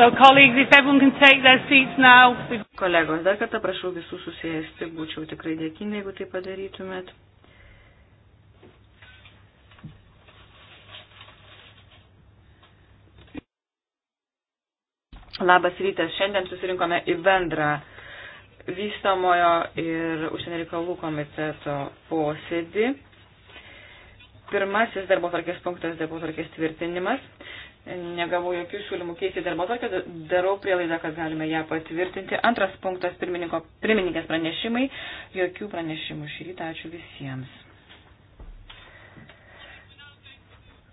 So, colleagues, if everyone can take their seats now. Kolegos, dar kartą prašau visų susėsti, būčiau tikrai dėkinga, jeigu tai padarytumėt. Labas rytas, šiandien susirinkome į bendrą vystomojo ir užsienio reikalų komiteto posėdį. Pirmasis darbo tvarkės punktas - darbo tvarkės tvirtinimas negavau jokių siūlymų keisti darbo tvarkę, darau prielaidą, kad galime ją patvirtinti. Antras punktas pirmininkės pranešimai. Jokių pranešimų šį rytą. Ačiū visiems.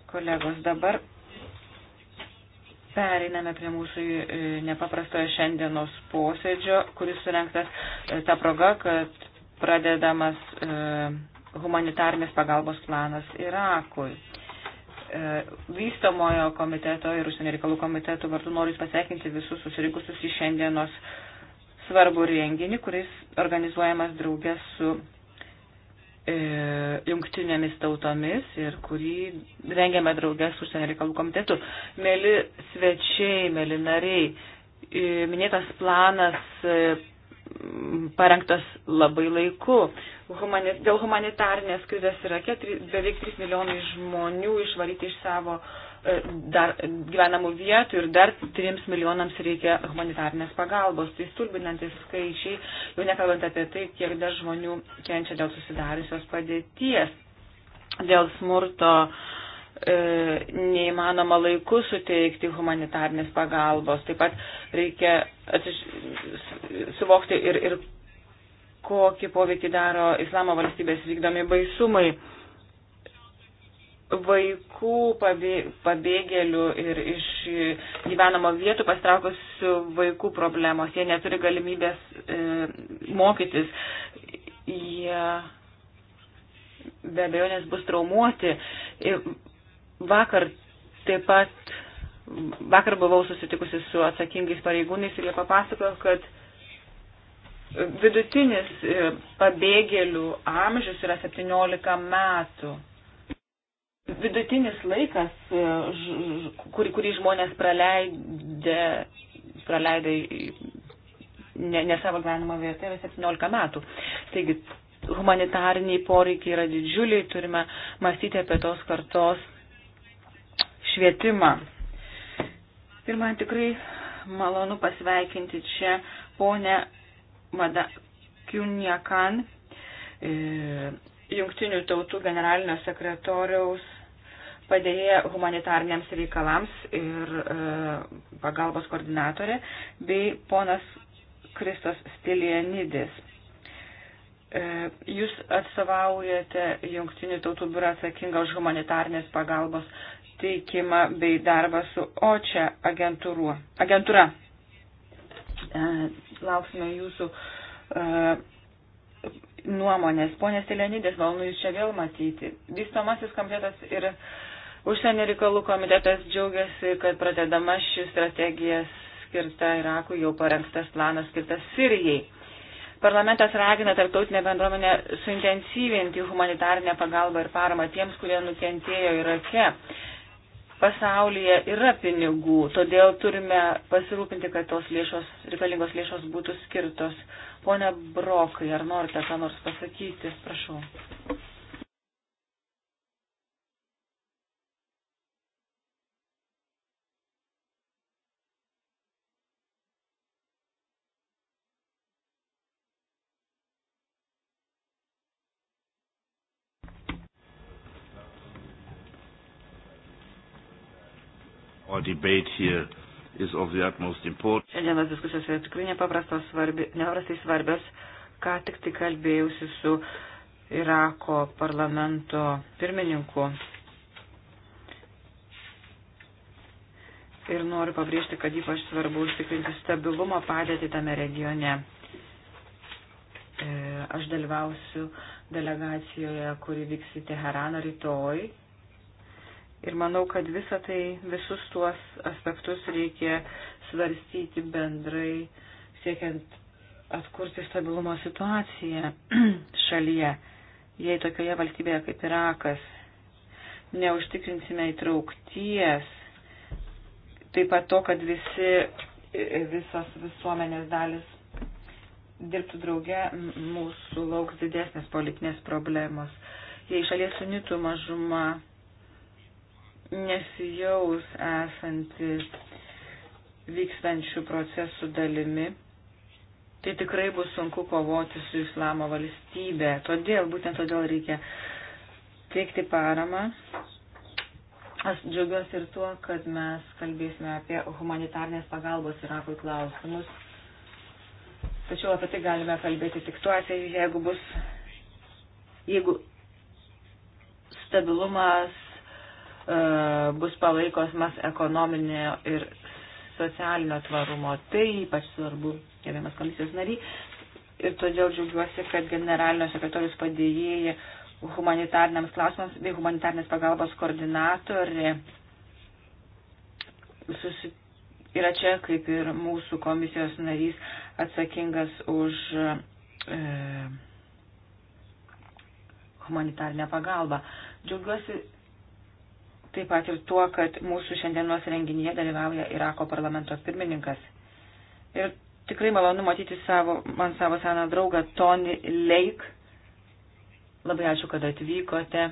Kolegos, dabar pereiname prie mūsų e, nepaprastojo šiandienos posėdžio, kuris surinktas e, tą progą, kad pradedamas e, humanitarnės pagalbos planas Irakui. E, vystomojo komiteto ir užsienio reikalų komiteto vardu noriu pasveikinti visus susirinkusius į šiandienos svarbų renginį, kuris organizuojamas draugės su e, jungtinėmis tautomis ir kurį rengiame draugės su užsienio reikalų komitetu. Mėly svečiai, mėly nariai, e, minėtas planas e, parengtas labai laiku. Humanis, dėl humanitarnės krizės Irake beveik 3 milijonai žmonių išvaryti iš savo e, dar, gyvenamų vietų ir dar 3 milijonams reikia humanitarnės pagalbos. Tai stulbinantis skaičiai, jau nekalbant apie tai, kiek dar žmonių kenčia dėl susidariusios padėties, dėl smurto uh, E, neįmanoma laiku suteikti humanitarnės pagalbos. Taip pat reikia atsiž... suvokti ir, ir kokį poveikį daro islamo valstybės vykdomi baisumai. Vaikų pabėgėlių ir iš gyvenamo vietų pastraukusių vaikų problemos. Jie neturi galimybės e, mokytis. Jie be abejonės bus traumuoti. Vakar taip pat, vakar buvau susitikusi su atsakingais pareigūnais ir jie papasakojo, kad vidutinis e, pabėgėlių amžius yra 17 metų. Vidutinis laikas, e, kurį, kurį žmonės praleidė, praleidė ne, ne savo gyvenimo vietoje, yra 17 metų. Taigi humanitariniai poreikiai yra didžiuliai, turime mąstyti apie tos kartos švietimą. Ir man tikrai malonu pasveikinti čia ponę Madakiuniakan, e, jungtinių tautų generalinio sekretoriaus padėjėja humanitarniams reikalams ir e, pagalbos koordinatorė, bei ponas Kristos Stilienidis. E, jūs atstovaujate Junktinių tautų biurą atsakingą už humanitarnės pagalbos teikimą bei darbą su OČE agentūra. E, lauksime jūsų e, nuomonės. Pone Stelenidės, malonu jūs čia vėl matyti. Vystomasis komitetas ir užsienio reikalų komitetas džiaugiasi, kad pradedama ši strategija skirta Irakui jau parengtas planas skirtas Sirijai. Parlamentas ragina tarptautinę bendruomenę suintensyvinti humanitarinę pagalbą ir paramą tiems, kurie nukentėjo Irake pasaulyje yra pinigų, todėl turime pasirūpinti, kad tos lėšos, reikalingos lėšos būtų skirtos. Pone Brokai, ar norite ką nors pasakyti? Prašau. Šiandienos diskusijos yra tikrai svarbi, nepaprastai svarbios. Ką tik tai kalbėjusi su Irako parlamento pirmininku. Ir noriu pabrėžti, kad ypač svarbu užtikrinti stabilumo padėtį tame regione. E, aš dalyvausiu delegacijoje, kuri vyks į Teheraną rytoj Ir manau, kad visą tai, visus tuos aspektus reikia svarstyti bendrai, siekiant atkurti stabilumo situaciją šalyje. Jei tokioje valstybėje kaip Irakas neužtikrinsime įtraukties, taip pat to, kad visi, visos visuomenės dalis dirbtų drauge, mūsų lauks didesnės politinės problemos. Jei šalies sunitų mažuma nesijaus esanti vykstančių procesų dalimi, tai tikrai bus sunku kovoti su islamo valstybė. Todėl, būtent todėl reikia teikti paramą. Aš džiaugiuosi ir tuo, kad mes kalbėsime apie humanitarnės pagalbos Irakui klausimus. Tačiau apie tai galime kalbėti tik tuo atveju, jeigu bus, jeigu stabilumas E, bus palaikosmas ekonominio ir socialinio tvarumo. Tai ypač svarbu, gerbiamas komisijos nariai. Ir todėl džiaugiuosi, kad generalinio sekretorius padėjėjai humanitarniams klausimams bei humanitarnės pagalbos koordinatorė susi... yra čia, kaip ir mūsų komisijos narys, atsakingas už e, humanitarnę pagalbą. Džiaugiuosi taip pat ir tuo, kad mūsų šiandienos renginyje dalyvauja Irako parlamento pirmininkas. Ir tikrai malonu matyti savo, man savo seną draugą Tony Lake. Labai ačiū, kad atvykote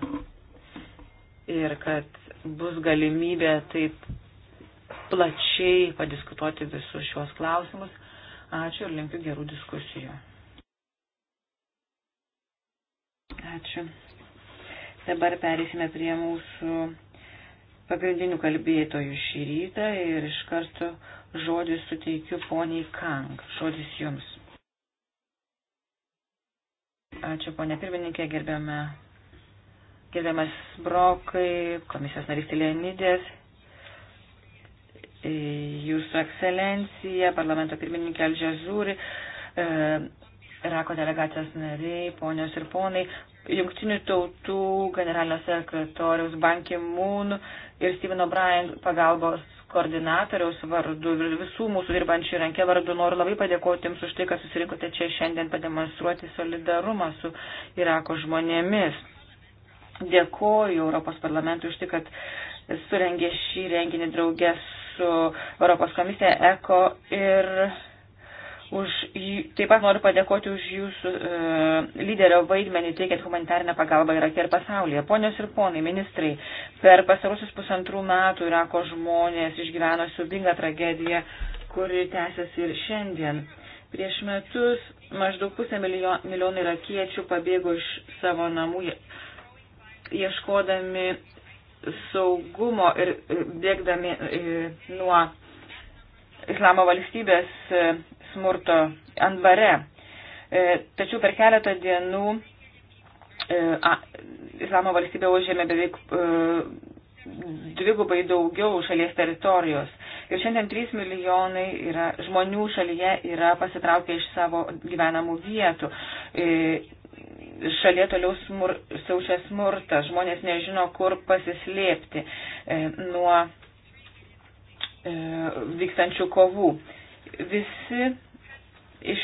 ir kad bus galimybė taip plačiai padiskutuoti visus šiuos klausimus. Ačiū ir linkiu gerų diskusijų. Ačiū. Dabar perėsime prie mūsų pagrindinių kalbėtojų šį rytą ir iš karto žodį suteikiu poniai Kang. Žodis jums. Ačiū, ponė pirmininkė, gerbiame, gerbiamas Brokai, komisijos narys Leonidės, e, jūsų ekscelencija, parlamento pirmininkė Alžazūri, e, Rako delegacijos nariai, ponios ir ponai, jungtinių tautų generalinio sekretoriaus Bankimūnų ir Steven O'Brien pagalbos koordinatoriaus vardu ir visų mūsų dirbančių rankė vardu noriu labai padėkoti Jums už tai, kad susirinkote čia šiandien pademonstruoti solidarumą su Irako žmonėmis. Dėkoju Europos parlamentui už tai, kad surengė šį renginį draugę su Europos komisija ECO ir Už, taip pat noriu padėkoti už jūsų e, lyderio vaidmenį teikiant humanitarinę pagalbą Irake ir pasaulyje. Ponios ir ponai, ministrai, per pasarusius pusantrų metų Irako žmonės išgyveno subingą tragediją, kuri tęsiasi ir šiandien. Prieš metus maždaug pusę milijonų irakiečių pabėgo iš savo namų ieškodami saugumo ir e, bėgdami e, nuo Islamo valstybės e, smurto Anbare. E, tačiau per keletą dienų e, Islamo valstybė užėmė beveik e, dvigubai daugiau šalies teritorijos. Ir šiandien 3 milijonai yra, žmonių šalyje yra pasitraukę iš savo gyvenamų vietų. Šalia toliau smur, siaučia smurtas, žmonės nežino, kur pasislėpti nuo vykstančių kovų. Visi iš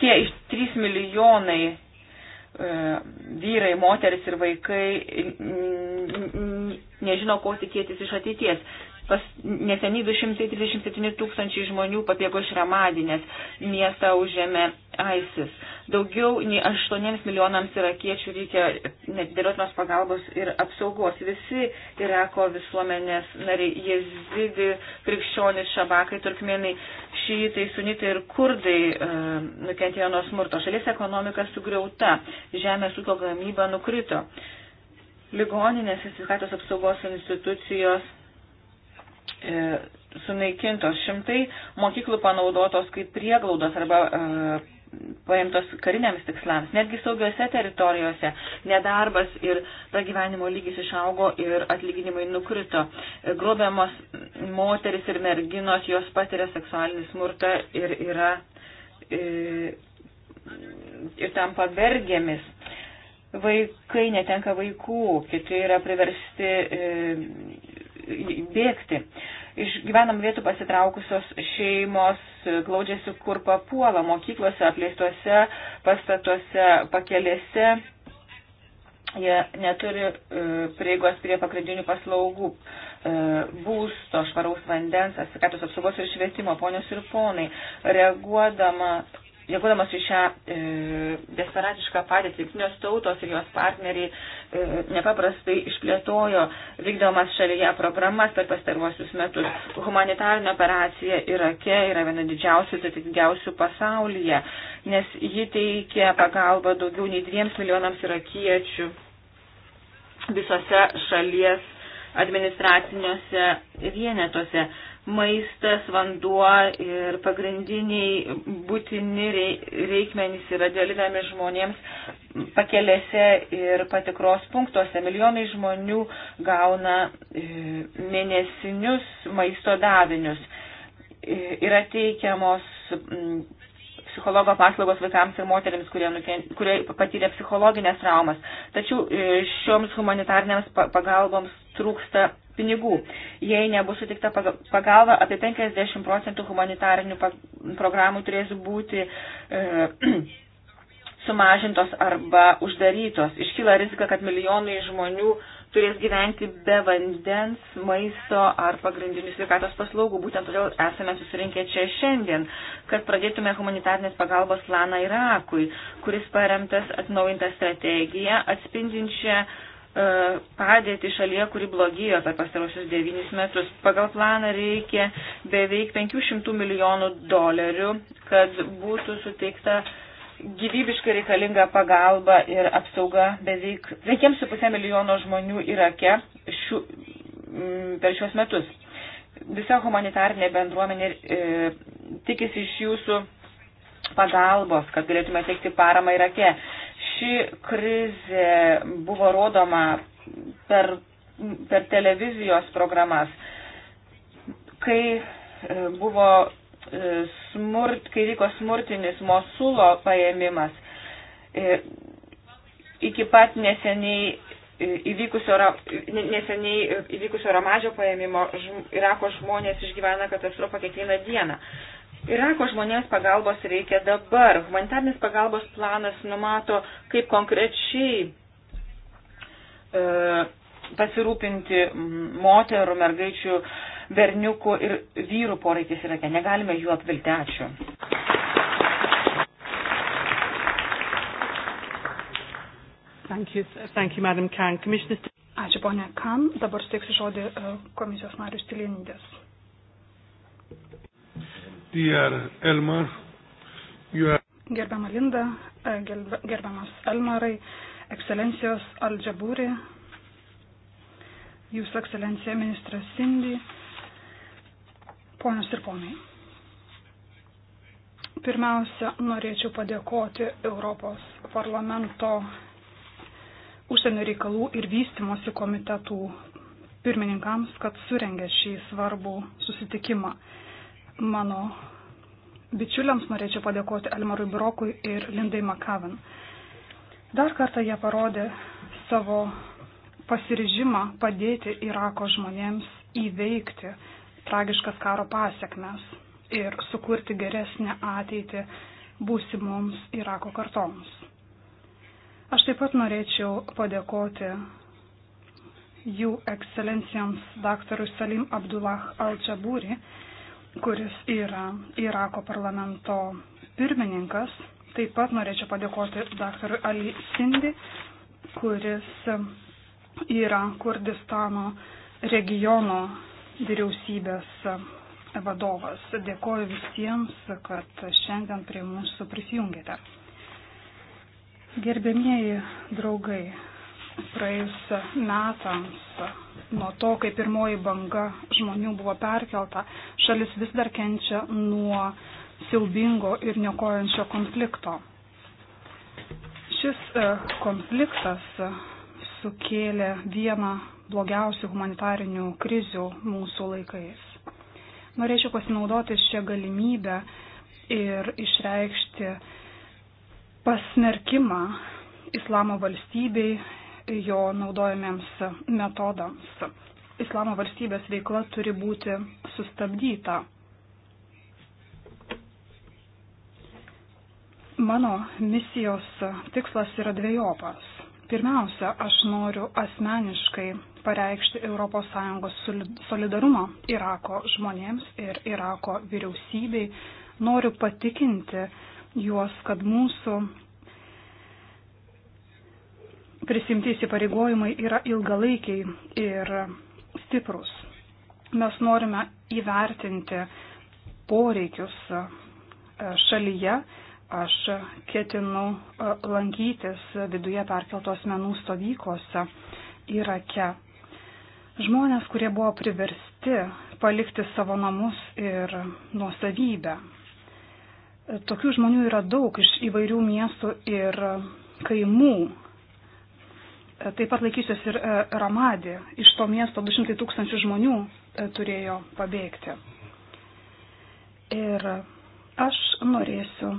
tie iš 3 milijonai e, vyrai, moteris ir vaikai nežino, ko tikėtis iš ateities. Pas neseniai 237 tūkstančiai žmonių pabėgo iš Ramadinės, miestą užėmė ISIS. Daugiau nei 8 milijonams irakiečių reikia nedėliotinos pagalbos ir apsaugos. Visi Irako visuomenės nariai, jezidi, krikščionis, šabakai, turkmenai šitai, sunitai ir kurdai e, nukentėjo nuo smurto. Šalies ekonomika sugriauta, žemės ūkio gamyba nukrito. Ligoninės ir sveikatos apsaugos institucijos e, sunaikintos šimtai mokyklų panaudotos kaip prieglaudos arba e, paimtos kariniams tikslams. Netgi saugiose teritorijose nedarbas ir pragyvenimo lygis išaugo ir atlyginimai nukrito. Grobiamos moteris ir merginos, jos patiria seksualinį smurtą ir yra ir, e, ir tampa vergėmis. Vaikai netenka vaikų, kiti yra priversti e, bėgti iš gyvenam vietų pasitraukusios šeimos glaudžiasi kur papuola - mokyklose, apleistuose pastatuose, pakelėse. Jie neturi e, prieigos prie pagrindinių paslaugų, e, būsto, švaraus vandens, sveikatos apsaugos ir švietimo, ponios ir ponai. Reaguodama Dėkodamas į šią e, desperatišką padėtį, jungtinės tautos ir jos partneriai e, nepaprastai išplėtojo vykdomas šalyje programas per pastaruosius metus. Humanitarinė operacija Irake yra viena didžiausių ir atitikiausių pasaulyje, nes ji teikia pagalbą daugiau nei dviems milijonams irakiečių visose šalies administraciniuose vienetuose maistas, vanduo ir pagrindiniai būtini reikmenys yra dėlinami žmonėms pakelėse ir patikros punktuose. Milijonai žmonių gauna e, mėnesinius maisto davinius. E, yra teikiamos psichologo paslaugos vaikams ir moteriams, kurie, nuken, kurie patyrė psichologinės traumas. Tačiau e, šioms humanitarniams pagalboms trūksta pinigų. Jei nebus sutikta pagalba, apie 50 procentų humanitarinių programų turės būti e, sumažintos arba uždarytos. Iškyla rizika, kad milijonai žmonių turės gyventi be vandens, maisto ar pagrindinių sveikatos paslaugų. Būtent todėl esame susirinkę čia šiandien, kad pradėtume humanitarnės pagalbos planą Irakui, kuris paremtas atnaujintą strategiją, atspindinčią E, padėtį šalyje, kuri blogėjo per pastarosius devynis metrus. Pagal planą reikia beveik 500 milijonų dolerių, kad būtų suteikta gyvybiškai reikalinga pagalba ir apsauga beveik 5,5 milijono žmonių Irake šių, per šiuos metus. Visa humanitarnė bendruomenė e, tikisi iš jūsų pagalbos, kad galėtume teikti paramą Irake ši krizė buvo rodoma per, per televizijos programas, kai e, buvo e, smurt, kai vyko smurtinis Mosulo paėmimas. E, iki pat neseniai įvykusio, neseniai įvykusio Ramadžio paėmimo Irako žmonės išgyvena katastrofą kiekvieną dieną. Irako žmonėms pagalbos reikia dabar. Humanitarnis pagalbos planas numato, kaip konkrečiai e, pasirūpinti moterų, mergaičių, berniukų ir vyrų poreikis Irake. Negalime jų apvilti. Ačiū. Thank you, thank you, Madam Khan. Commissioner... Ačiū, ponė Khan. Dabar steiksiu žodį e, komisijos narius Tilindės dear Elmar, you are. Gerbiama Linda, e, gerbiamas Elmarai, ekscelencijos Aldžabūri, jūsų ekscelencija ministras Sindy, ponios ir ponai. Pirmiausia, norėčiau padėkoti Europos parlamento užsienio reikalų ir vystimosi komitetų pirmininkams, kad surengė šį svarbų susitikimą mano bičiuliams norėčiau padėkoti Elmarui Brokui ir Lindai Makavan. Dar kartą jie parodė savo pasiryžimą padėti Irako žmonėms įveikti tragiškas karo pasiekmes ir sukurti geresnę ateitį būsimoms Irako kartoms. Aš taip pat norėčiau padėkoti jų ekscelencijoms daktarui Salim Abdullah Al-Džabūri kuris yra Irako parlamento pirmininkas. Taip pat norėčiau padėkoti dr. Ali Sindi, kuris yra Kurdistano regiono vyriausybės vadovas. Dėkoju visiems, kad šiandien prie mūsų prisijungėte. Gerbėmieji draugai, praėjus metams nuo to, kai pirmoji banga žmonių buvo perkelta, šalis vis dar kenčia nuo siaubingo ir nekojančio konflikto. Šis e, konfliktas sukėlė vieną blogiausių humanitarinių krizių mūsų laikais. Norėčiau pasinaudoti šią galimybę ir išreikšti pasmerkimą islamo valstybei jo naudojamiems metodams. Islamo valstybės veikla turi būti sustabdyta. Mano misijos tikslas yra dviejopas. Pirmiausia, aš noriu asmeniškai pareikšti ES solidarumą Irako žmonėms ir Irako vyriausybei. Noriu patikinti juos, kad mūsų prisimti įsipareigojimai yra ilgalaikiai ir stiprus. Mes norime įvertinti poreikius e, šalyje. Aš ketinu e, lankytis viduje perkeltos menų stovyklose Irake. Žmonės, kurie buvo priversti palikti savo namus ir nuosavybę. Tokių žmonių yra daug iš įvairių miestų ir kaimų E, taip pat laikysis ir e, Ramadi. Iš to miesto 200 tūkstančių žmonių e, turėjo pabėgti. Ir aš norėsiu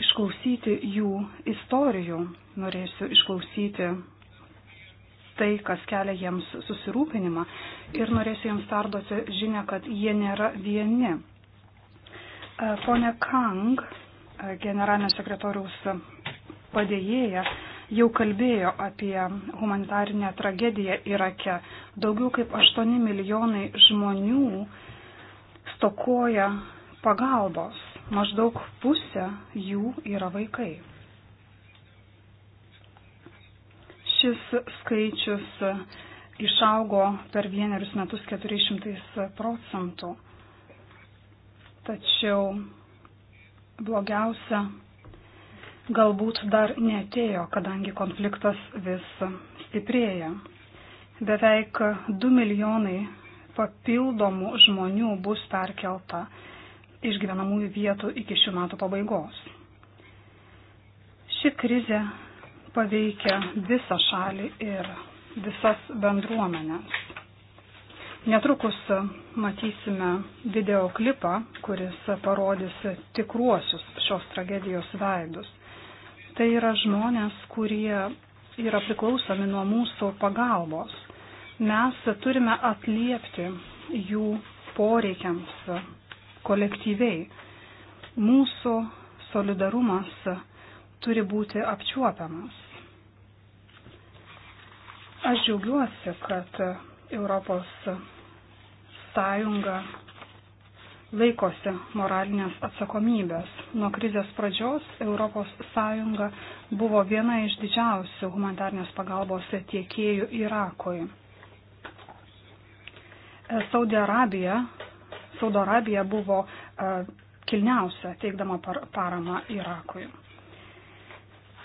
išklausyti jų istorijų, norėsiu išklausyti tai, kas kelia jiems susirūpinimą ir norėsiu jiems perduoti žinę, kad jie nėra vieni. Pone Kang, generalinio sekretoriaus padėjėja, jau kalbėjo apie humanitarinę tragediją Irake. Daugiau kaip 8 milijonai žmonių stokoja pagalbos. Maždaug pusė jų yra vaikai. Šis skaičius išaugo per vienerius metus 400 procentų. Tačiau blogiausia galbūt dar netėjo, kadangi konfliktas vis stiprėja. Beveik 2 milijonai papildomų žmonių bus perkelta iš gyvenamųjų vietų iki šių metų pabaigos. Ši krizė paveikia visą šalį ir visas bendruomenės. Netrukus matysime videoklipą, kuris parodys tikruosius šios tragedijos veidus. Tai yra žmonės, kurie yra priklausomi nuo mūsų pagalbos. Mes turime atliepti jų poreikiams kolektyviai. Mūsų solidarumas turi būti apčiuopiamas. Aš džiaugiuosi, kad Europos Sąjunga laikosi moralinės atsakomybės. Nuo krizės pradžios ES buvo viena iš didžiausių humanitarnės pagalbos tiekėjų Irakui. E, Saudo Arabija, Saudo Arabija buvo e, kilniausia teikdama paramą Irakui.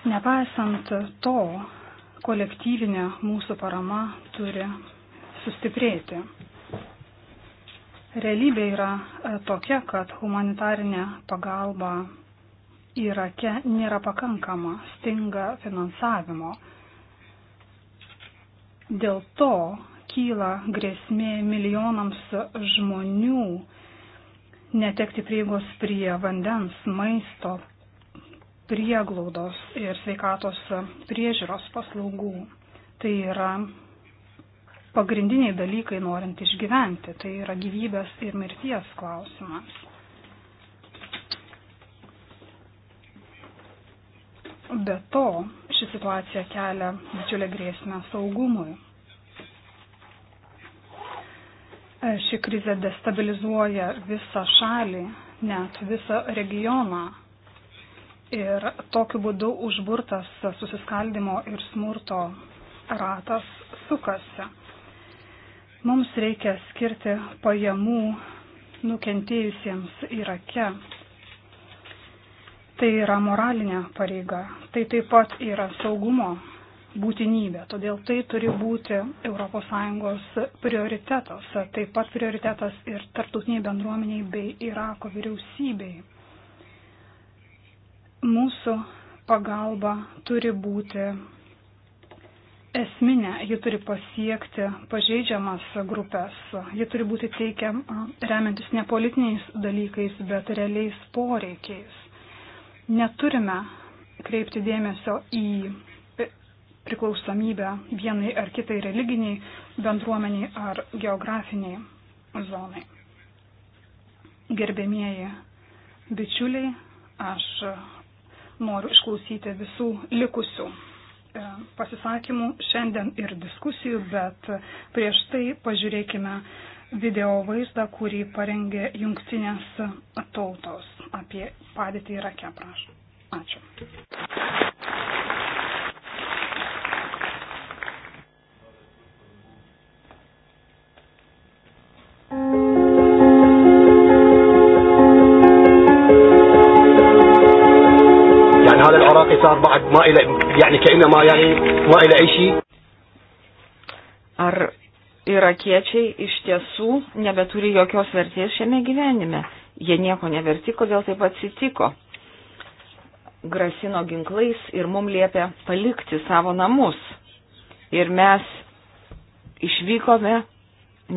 Nepaisant to, kolektyvinė mūsų parama turi sustiprėti. Realybė yra e, tokia, kad humanitarinė pagalba Irake nėra pakankama, stinga finansavimo. Dėl to kyla grėsmė milijonams žmonių netekti prieigos prie vandens, maisto, prieglaudos ir sveikatos priežiūros paslaugų. Tai yra pagrindiniai dalykai norint išgyventi. Tai yra gyvybės ir mirties klausimas. Be to, ši situacija kelia didžiulę grėsmę saugumui. Ši krizė destabilizuoja visą šalį, net visą regioną. Ir tokiu būdu užburtas susiskaldimo ir smurto ratas sukasi. Mums reikia skirti pajamų nukentėjusiems Irake. Tai yra moralinė pareiga, tai taip pat yra saugumo būtinybė, todėl tai turi būti ES prioritetas, taip pat prioritetas ir tarptautiniai bendruomeniai bei Irako vyriausybei. Mūsų pagalba turi būti esminė, ji turi pasiekti pažeidžiamas grupės, ji turi būti teikiama remiantis ne politiniais dalykais, bet realiais poreikiais. Neturime kreipti dėmesio į priklausomybę vienai ar kitai religiniai bendruomeniai ar geografiniai zonai. Gerbėmieji bičiuliai, aš noriu išklausyti visų likusių E, pasisakymų šiandien ir diskusijų, bet prieš tai pažiūrėkime video vaizdą, kurį parengė jungtinės tautos apie padėtį Irake, prašau. Ačiū. إلى يعني كأنما يعني ما إلى أي شيء Ar irakiečiai iš tiesų nebeturi jokios vertės šiame gyvenime? Jie nieko neverti, kodėl taip atsitiko? Grasino ginklais ir mum liepė palikti savo namus. Ir mes išvykome,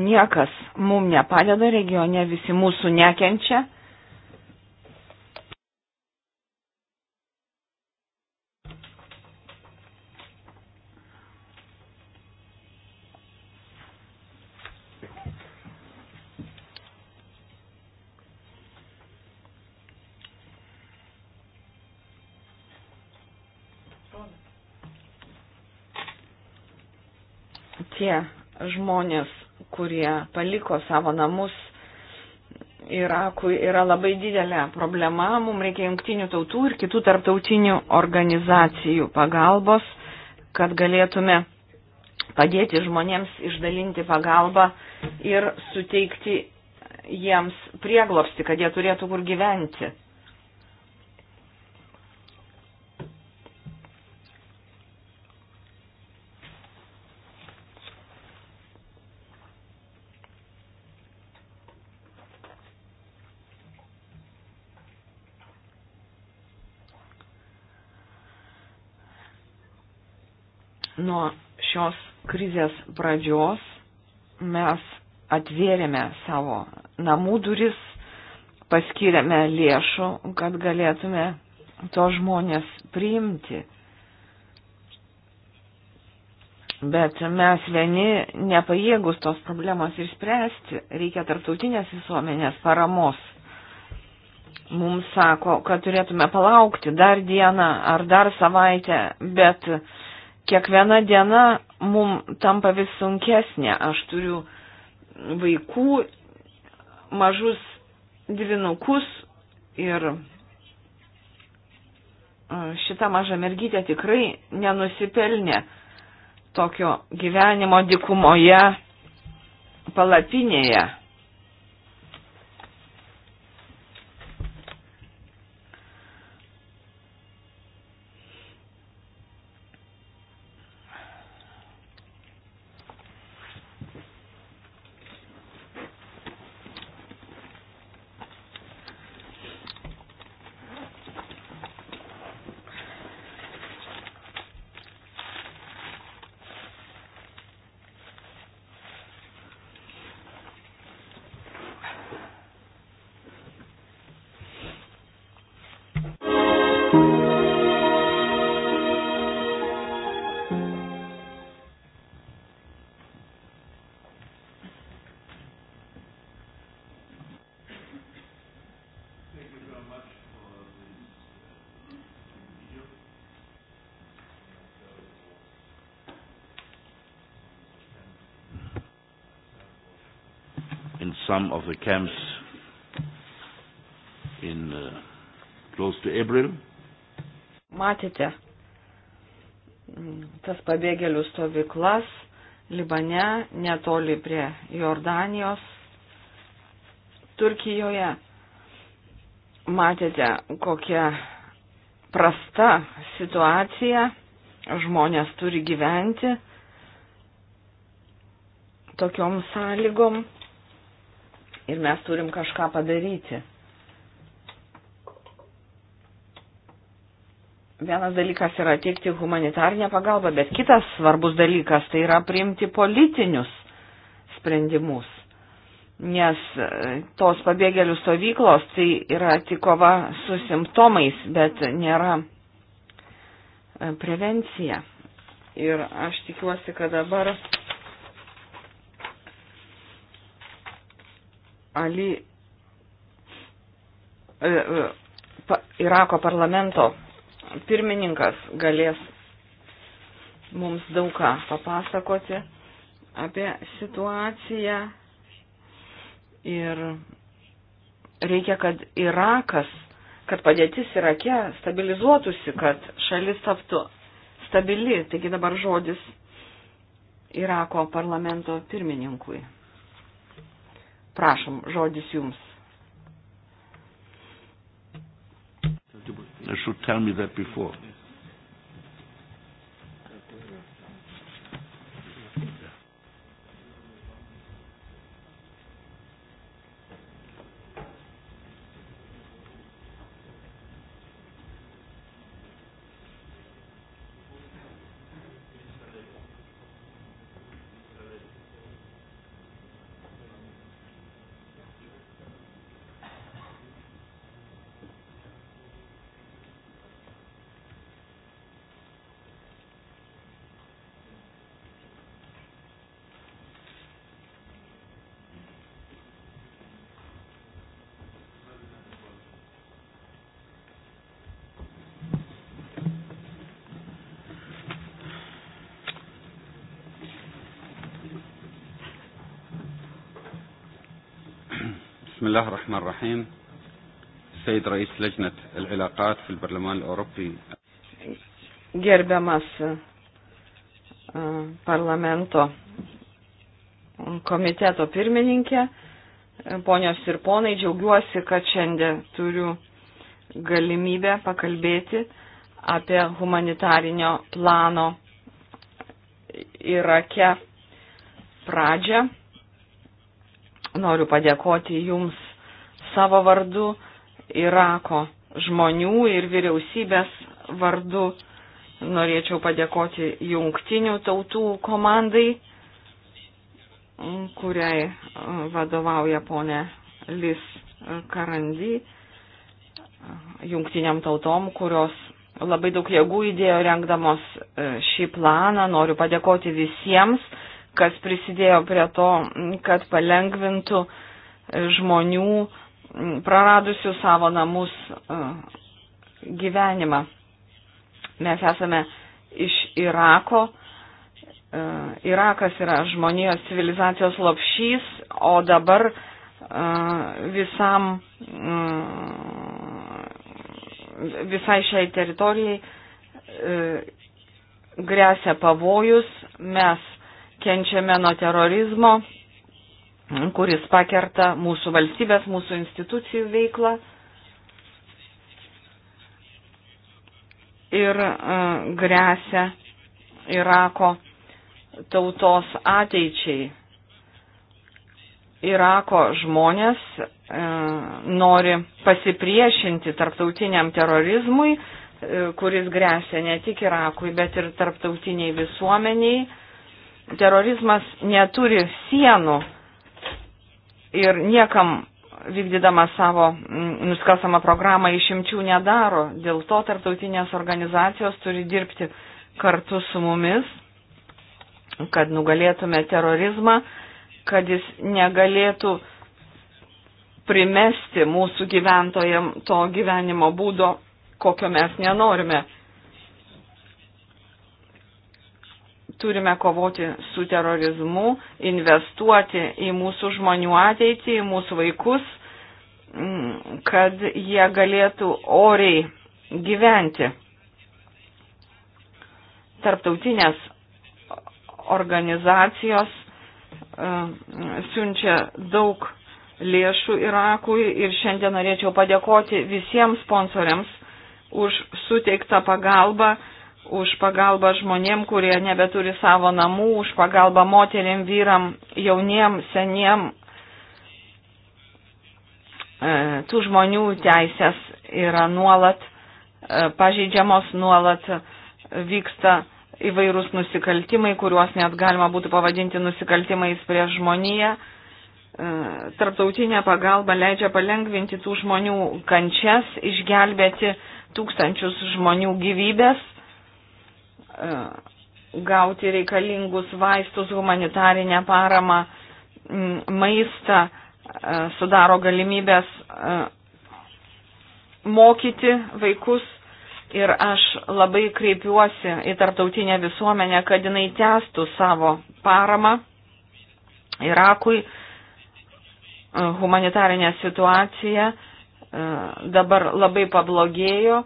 niekas mum nepadeda, regione visi mūsų nekenčia tie žmonės, kurie paliko savo namus Irakui, yra labai didelė problema. Mums reikia jungtinių tautų ir kitų tarptautinių organizacijų pagalbos, kad galėtume padėti žmonėms išdalinti pagalbą ir suteikti jiems prieglopsti, kad jie turėtų kur gyventi. nuo šios krizės pradžios mes atvėrėme savo namų duris, paskiriame lėšų, kad galėtume to žmonės priimti. Bet mes vieni nepajėgus tos problemos išspręsti, reikia tarptautinės visuomenės paramos. Mums sako, kad turėtume palaukti dar dieną ar dar savaitę, bet kiekviena diena mum tampa vis sunkesnė. Aš turiu vaikų, mažus dvinukus ir šita maža mergytė tikrai nenusipelnė tokio gyvenimo dikumoje palapinėje. some of the camps in uh, close to April. Matėte mm, tas pabėgėlių stovyklas Libane, netoli prie Jordanijos, Turkijoje. Matėte, kokia prasta situacija, žmonės turi gyventi tokiom sąlygom ir mes turim kažką padaryti. Vienas dalykas yra teikti humanitarnę pagalbą, bet kitas svarbus dalykas tai yra priimti politinius sprendimus. Nes e, tos pabėgėlių stovyklos tai yra tik kova su simptomais, bet nėra e, prevencija. Ir aš tikiuosi, kad dabar Ali e, e, Irako parlamento pirmininkas galės mums daug ką papasakoti apie situaciją ir reikia, kad Irakas, kad padėtis Irake stabilizuotųsi, kad šalis taptų stabili. Taigi dabar žodis Irako parlamento pirmininkui. Prašom, žodis jums. I should tell me that before. الله الرحمن الرحيم السيد رئيس لجنة العلاقات في البرلمان الأوروبي Gerbiamas uh, parlamento komiteto pirmininkė, uh, ponios ir ponai, džiaugiuosi, kad šiandien turiu galimybę pakalbėti apie humanitarinio plano Irake pradžią. Noriu padėkoti Jums savo vardu, Irako žmonių ir vyriausybės vardu. Norėčiau padėkoti jungtinių tautų komandai, kuriai e, vadovauja ponė Lis Karandy, jungtiniam tautom, kurios labai daug jėgų įdėjo rengdamos e, šį planą. Noriu padėkoti visiems, kas prisidėjo prie to, kad palengvintų e, žmonių praradusių savo namus e, gyvenimą. Mes esame iš Irako. E, Irakas yra žmonijos civilizacijos lopšys, o dabar e, visam, mm, visai šiai teritorijai grėsia pavojus, mes kenčiame nuo terorizmo, kuris pakerta mūsų valstybės, mūsų institucijų veiklą. Ir e, grėsia Irako tautos ateičiai. Irako žmonės e, nori pasipriešinti tarptautiniam terorizmui, e, kuris grėsia ne tik Irakui, bet ir tarptautiniai visuomeniai. Terorizmas neturi sienų, ir niekam vykdydama savo mm, nusikalstamą programą išimčių nedaro. Dėl to tarptautinės organizacijos turi dirbti kartu su mumis, kad nugalėtume terorizmą, kad jis negalėtų primesti mūsų gyventojams to gyvenimo būdo, kokio mes nenorime. turime kovoti su terorizmu, investuoti į mūsų žmonių ateitį, į mūsų vaikus, mm, kad jie galėtų oriai gyventi. Tarptautinės organizacijos mm, siunčia daug lėšų Irakui ir šiandien norėčiau padėkoti visiems sponsoriams už suteiktą pagalbą už pagalbą žmonėm, kurie nebeturi savo namų, už pagalbą moterim, vyram, jauniem, seniem. E, tų žmonių teisės yra nuolat e, pažeidžiamos, nuolat vyksta įvairūs nusikaltimai, kuriuos net galima būtų pavadinti nusikaltimais prieš žmoniją. E, tarptautinė pagalba leidžia palengvinti tų žmonių kančias, išgelbėti tūkstančius žmonių gyvybės E, gauti reikalingus vaistus, humanitarinę paramą, maistą, e, sudaro galimybės e, mokyti vaikus ir aš labai kreipiuosi į tarptautinę visuomenę, kad jinai tęstų savo paramą Irakui humanitarinė situacija dabar labai pablogėjo,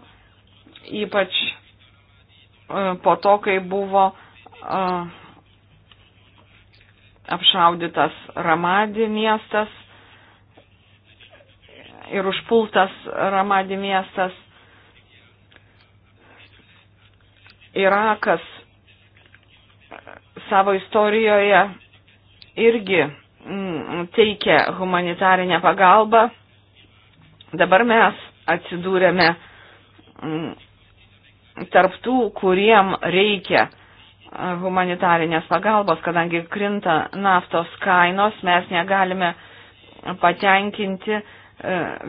ypač E, po to, kai buvo e, apšaudytas Ramadi miestas ir užpultas Ramadi miestas. Irakas e, savo istorijoje irgi mm, teikia humanitarinę pagalbą. Dabar mes atsidūrėme mm, tarptų, kuriem reikia e, humanitarinės pagalbos, kadangi krinta naftos kainos, mes negalime patenkinti e,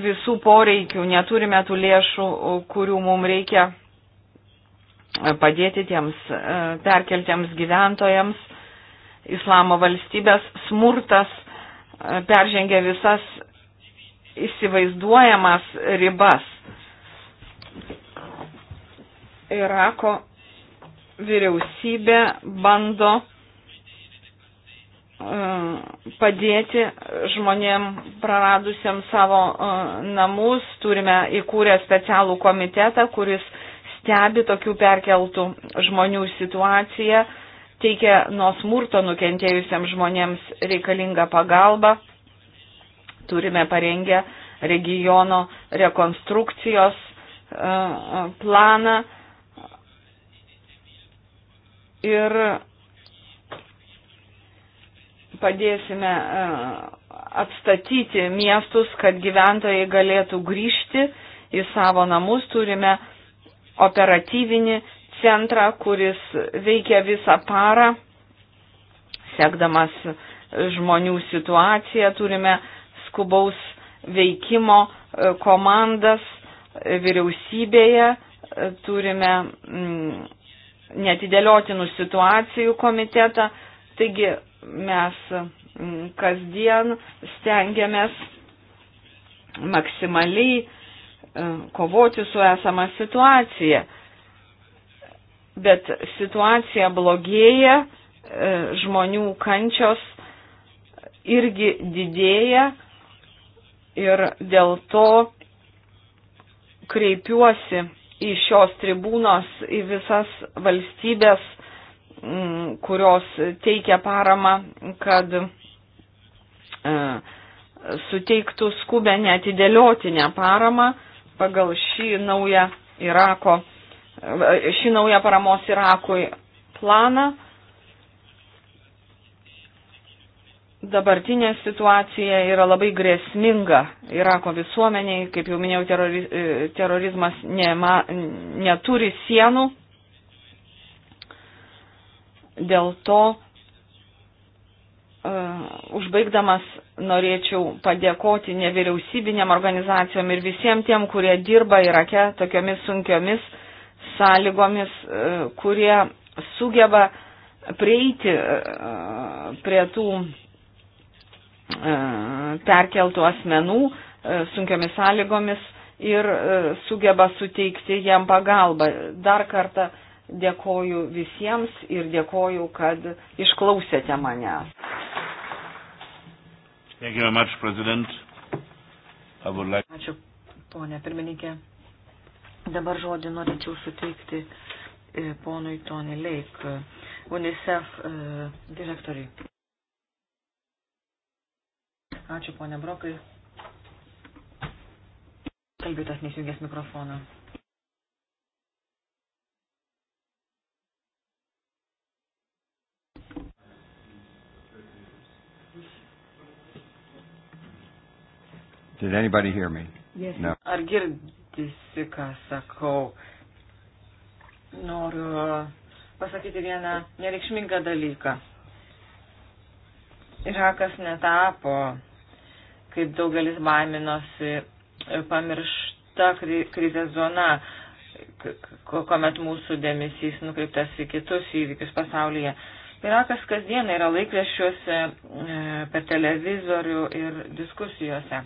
visų poreikių, neturime tų lėšų, e, kurių mums reikia padėti tiems perkeltiems gyventojams. Islamo valstybės smurtas peržengia visas įsivaizduojamas ribas. Irako vyriausybė bando e, padėti žmonėm praradusiems savo e, namus. Turime įkūrę specialų komitetą, kuris stebi tokių perkeltų žmonių situaciją, teikia nuo smurto nukentėjusiems žmonėms reikalingą pagalbą. Turime parengę regiono rekonstrukcijos e, planą ir padėsime e, atstatyti miestus, kad gyventojai galėtų grįžti į savo namus. Turime operatyvinį centrą, kuris veikia visą parą, sekdamas žmonių situaciją. Turime skubaus veikimo e, komandas vyriausybėje. Turime. Mm, netidėliotinų situacijų komitetą. Taigi mes kasdien stengiamės maksimaliai e, kovoti su esama situacija. Bet situacija blogėja, e, žmonių kančios irgi didėja ir dėl to kreipiuosi iš šios tribūnos į visas valstybės, mm, kurios teikia paramą, kad e, suteiktų skubę neatidėliotinę paramą pagal šį naują, Irako, e, šį naują paramos Irakui planą. dabartinė situacija yra labai grėsminga Irako visuomeniai, kaip jau minėjau, e, terorizmas nema, neturi sienų. Dėl to uh, užbaigdamas norėčiau padėkoti nevyriausybinėm organizacijom ir visiems tiem, kurie dirba Irake tokiomis sunkiomis sąlygomis, uh, kurie sugeba prieiti uh, prie tų uh, E, perkeltų asmenų e, sunkiomis sąlygomis ir e, sugeba suteikti jam pagalbą. Dar kartą dėkoju visiems ir dėkoju, kad išklausėte mane. Ačiū, ponė pirmininkė. Dabar žodį norėčiau suteikti ponui Tony Lake, UNICEF direktoriui. Ačiū, ponė Brokai. Kalbėtas nesijungęs mikrofoną. Did anybody hear me? Yes. No. Ar girdisi, ką sakau? Noriu pasakyti vieną nereikšmingą dalyką. Irakas netapo kaip daugelis baiminosi, e, pamiršta krizės zona, kuomet mūsų dėmesys nukreiptas į kitus įvykius pasaulyje. Irakas kasdien yra laikraščiuose, e, per televizorių ir diskusijose.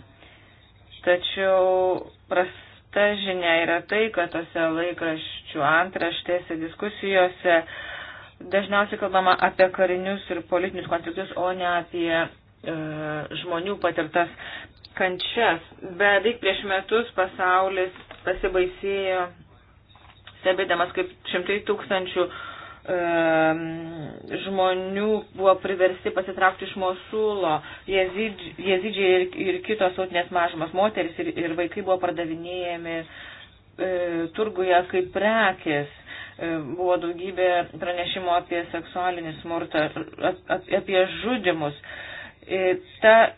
Tačiau prasta žinia yra tai, kad tose laikraščių antraštėse, diskusijose dažniausiai kalbama apie karinius ir politinius konfliktus, o ne apie E, žmonių patirtas kančias. Beveik prieš metus pasaulis pasibaisėjo, stebėdamas, kaip šimtai tūkstančių e, žmonių buvo priversti pasitraukti iš Mosulo, jezidžiai ir, ir kitos tautinės mažumas, moteris ir, ir vaikai buvo pardavinėjami e, turguje kaip prekės. E, buvo daugybė pranešimų apie seksualinį smurtą, ap, apie žudimus. E, E, ta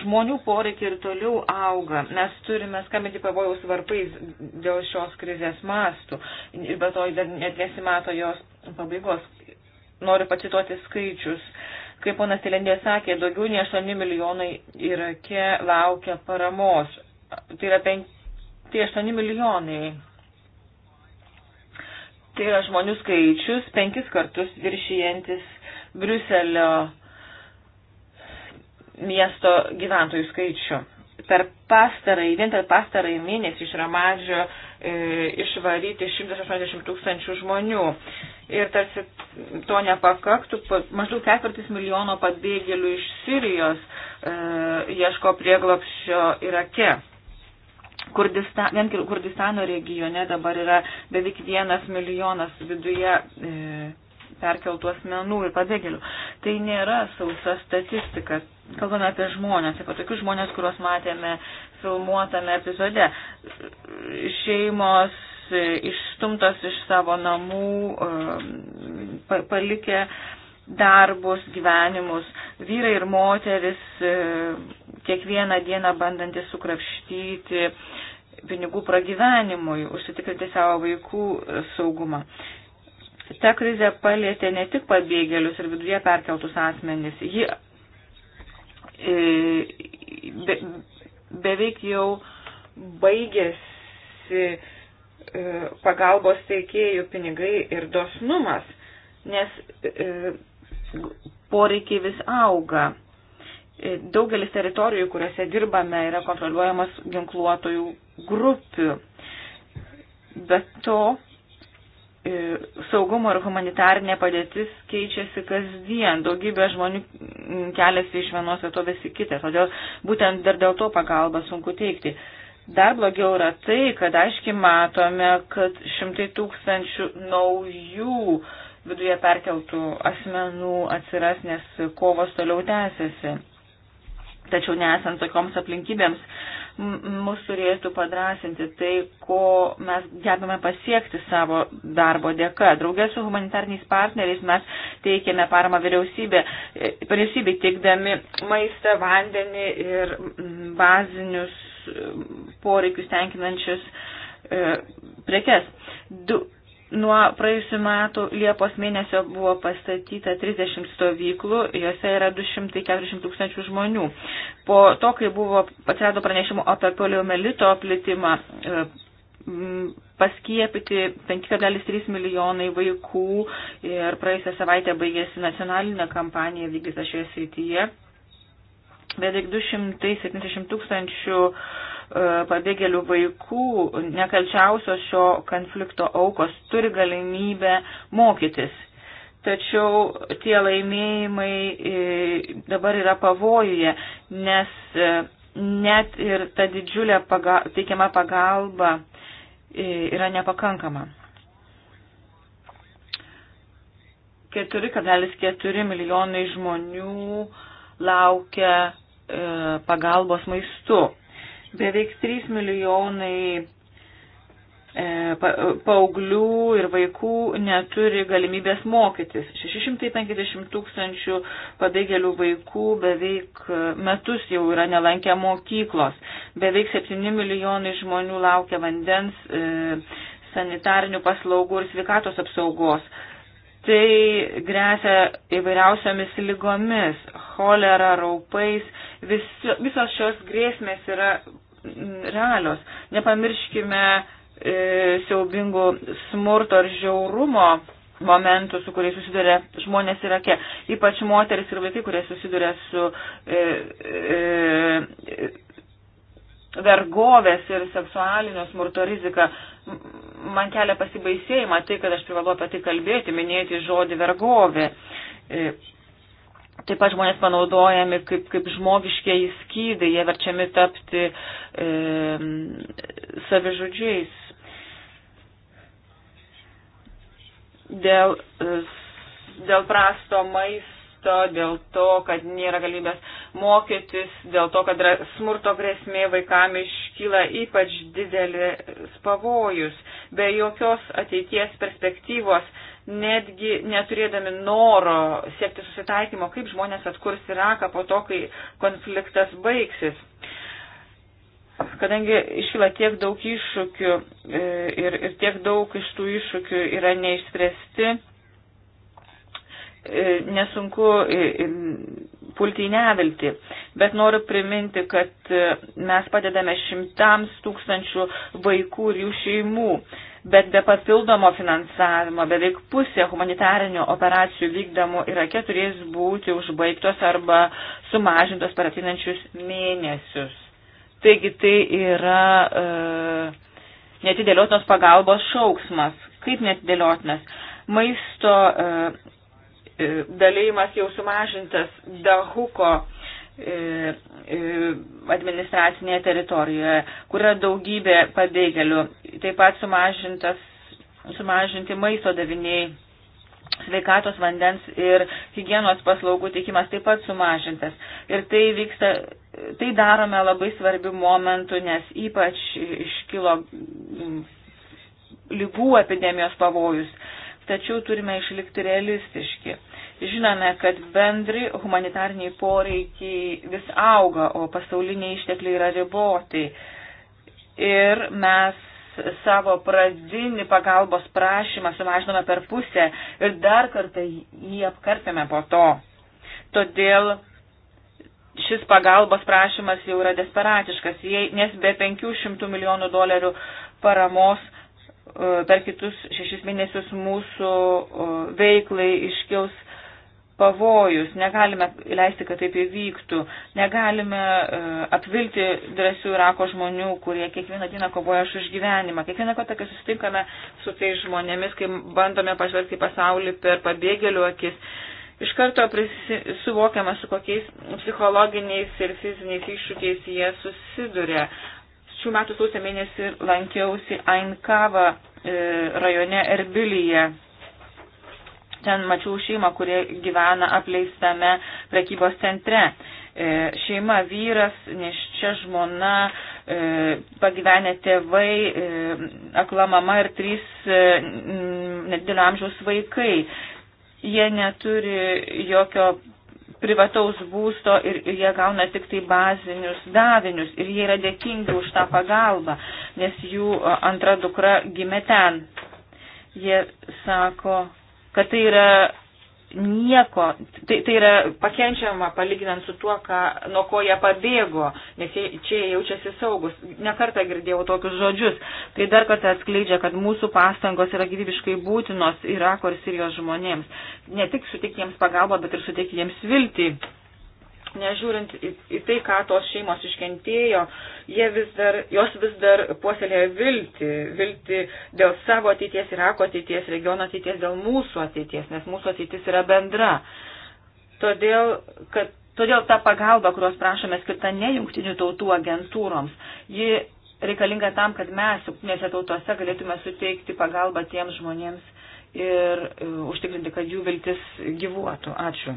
žmonių poreikiai ir toliau auga. Mes turime skambinti pavojaus varpais dėl šios krizės mastų ir be to net nesimato jos pabaigos. Noriu pacituoti skaičius. Kaip ponas Telendė sakė, daugiau nei 8 milijonai Irake laukia paramos. Tai yra 5, tai 8 milijonai. Tai yra žmonių skaičius penkis kartus viršijantis Briuselio miesto gyventojų skaičių. Per pastarąjį, vien per pastarąjį mėnesį iš Ramadžio e, išvaryti 180 tūkstančių žmonių. Ir tarsi to nepakaktų, maždaug ketvirtis milijono pabėgėlių iš Sirijos e, ieško prieglopščio Irake. Kurdista, vien Kurdistano regione dabar yra beveik vienas milijonas viduje e, perkeltų asmenų ir pabėgėlių. Tai nėra sausa statistika. Kalbame apie žmonės, apie tokius žmonės, kuriuos matėme filmuotame epizode. Šeimos e, išstumtos iš savo namų, e, palikę darbus, gyvenimus, vyrai ir moteris e, kiekvieną dieną bandantis sukrapštyti pinigų pragyvenimui, užsitikrinti savo vaikų saugumą. Ta krizė palėtė ne tik pabėgėlius ir viduje perkeltus asmenys. Ji e, be, beveik jau baigėsi e, pagalbos teikėjų pinigai ir dosnumas, nes e, poreikiai vis auga. Daugelis teritorijų, kuriuose dirbame, yra kontroliuojamas ginkluotojų grupių. Be to, E, saugumo ir humanitarnė padėtis keičiasi kasdien. Daugybė žmonių keliasi iš vienos vietovės į kitą. Todėl būtent dar dėl to pagalbą sunku teikti. Dar blogiau yra tai, kad aiškiai matome, kad šimtai tūkstančių naujų viduje perkeltų asmenų atsiras, nes kovos toliau tęsiasi. Tačiau nesant tokioms aplinkybėms, mus turėtų padrasinti tai, ko mes gebame pasiekti savo darbo dėka. Draugės su humanitarniais partneriais mes teikėme paramą vyriausybė, e, vyriausybė teikdami maistą, vandenį ir bazinius poreikius tenkinančius e, prekes. Du, Nuo praėjusiu metu Liepos mėnesio buvo pastatyta 30 stovyklų, juose yra 240 tūkstančių žmonių. Po to, kai buvo atsirado pranešimų apie poliomelito plitimą, e, paskiepyti 5,3 milijonai vaikų ir praėjusią savaitę baigėsi nacionalinė kampanija vykdyta šioje srityje. Beveik 270 tūkstančių 000 E, pabėgėlių vaikų, nekalčiausios šio konflikto aukos turi galimybę mokytis. Tačiau tie laimėjimai e, dabar yra pavojuje, nes e, net ir ta didžiulė paga, teikiama pagalba yra nepakankama. 4,4 milijonai žmonių laukia pagalbos maistu Beveik 3 milijonai e, paauglių ir vaikų neturi galimybės mokytis. 650 tūkstančių pabėgėlių vaikų beveik metus jau yra nelankę mokyklos. Beveik 7 milijonai žmonių laukia vandens, e, sanitarinių paslaugų ir sveikatos apsaugos. Tai grėsia įvairiausiamis lygomis - cholera, raupais. Vis, visos šios grėsmės yra realios. Nepamirškime e, siaubingų smurto ir žiaurumo momentų, su kuriais susiduria žmonės Irake, ypač moteris ir vaikai, kurie susiduria su e, e, e vergovės ir seksualinio smurto rizika. Man kelia pasibaisėjimą tai, kad aš privalau apie tai kalbėti, minėti žodį vergovė. E, Taip pat žmonės panaudojami kaip, kaip žmogiškiai skydai, jie verčiami tapti e, savižudžiais. Dėl, e, dėl prasto maisto, dėl to, kad nėra galimybės mokytis, dėl to, kad smurto grėsmė vaikam iškyla ypač didelis pavojus, be jokios ateities perspektyvos netgi neturėdami noro siekti susitaikymo, kaip žmonės atkurs Iraką po to, kai konfliktas baigsis. Kadangi iškyla tiek daug iššūkių e, ir, ir tiek daug iš tų iššūkių yra neišspręsti, e, nesunku e, pulti į nevilti. Bet noriu priminti, kad mes padedame šimtams tūkstančių vaikų ir jų šeimų bet be papildomo finansavimo beveik pusė humanitarinių operacijų vykdomų Irake turės būti užbaigtos arba sumažintos per atinančius mėnesius. Taigi tai yra e, netidėliotinos pagalbos šauksmas. Kaip netidėliotinas? Maisto e, e dalymas jau sumažintas Dahuko E, e, administracinėje teritorijoje, kur yra daugybė pabėgėlių. Taip pat sumažinti maisto daviniai, sveikatos vandens ir hygienos paslaugų teikimas taip pat sumažintas. Ir tai vyksta. Tai darome labai svarbių momentų, nes ypač iškilo lygų epidemijos pavojus. Tačiau turime išlikti realistiški Žinome, kad bendri humanitariniai poreikiai vis auga, o pasauliniai ištekliai yra riboti. Ir mes savo pradinį pagalbos prašymą sumažinome per pusę ir dar kartą jį apkartėme po to. Todėl šis pagalbos prašymas jau yra desperatiškas, nes be 500 milijonų dolerių paramos e, per kitus šešis mėnesius mūsų e, veiklai iškils pavojus, negalime leisti, kad taip įvyktų, negalime uh, apvilti drąsių Irako žmonių, kurie kiekvieną dieną kovoja už išgyvenimą. Kiekvieną kartą, kai susitinkame su tais žmonėmis, kai bandome pažvelgti pasaulį per pabėgėlių akis, iš karto suvokiame, su kokiais psichologiniais ir fiziniais iššūkiais jie susiduria. Šių metų sausio mėnesį lankiausi Ainkava e, rajone Erbilyje Ten mačiau šeimą, kurie gyvena apleistame prekybos centre. E, šeima, vyras, nes čia žmona, e, pagyvenę tėvai, e, akla mama ir trys nedidelio amžiaus vaikai. Jie neturi jokio privataus būsto ir jie gauna tik tai bazinius davinius ir jie yra dėkingi už tą pagalbą, nes jų antra dukra gimė ten. Jie sako, kad tai yra nieko, tai, tai yra pakenčiama palyginant su tuo, ką, nuo ko jie pabėgo, nes jie čia jaučiasi saugus. Nekartą girdėjau tokius žodžius. Tai dar kartą atskleidžia, kad mūsų pastangos yra gyvybiškai būtinos Irako ir Sirijos žmonėms. Ne tik suteikti jiems pagalbą, bet ir suteikti jiems viltį nežiūrint į, į tai, ką tos šeimos iškentėjo, vis dar, jos vis dar puoselėja viltį, viltį dėl savo ateities, Irako ateities, regiono ateities, dėl mūsų ateities, nes mūsų ateitis yra bendra. Todėl, kad, todėl ta pagalba, kurios prašome, skirta ne jungtinių tautų agentūroms, ji reikalinga tam, kad mes, jungtinėse tautose, galėtume suteikti pagalbą tiems žmonėms ir uh, užtikrinti, kad jų viltis gyvuotų. Ačiū.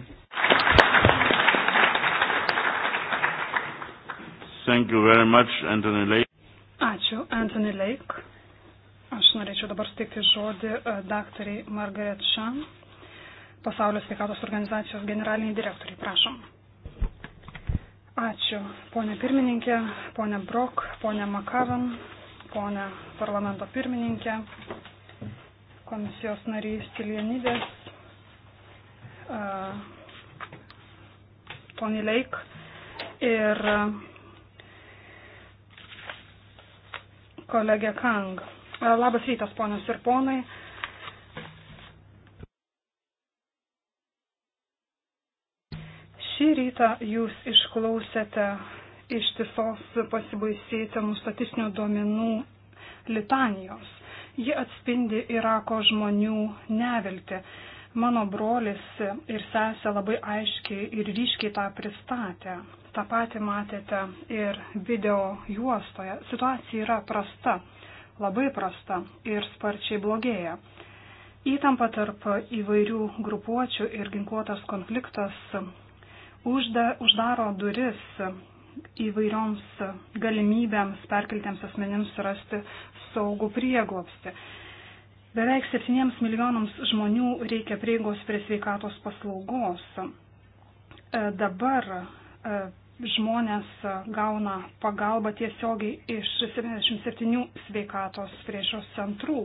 Thank you very much, Anthony Lake. Ačiū, Anthony Lake. Aš norėčiau dabar steikti žodį e, daktariai Margaret Chan, pasaulio sveikatos organizacijos generaliniai direktoriai. Prašom. Ačiū, ponė pirmininkė, ponė Brok, ponė Makavan, ponė parlamento pirmininkė, komisijos narys Tilienidės, ponė e, Leik ir uh, kolegė Kang. E, labas rytas, ponios ir ponai. Šį rytą jūs išklausėte ištisos pasibaisėtinų statistinių duomenų litanijos. Ji atspindi Irako žmonių nevilti. Mano brolis ir sesė labai aiškiai ir ryškiai tą pristatė tą patį matėte ir video juostoje. Situacija yra prasta, labai prasta ir sparčiai blogėja. Įtampa tarp įvairių grupuočių ir ginkluotas konfliktas užda, uždaro duris įvairioms galimybėms perkeltiems asmenims surasti saugų prieglopsti. Beveik 7 milijonams žmonių reikia prieigos prie sveikatos paslaugos. E, dabar e, žmonės e, gauna pagalbą tiesiogiai iš 77 sveikatos priežiūros centrų.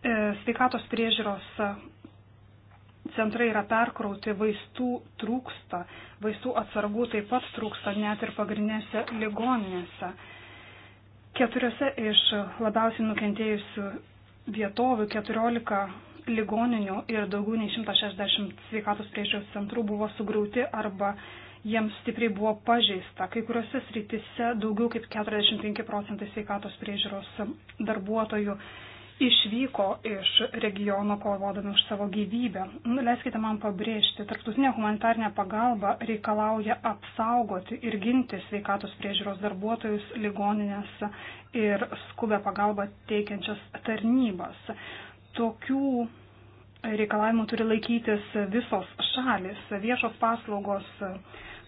E, sveikatos priežiūros e, centrai yra perkrauti, vaistų trūksta, vaistų atsargų taip pat trūksta net ir pagrindinėse ligoninėse. Keturiose iš labiausiai nukentėjusių vietovių 14 ligoninių ir daugiau nei 160 sveikatos priežiūros centrų buvo sugriauti arba jiems stipriai buvo pažeista. Kai kuriuose srityse daugiau kaip 45 procentai sveikatos priežiūros darbuotojų išvyko iš regiono kovodami už savo gyvybę. Nu, leiskite man pabrėžti, tarptautinė humanitarinė pagalba reikalauja apsaugoti ir ginti sveikatos priežiūros darbuotojus ligoninėse ir skubę pagalbą teikiančias tarnybas tokių reikalavimų turi laikytis visos šalis. Viešos paslaugos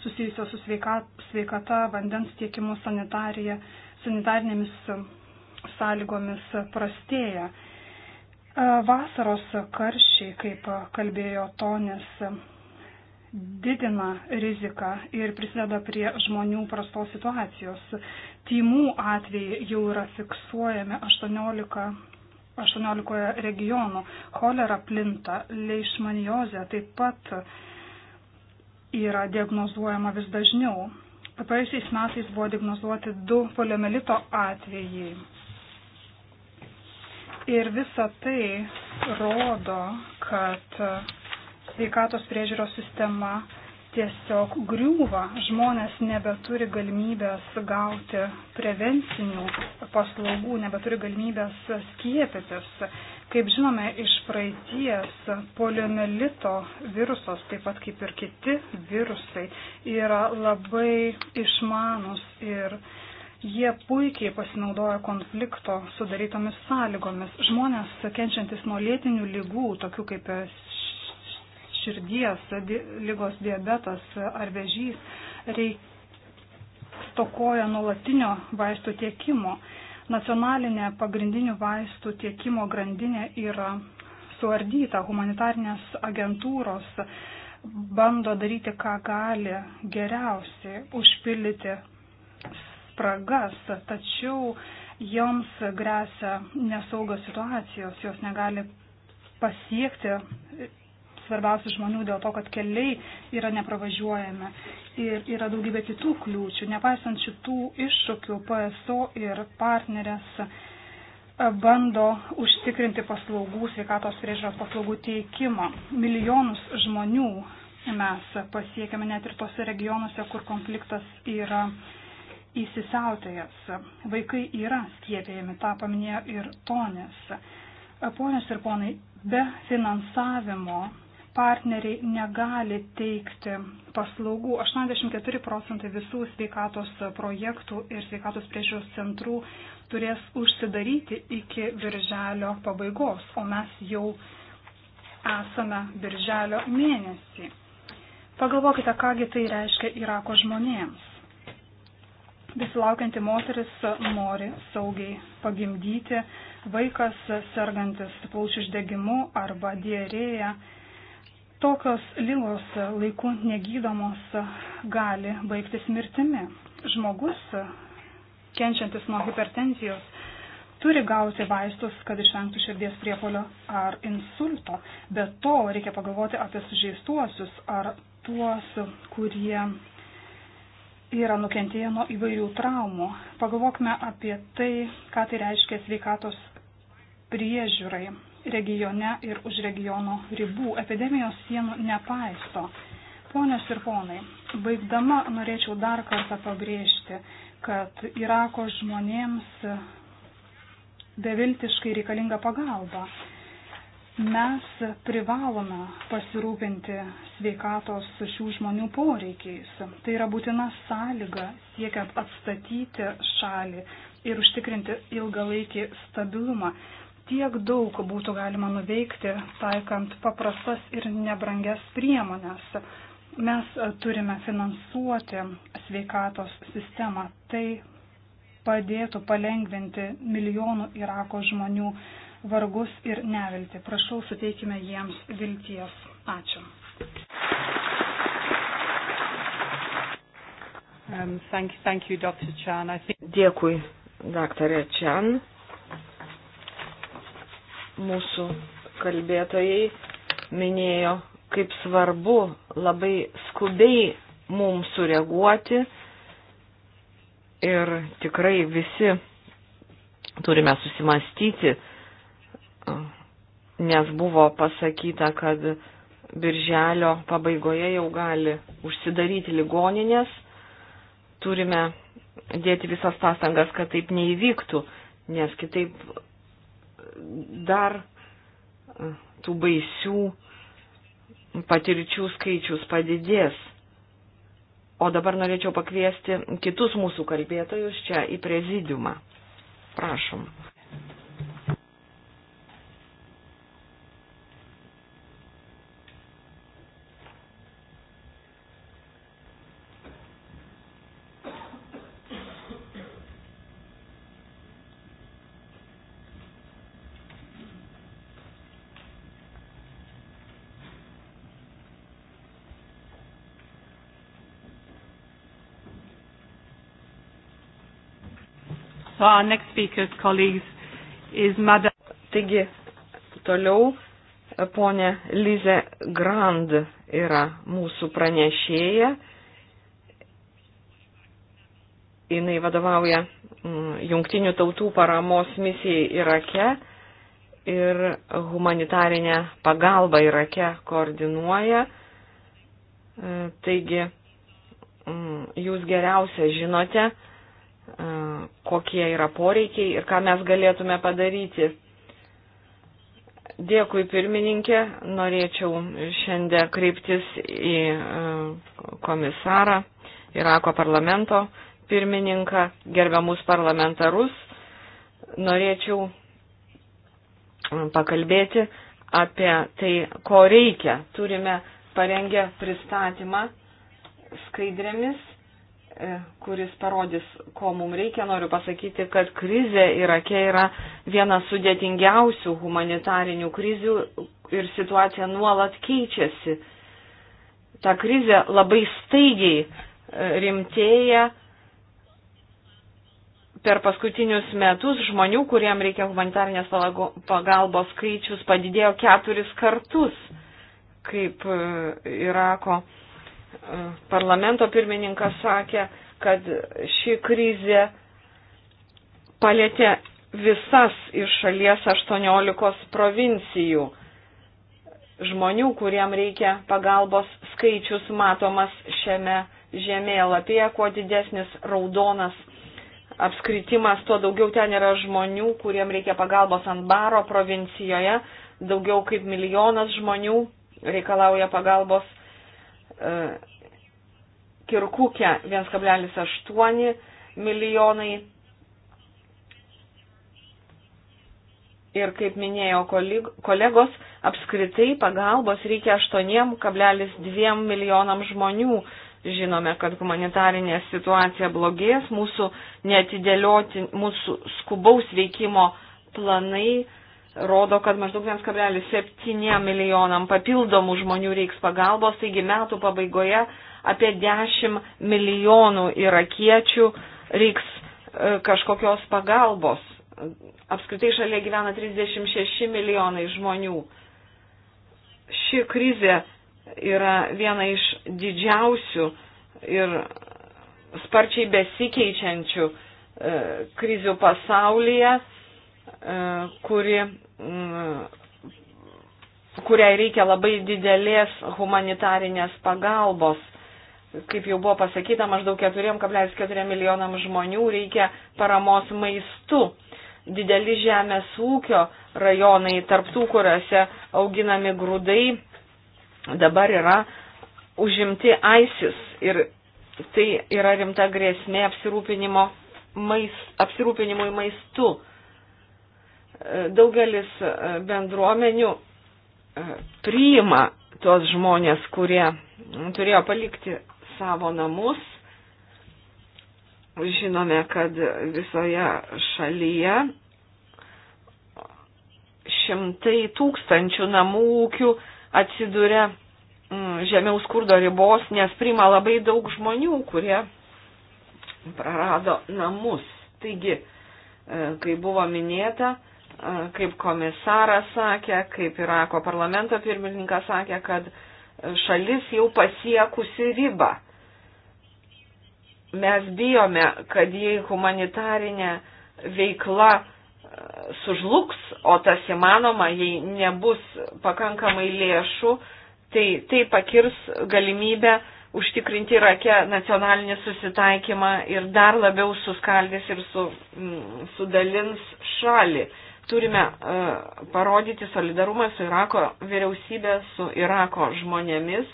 susijusios su sveikata, vandens tiekimu, sanitarinėmis sąlygomis prastėja. E, vasaros karščiai, kaip kalbėjo Tonis, didina riziką ir prisideda prie žmonių prastos situacijos. Tymų atvejai jau yra fiksuojami 18 18 regionų. Cholera plinta, leišmaniozė taip pat yra diagnozuojama vis dažniau. Praėjusiais metais buvo diagnozuoti du poliomelito atvejai. Ir visa tai rodo, kad sveikatos priežiūros sistema tiesiog griūva, žmonės nebeturi galimybės gauti prevencinių paslaugų, nebeturi galimybės skiepytis. Kaip žinome iš praeities, poliomelito virusas, taip pat kaip ir kiti virusai, yra labai išmanus ir jie puikiai pasinaudoja konflikto sudarytomis sąlygomis. Žmonės kenčiantis nuo lėtinių lygų, tokių kaip širdies lygos diabetas ar vežys stokoja nuolatinio vaistų tiekimo. Nacionalinė pagrindinių vaistų tiekimo grandinė yra suardyta. Humanitarnės agentūros bando daryti, ką gali geriausiai užpildyti spragas, tačiau joms grėsia nesaugios situacijos, jos negali pasiekti svarbiausių žmonių dėl to, kad keliai yra nepravažiuojami ir yra daugybė kitų kliūčių. Nepaisant šitų iššūkių, PSO ir partnerės e, bando užtikrinti paslaugų, sveikatos priežiūros paslaugų teikimą. Milijonus žmonių mes pasiekėme net ir tose regionuose, kur konfliktas yra įsisiautėjęs. Vaikai yra skiepėjami, tą paminėjo ir Tonės. E, ponios ir ponai, be finansavimo partneriai negali teikti paslaugų. 84 procentai visų sveikatos projektų ir sveikatos priežiūros centrų turės užsidaryti iki birželio pabaigos, o mes jau esame birželio mėnesį. Pagalvokite, kągi tai reiškia Irako žmonėms. Besilaukianti moteris nori saugiai pagimdyti, vaikas sergantis plaučių uždegimu arba dierėja Tokios lygos laiku negydomos gali baigtis mirtimi. Žmogus, kenčiantis nuo hipertenzijos, turi gauti vaistus, kad išvengtų širdies priepolio ar insulto. Be to reikia pagalvoti apie sužeistuosius ar tuos, kurie yra nukentėję nuo įvairių traumų. Pagalvokime apie tai, ką tai reiškia sveikatos priežiūrai regione ir už regiono ribų. Epidemijos sienų nepaisto. Ponios ir ponai, baigdama norėčiau dar kartą pabrėžti, kad Irako žmonėms beviltiškai reikalinga pagalba. Mes privalome pasirūpinti sveikatos šių žmonių poreikiais. Tai yra būtina sąlyga siekiant atstatyti šalį ir užtikrinti ilgalaikį stabilumą tiek daug būtų galima nuveikti, taikant paprastas ir nebrangias priemonės. Mes e, turime finansuoti sveikatos sistemą. Tai padėtų palengventi milijonų Irako žmonių vargus ir nevilti. Prašau, suteikime jiems vilties. Ačiū. Um, thank, thank you, Dr. Chan. I think... Dėkui, daktarė Chan mūsų kalbėtojai minėjo, kaip svarbu labai skubiai mums sureaguoti ir tikrai visi turime susimastyti, nes buvo pasakyta, kad birželio pabaigoje jau gali užsidaryti ligoninės, turime dėti visas pastangas, kad taip neįvyktų, nes kitaip dar tų baisių patirčių skaičius padidės. O dabar norėčiau pakviesti kitus mūsų kalbėtojus čia į prezidiumą. Prašom. So our next speaker, colleagues, is Madame. Taigi, toliau ponė Lize Grand yra mūsų pranešėja. Jis vadovauja mm, Junktinių tautų paramos misijai Irake ir humanitarinę pagalbą Irake koordinuoja. E, taigi, mm, jūs geriausia žinote, E, kokie yra poreikiai ir ką mes galėtume padaryti. Dėkui pirmininkė, norėčiau šiandien kreiptis į e, komisarą Irako parlamento pirmininką, gerbiamus parlamentarus. Norėčiau e, pakalbėti apie tai, ko reikia. Turime parengę pristatymą skaidrėmis E, kuris parodys, ko mums reikia. Noriu pasakyti, kad krizė Irake yra viena sudėtingiausių humanitarinių krizių ir situacija nuolat keičiasi. Ta krizė labai staigiai e, rimtėja. Per paskutinius metus žmonių, kuriem reikia humanitarnės pagalbos skaičius, padidėjo keturis kartus, kaip e, Irako. Uh, parlamento pirmininkas sakė, kad ši krizė palėtė visas iš šalies 18 provincijų. Žmonių, kuriem reikia pagalbos skaičius matomas šiame žemėlapyje, kuo didesnis raudonas apskritimas, tuo daugiau ten yra žmonių, kuriem reikia pagalbos ant baro provincijoje, daugiau kaip milijonas žmonių reikalauja pagalbos E, Kirkukė 1,8 milijonai. Ir kaip minėjo kolegos, apskritai pagalbos reikia 8,2 milijonam žmonių. Žinome, kad humanitarinė situacija blogės, mūsų netidėlioti, mūsų skubaus veikimo planai rodo, kad maždaug 1,7 milijonam papildomų žmonių reiks pagalbos, taigi metų pabaigoje apie 10 milijonų irakiečių reiks e, kažkokios pagalbos. Apskritai šalia gyvena 36 milijonai žmonių. Ši krizė yra viena iš didžiausių ir sparčiai besikeičiančių e, krizių pasaulyje E, kuri, mm, kuriai reikia labai didelės humanitarinės pagalbos. Kaip jau buvo pasakyta, maždaug 4,4 milijonam žmonių reikia paramos maistu. Dideli žemės ūkio rajonai, tarptų, kuriuose auginami grūdai, dabar yra užimti ISIS ir tai yra rimta grėsmė apsirūpinimo mais, apsirūpinimui maistu daugelis e, bendruomenių e, priima tuos žmonės, kurie turėjo palikti savo namus. Žinome, kad visoje šalyje šimtai tūkstančių namų ūkių atsiduria mm, žemiau skurdo ribos, nes priima labai daug žmonių, kurie prarado namus. Taigi, e, kai buvo minėta, kaip komisaras sakė, kaip Irako parlamento pirmininkas sakė, kad šalis jau pasiekusi ribą. Mes bijome, kad jei humanitarinė veikla sužlugs, o tas įmanoma, jei nebus pakankamai lėšų, tai tai pakirs galimybę užtikrinti Irake nacionalinį susitaikymą ir dar labiau suskaldys ir su, sudalins šalį turime e, parodyti solidarumą su Irako vyriausybė, su Irako žmonėmis.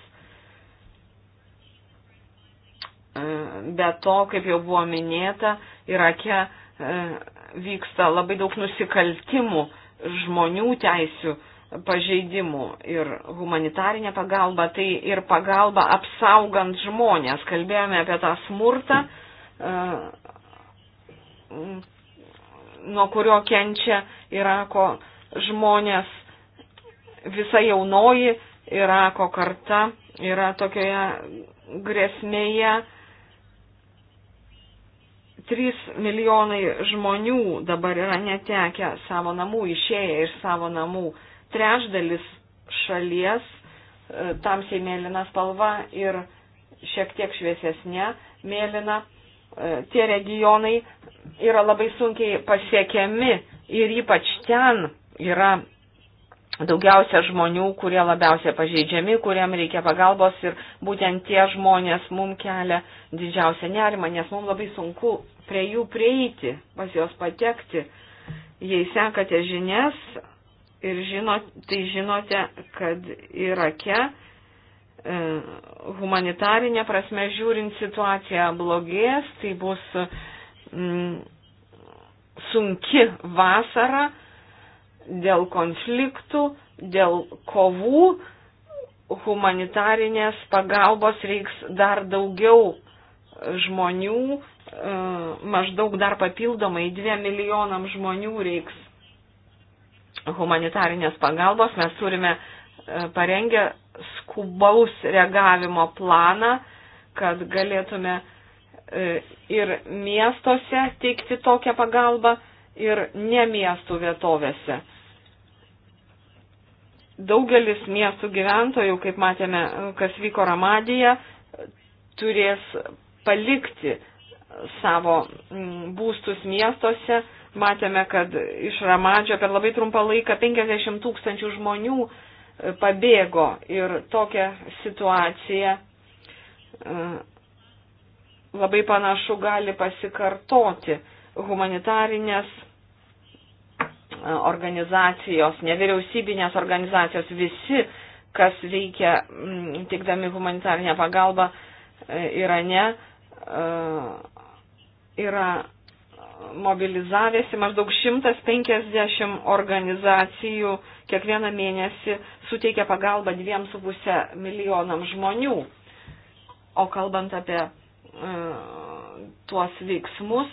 E, be to, kaip jau buvo minėta, Irake e, vyksta labai daug nusikaltimų, žmonių teisių pažeidimų ir humanitarinė pagalba, tai ir pagalba apsaugant žmonės. Kalbėjome apie tą smurtą, nuo kurio kenčia Irako žmonės, visa jaunoji Irako karta yra tokioje grėsmėje. 3 milijonai žmonių dabar yra netekę savo namų, išėję iš savo namų. Trečdalis šalies, e, tamsiai mėlyna spalva ir šiek tiek šviesesnė mėlyna E, tie regionai yra labai sunkiai pasiekiami ir ypač ten yra daugiausia žmonių, kurie labiausia pažeidžiami, kuriem reikia pagalbos ir būtent tie žmonės mum kelia didžiausią nerimą, nes mum labai sunku prie jų prieiti, pas juos patekti. Jei sekate žinias ir žino, tai žinote, kad Irake E, humanitarinė prasme žiūrint situacija blogės, tai bus mm, sunki vasara dėl konfliktų, dėl kovų, humanitarinės pagalbos reiks dar daugiau žmonių, e, maždaug dar papildomai 2 milijonam žmonių reiks humanitarinės pagalbos. Mes turime e, parengę skubaus reagavimo planą, kad galėtume e, ir miestuose teikti tokią pagalbą, ir ne miestų vietovėse. Daugelis miestų gyventojų, kaip matėme, kas vyko Ramadėje, turės palikti savo mm, būstus miestuose. Matėme, kad iš Ramadžio per labai trumpą laiką 50 tūkstančių žmonių pabėgo ir tokia situacija e, labai panašu gali pasikartoti humanitarinės e, organizacijos, nevyriausybinės organizacijos, visi, kas veikia tikdami humanitarinę pagalbą e, Irane, yra mobilizavėsi maždaug 150 organizacijų kiekvieną mėnesį suteikia pagalbą 2,5 milijonam žmonių. O kalbant apie e, tuos veiksmus,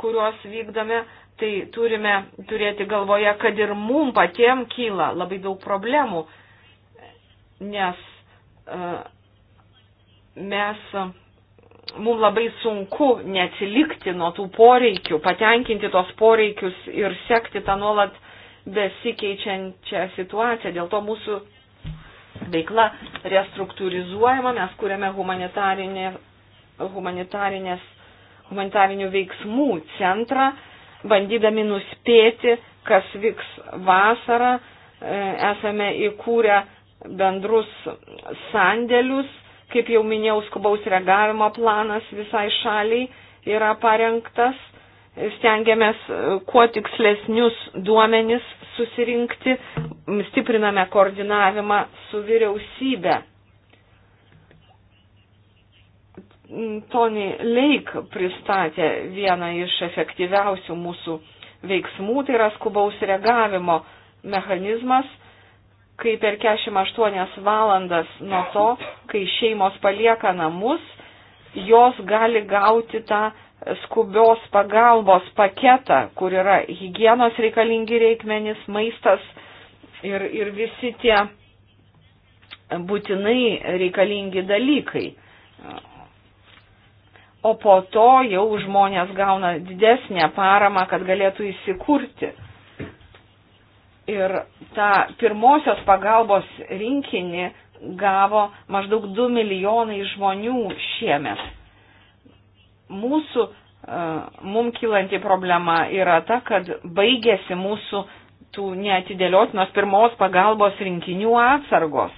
kuriuos vykdome, tai turime turėti galvoje, kad ir mum patiem kyla labai daug problemų, nes e, mes. E, mums labai sunku neatsilikti nuo tų poreikių, patenkinti tos poreikius ir sekti tą nuolat besikeičiančią situaciją. Dėl to mūsų veikla restruktūrizuojama, mes kūrėme humanitarinė, humanitarinės, humanitarinių veiksmų centrą, bandydami nuspėti, kas vyks vasarą, e, esame įkūrę bendrus sandėlius, Kaip jau minėjau, skubaus reagavimo planas visai šaliai yra parengtas. Stengiamės e, kuo tikslesnius duomenis susirinkti, stipriname koordinavimą su vyriausybė. Tony Lake pristatė vieną iš efektyviausių mūsų veiksmų, tai yra skubaus reagavimo mechanizmas, kai per 48 valandas nuo to, kai šeimos palieka namus, jos gali gauti tą skubios pagalbos paketą, kur yra hygienos reikalingi reikmenys, maistas ir, ir visi tie būtinai reikalingi dalykai. O po to jau žmonės gauna didesnę paramą, kad galėtų įsikurti. Ir tą pirmosios pagalbos rinkinį gavo maždaug 2 milijonai žmonių šiemet. Mūsų, e, mums kilanti problema yra ta, kad baigėsi mūsų tų neatidėliotinos pirmos pagalbos rinkinių atsargos.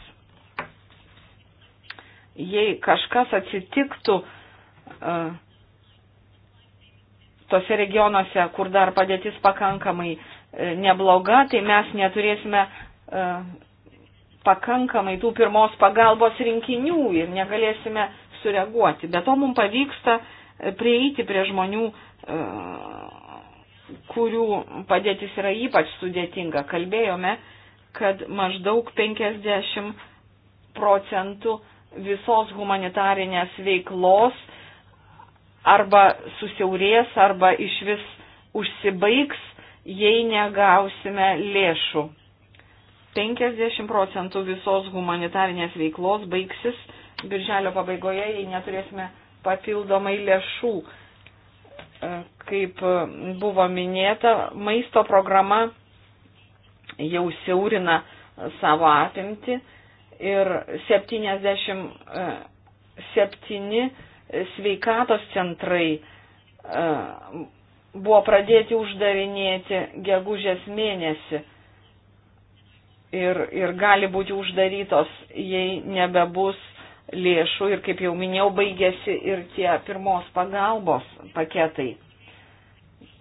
Jei kažkas atsitiktų e, tose regionuose, kur dar padėtis pakankamai E, nebloga, tai mes neturėsime e, pakankamai tų pirmos pagalbos rinkinių ir negalėsime sureaguoti. Be to mums pavyksta e, prieiti prie žmonių, kurių padėtis yra ypač sudėtinga. Kalbėjome, kad maždaug 50 procentų visos humanitarinės veiklos arba susiaurės, arba iš vis užsibaigs jei negausime lėšų. 50 procentų visos humanitarinės veiklos baigsis birželio pabaigoje, jei neturėsime papildomai lėšų. E, kaip buvo minėta, maisto programa jau siaurina savo apimti ir 77 e, sveikatos centrai e, buvo pradėti uždarinėti gegužės mėnesį. Ir, ir gali būti uždarytos, jei nebebus lėšų ir, kaip jau minėjau, baigėsi ir tie pirmos pagalbos paketai.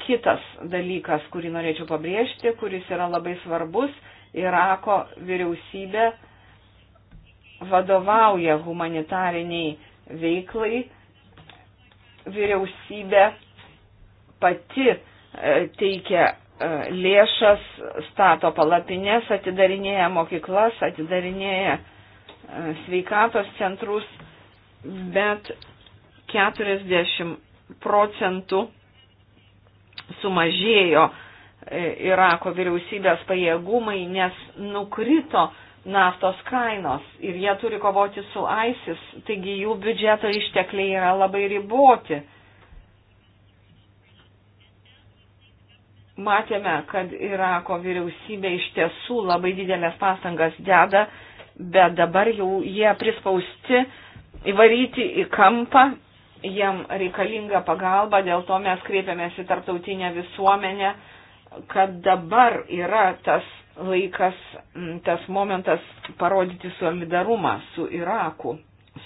Kitas dalykas, kurį norėčiau pabrėžti, kuris yra labai svarbus, Irako vyriausybė vadovauja humanitariniai veiklai, vyriausybė pati e, teikia e, lėšas, stato palapinės, atidarinėja mokyklas, atidarinėja e, sveikatos centrus, bet 40 procentų sumažėjo Irako vyriausybės pajėgumai, nes nukrito naftos kainos ir jie turi kovoti su ISIS, taigi jų biudžeto ištekliai yra labai riboti. matėme, kad Irako vyriausybė iš tiesų labai didelės pastangas deda, bet dabar jau jie prispausti įvaryti į kampą, jiem reikalinga pagalba, dėl to mes kreipiamės į tarptautinę visuomenę, kad dabar yra tas laikas, tas momentas parodyti solidarumą su Iraku,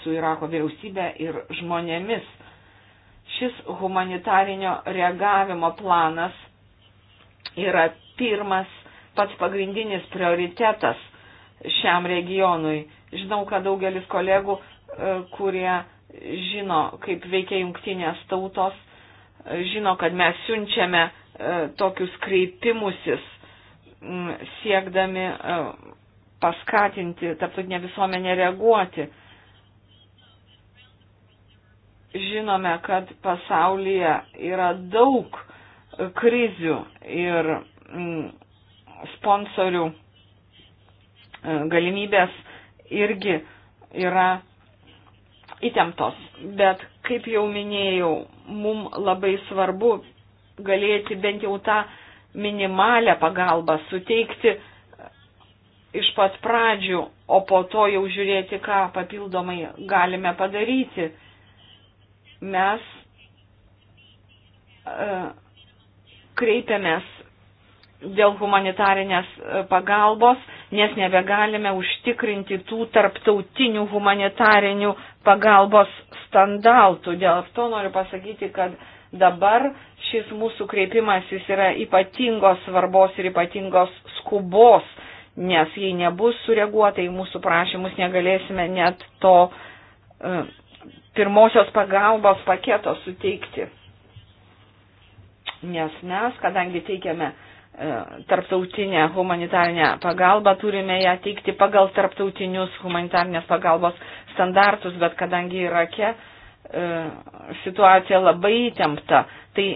su Irako vyriausybė ir žmonėmis. Šis humanitarinio reagavimo planas yra pirmas pats pagrindinis prioritetas šiam regionui. Žinau, kad daugelis kolegų, e, kurie žino, kaip veikia jungtinės tautos, e, žino, kad mes siunčiame e, tokius kreipimusis siekdami paskatinti tarptautinę visuomenę reaguoti. Žinome, kad pasaulyje yra daug krizių ir mm, sponsorių e, galimybės irgi yra įtemptos. Bet, kaip jau minėjau, mums labai svarbu galėti bent jau tą minimalę pagalbą suteikti iš pat pradžių, o po to jau žiūrėti, ką papildomai galime padaryti. Mes uh, kreipiamės dėl humanitarinės e, pagalbos, nes nebegalime užtikrinti tų tarptautinių humanitarinių pagalbos standartų. Dėl to noriu pasakyti, kad dabar šis mūsų kreipimasis yra ypatingos svarbos ir ypatingos skubos, nes jei nebus sureaguota į mūsų prašymus, negalėsime net to e, pirmosios pagalbos paketo suteikti nes mes, kadangi teikiame e, tarptautinę humanitarinę pagalbą, turime ją teikti pagal tarptautinius humanitarnės pagalbos standartus, bet kadangi Irake e, situacija labai įtempta, tai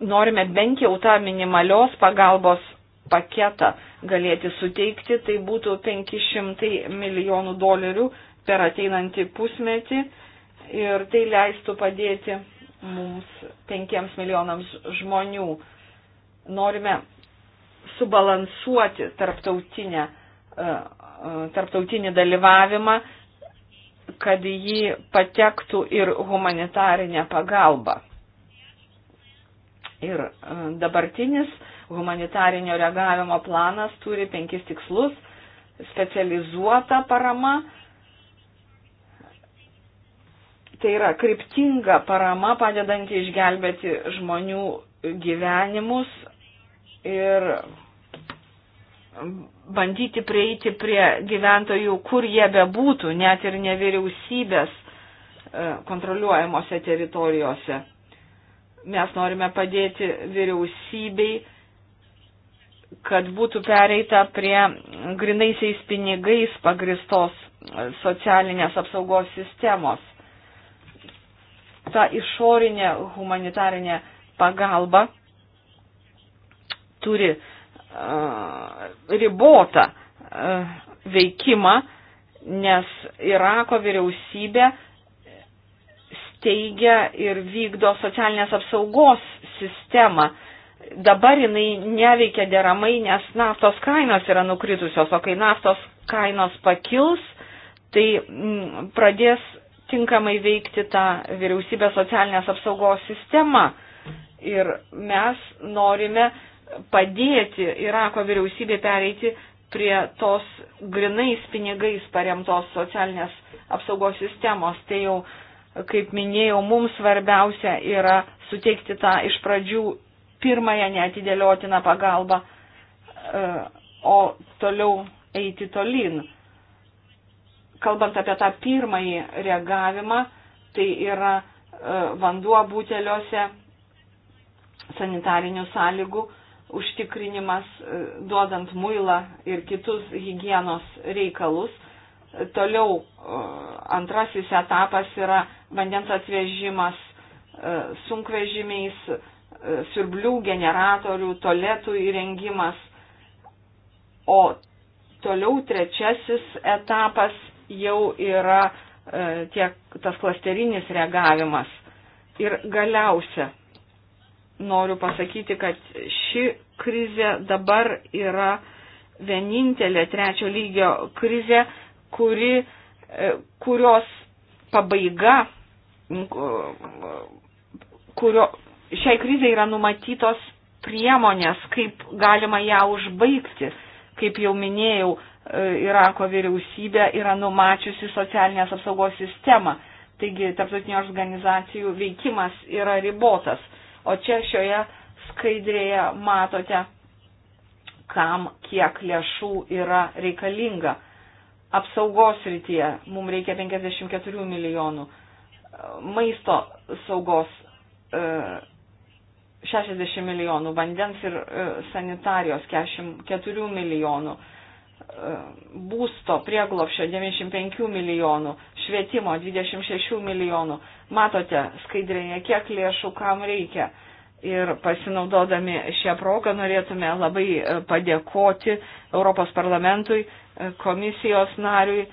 norime bent jau tą minimalios pagalbos paketą galėti suteikti, tai būtų 500 milijonų dolerių per ateinantį pusmetį ir tai leistų padėti mums penkiems milijonams žmonių. Norime subalansuoti tarptautinę, e, e, tarptautinį dalyvavimą, kad jį patektų ir humanitarinė pagalba. Ir e, dabartinis humanitarinio reagavimo planas turi penkis tikslus - specializuota parama, Tai yra kryptinga parama padedanti išgelbėti žmonių gyvenimus ir bandyti prieiti prie gyventojų, kur jie bebūtų, net ir nevyriausybės e, kontroliuojamose teritorijose. Mes norime padėti vyriausybei, kad būtų pereita prie grinaisiais pinigais pagristos socialinės apsaugos sistemos ta išorinė humanitarinė pagalba turi uh, ribotą uh, veikimą, nes Irako vyriausybė steigia ir vykdo socialinės apsaugos sistemą. Dabar jinai neveikia deramai, nes naftos kainos yra nukritusios, o kai naftos kainos pakils, tai mm, pradės tinkamai veikti tą vyriausybės socialinės apsaugos sistemą. Ir mes norime padėti Irako vyriausybė pereiti prie tos grinais pinigais paremtos socialinės apsaugos sistemos. Tai jau, kaip minėjau, mums svarbiausia yra suteikti tą iš pradžių pirmąją neatidėliotiną pagalbą, e, o toliau eiti tolyn kalbant apie tą pirmąjį reagavimą, tai yra e, vanduo būteliuose, sanitarinių sąlygų užtikrinimas, e, duodant muilą ir kitus hygienos reikalus. Toliau e, antrasis etapas yra vandens atvežimas sunkvežimiais, siurblių generatorių, toletų įrengimas. O toliau trečiasis etapas jau yra e, tiek tas klasterinis reagavimas. Ir galiausia, noriu pasakyti, kad ši krizė dabar yra vienintelė trečio lygio krizė, kuri, e, kurios pabaiga, kurio, šiai krizai yra numatytos priemonės, kaip galima ją užbaigti. Kaip jau minėjau, E, Irako vyriausybė yra numačiusi socialinės apsaugos sistemą. Taigi tarptautinių organizacijų veikimas yra ribotas. O čia šioje skaidrėje matote, kam kiek lėšų yra reikalinga. Apsaugos rytyje mums reikia 54 milijonų, maisto saugos 60 e, milijonų, vandens ir e, sanitarijos 44 milijonų būsto prieglopšio 95 milijonų, švietimo 26 milijonų. Matote skaidrėje, kiek lėšų kam reikia. Ir pasinaudodami šią progą norėtume labai e, padėkoti Europos parlamentui, e, komisijos nariui,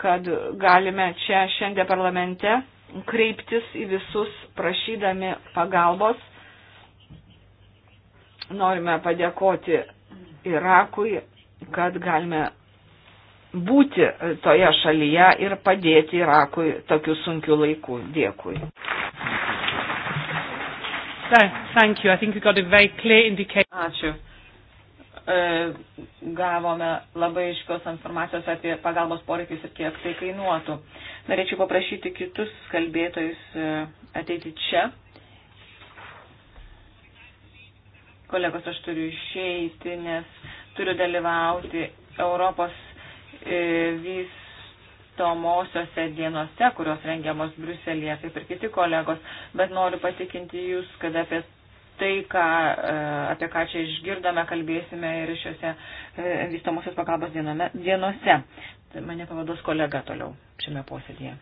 kad galime čia šiandien parlamente kreiptis į visus prašydami pagalbos. Norime padėkoti Irakui, kad galime būti toje šalyje ir padėti Irakui tokiu sunkiu laiku. Dėkui. Ačiū. E, gavome labai iškios informacijos apie pagalbos poreikius ir kiek tai kainuotų. Norėčiau paprašyti kitus kalbėtojus e, ateiti čia. Kolegos, aš turiu išeiti, nes turi dalyvauti Europos e, vystomosiose dienose, kurios rengiamos Bruselėje, kaip ir kiti kolegos, bet noriu patikinti Jūs, kad apie tai, ką, e, apie ką čia išgirdome, kalbėsime ir šiuose e, vystomosios pagalbos dienose. Mane pavados kolega toliau šiame posėdėje.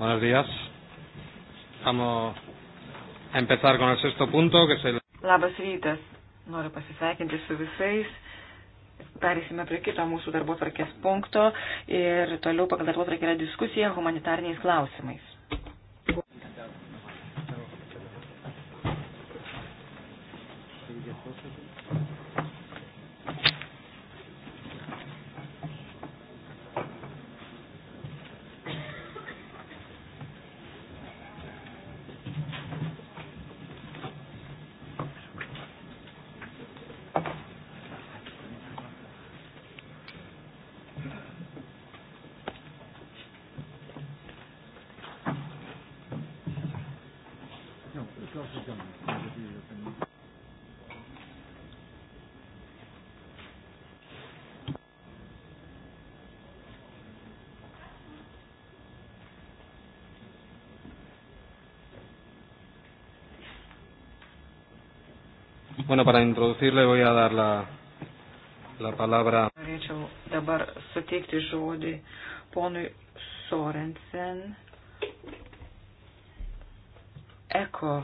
Buenos días. Vamos a empezar con el sexto punto, que es el. Labas rytas. Noriu pasisveikinti su visais. Perėsime prie kito mūsų darbo tvarkės punkto ir toliau pagal darbo tvarkę yra diskusija humanitariniais klausimais. Bueno, para introducirle voy a dar la, la palabra. Norėčiau dabar suteikti žodį ponui Sorensen, ECO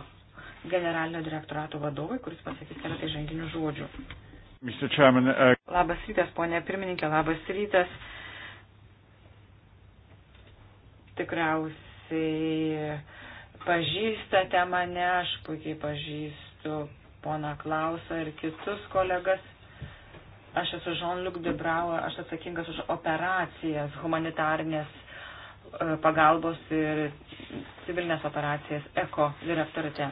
generalinio direktorato vadovui, kuris pasakys keletą žanginių žodžių. Chairman, uh... Labas rytas, ponė pirmininkė, labas rytas. Tikriausiai pažįstate mane, aš puikiai pažįstu pona Klausą ir kitus kolegas. Aš esu Jean-Luc Debrau, aš atsakingas už operacijas, humanitarnės e, pagalbos ir civilinės operacijas ECO direktorate.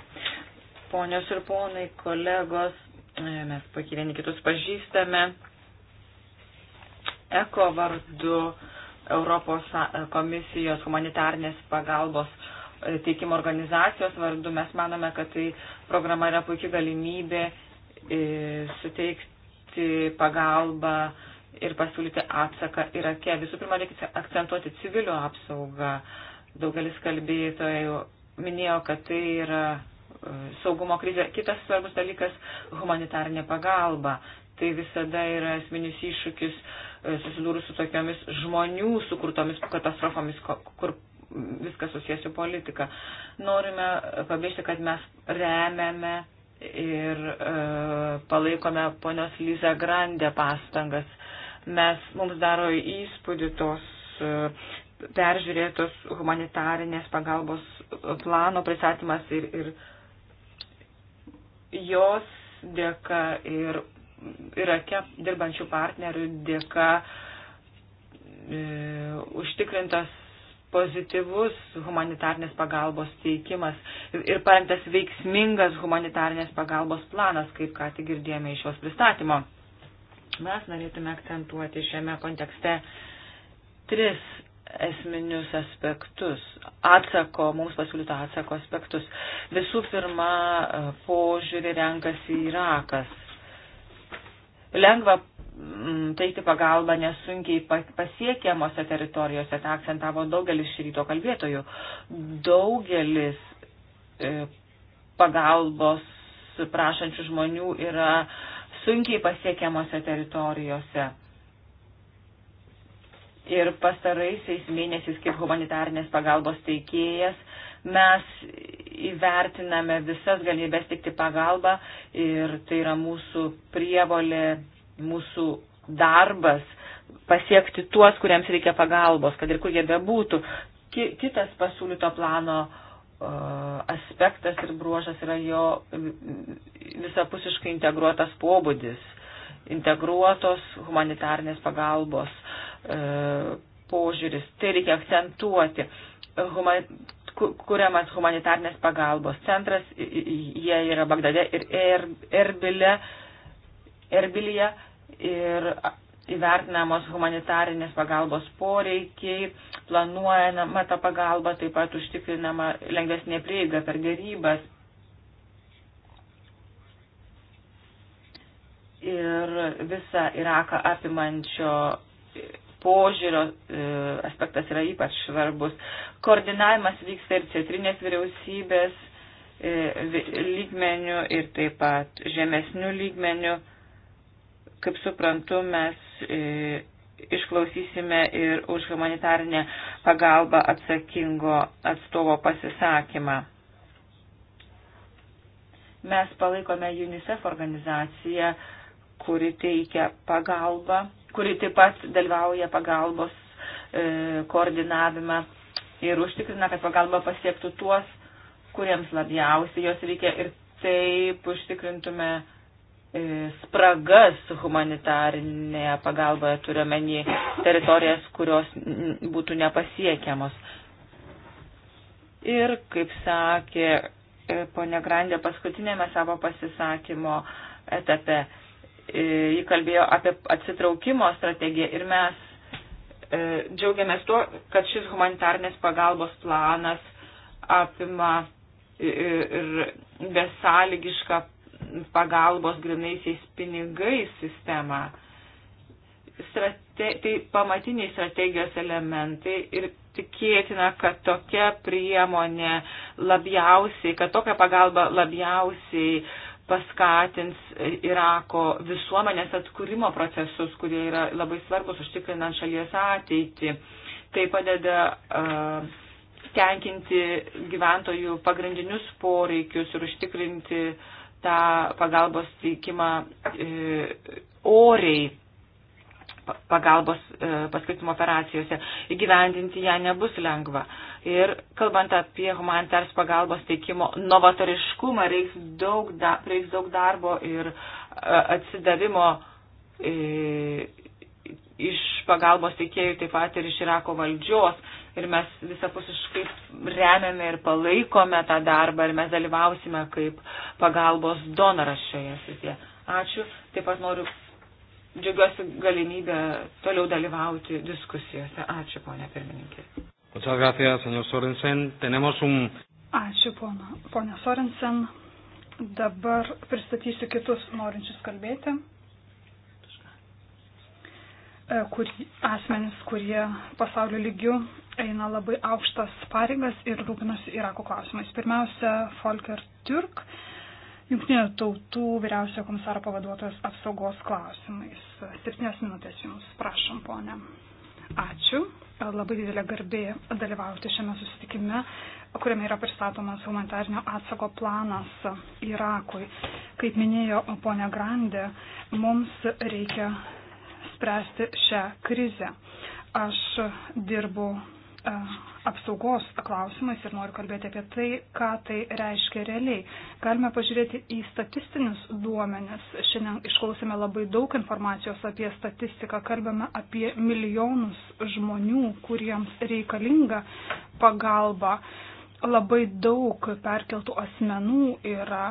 Ponios ir ponai, kolegos, e, mes puikiai vieni kitus pažįstame. ECO vardu Europos e, komisijos humanitarnės pagalbos teikimo organizacijos vardu. Mes manome, kad tai programa yra puikia galimybė e, suteikti pagalbą ir pasiūlyti atsaką Irake. Visų pirma, reikia akcentuoti civilių apsaugą. Daugelis kalbėtojų minėjo, kad tai yra e, saugumo krizė. Kitas svarbus dalykas - humanitarinė pagalba. Tai visada yra esminis iššūkis e, susidūrus su tokiamis žmonių sukurtomis katastrofomis, kur viskas susijęs su politika. Norime pabrėžti, kad mes remiame ir e, palaikome ponios Liza Grandė pastangas. Mes, mums daro įspūdį tos e, peržiūrėtos humanitarinės pagalbos plano pristatymas ir, ir jos dėka ir Irake dirbančių partnerių dėka e, užtikrintas pozityvus humanitarnės pagalbos teikimas ir parengtas veiksmingas humanitarnės pagalbos planas, kaip ką tik girdėjome iš jos pristatymo. Mes norėtume akcentuoti šiame kontekste tris esminius aspektus, atsako, mums pasiūlyto atsako aspektus. Visų pirma, požiūrį renkasi Irakas. Lengva Mm, teikti pagalbą nesunkiai pasiekiamose teritorijose, tą akcentavo daugelis šryto kalbėtojų. Daugelis e, pagalbos prašančių žmonių yra sunkiai pasiekiamose teritorijose. Ir pastaraisiais mėnesiais kaip humanitarnės pagalbos teikėjas mes įvertiname visas galimybės teikti pagalbą ir tai yra mūsų prievolė mūsų darbas pasiekti tuos, kuriems reikia pagalbos, kad ir kur jie bebūtų. Kitas pasiūlyto plano e, aspektas ir bruožas yra jo visapusiškai integruotas pobūdis, integruotos humanitarnės pagalbos e, požiūris. Tai reikia akcentuoti. Human, kuriamas humanitarnės pagalbos centras, jie yra Bagdade ir Erbile. Er, Erbilyje ir įvertinamos humanitarinės pagalbos poreikiai, planuojama ta pagalba, taip pat užtikrinama lengvesnė prieiga per gerybas. Ir visa Iraką apimančio požiūrio e, aspektas yra ypač svarbus. Koordinavimas vyksta ir centrinės vyriausybės e, lygmenių ir taip pat žemesnių lygmenių Kaip suprantu, mes e, išklausysime ir už humanitarinę pagalbą atsakingo atstovo pasisakymą. Mes palaikome UNICEF organizaciją, kuri teikia pagalbą, kuri taip pat dalyvauja pagalbos e, koordinavimą ir užtikrina, kad pagalba pasiektų tuos, kuriems labiausiai jos reikia ir taip užtikrintume E, spragas humanitarinėje pagalboje, turiuomenį teritorijas, kurios būtų nepasiekiamos. Ir, kaip sakė e, ponė Grandė paskutinėme savo pasisakymo etape, e, jį kalbėjo apie atsitraukimo strategiją ir mes džiaugiamės tuo, kad šis humanitarnės pagalbos planas apima ir besąlygišką pagalbos grinaisiais pinigais sistemą. Strate, tai pamatiniai strategijos elementai ir tikėtina, kad tokia priemonė labiausiai, kad tokia pagalba labiausiai paskatins Irako visuomenės atkūrimo procesus, kurie yra labai svarbus užtikrinant šalies ateitį. Tai padeda uh, tenkinti gyventojų pagrindinius poreikius ir užtikrinti uh, tą pagalbos teikimą e, oriai pagalbos e, paskirtimo operacijose. Įgyvendinti ją nebus lengva. Ir kalbant apie humanitarius pagalbos teikimo novatoriškumą, reiks daug, da, reiks daug darbo ir e, atsidavimo e, iš pagalbos teikėjų, taip pat ir iš Irako valdžios ir mes visapusiškai remiame ir palaikome tą darbą ir mes dalyvausime kaip pagalbos donoras šioje srityje. Ačiū. Taip pat noriu džiugiuosi galimybę toliau dalyvauti diskusijose. Ačiū, ponė pirmininkė. Ačiū, ponė Sorensen. Dabar pristatysiu kitus norinčius kalbėti e, kur, asmenis, kurie pasaulio lygių eina labai aukštas pareigas ir rūpinasi Irako klausimais. Pirmiausia, Folker Turk, Junktinių tautų vyriausiojo komisaro pavaduotojas apsaugos klausimais. Septynės minutės jums, prašom, ponė. Ačiū. Labai didelė garbė dalyvauti šiame susitikime, kuriame yra pristatomas humanitarnio atsako planas Irakui. Kaip minėjo ponė Grandė, mums reikia spręsti šią krizę aš dirbu E, apsaugos klausimais ir noriu kalbėti apie tai, ką tai reiškia realiai. Galime pažiūrėti į statistinius duomenis. Šiandien išklausėme labai daug informacijos apie statistiką, kalbame apie milijonus žmonių, kuriems reikalinga pagalba. Labai daug perkeltų asmenų yra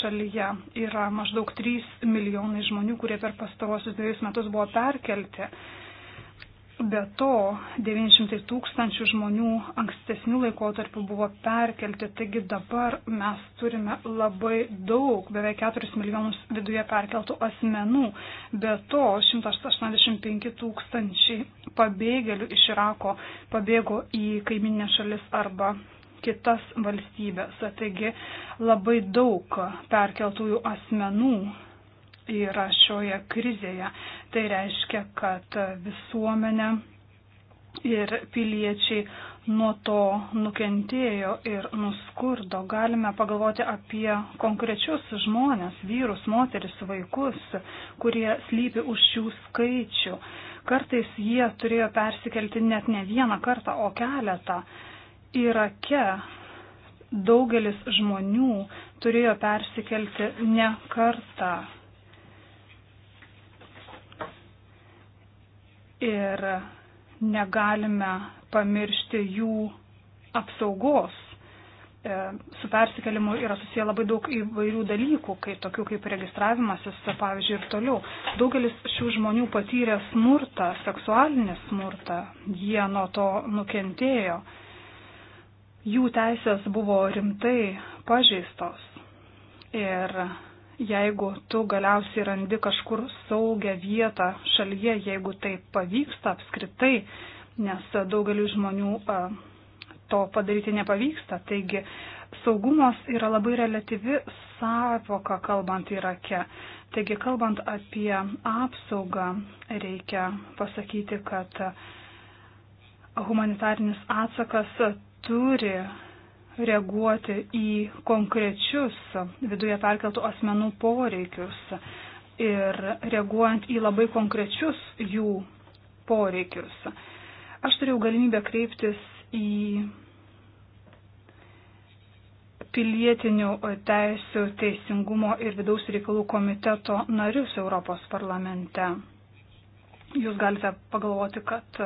šalyje. Yra maždaug 3 milijonai žmonių, kurie per pastarosius dviejus metus buvo perkelti Be to, 900 tūkstančių žmonių ankstesnių laikotarpių buvo perkelti, taigi dabar mes turime labai daug, beveik 4 milijonus viduje perkeltų asmenų. Be to, 185 tūkstančiai pabėgėlių iš Irako pabėgo į kaiminę šalis arba kitas valstybės. Taigi labai daug perkeltųjų asmenų yra šioje krizėje. Tai reiškia, kad visuomenė ir piliečiai nuo to nukentėjo ir nuskurdo. Galime pagalvoti apie konkrečius žmonės, vyrus, moteris, vaikus, kurie slypi už šių skaičių. Kartais jie turėjo persikelti net ne vieną kartą, o keletą. Irake daugelis žmonių turėjo persikelti ne kartą ir negalime pamiršti jų apsaugos. E, su persikelimu yra susiję labai daug įvairių dalykų, kaip tokių kaip registravimasis, pavyzdžiui, ir toliau. Daugelis šių žmonių patyrė smurtą, seksualinį smurtą, jie nuo to nukentėjo. Jų teisės buvo rimtai pažeistos. Ir jeigu tu galiausiai randi kažkur saugią vietą šalyje, jeigu tai pavyksta apskritai, nes daugeliu žmonių to padaryti nepavyksta. Taigi saugumas yra labai relativi savoka kalbant Irake. Taigi kalbant apie apsaugą, reikia pasakyti, kad humanitarinis atsakas turi reaguoti į konkrečius viduje perkeltų asmenų poreikius ir reaguojant į labai konkrečius jų poreikius. Aš turėjau galimybę kreiptis į pilietinių teisų teisingumo ir vidaus reikalų komiteto narius Europos parlamente. Jūs galite pagalvoti, kad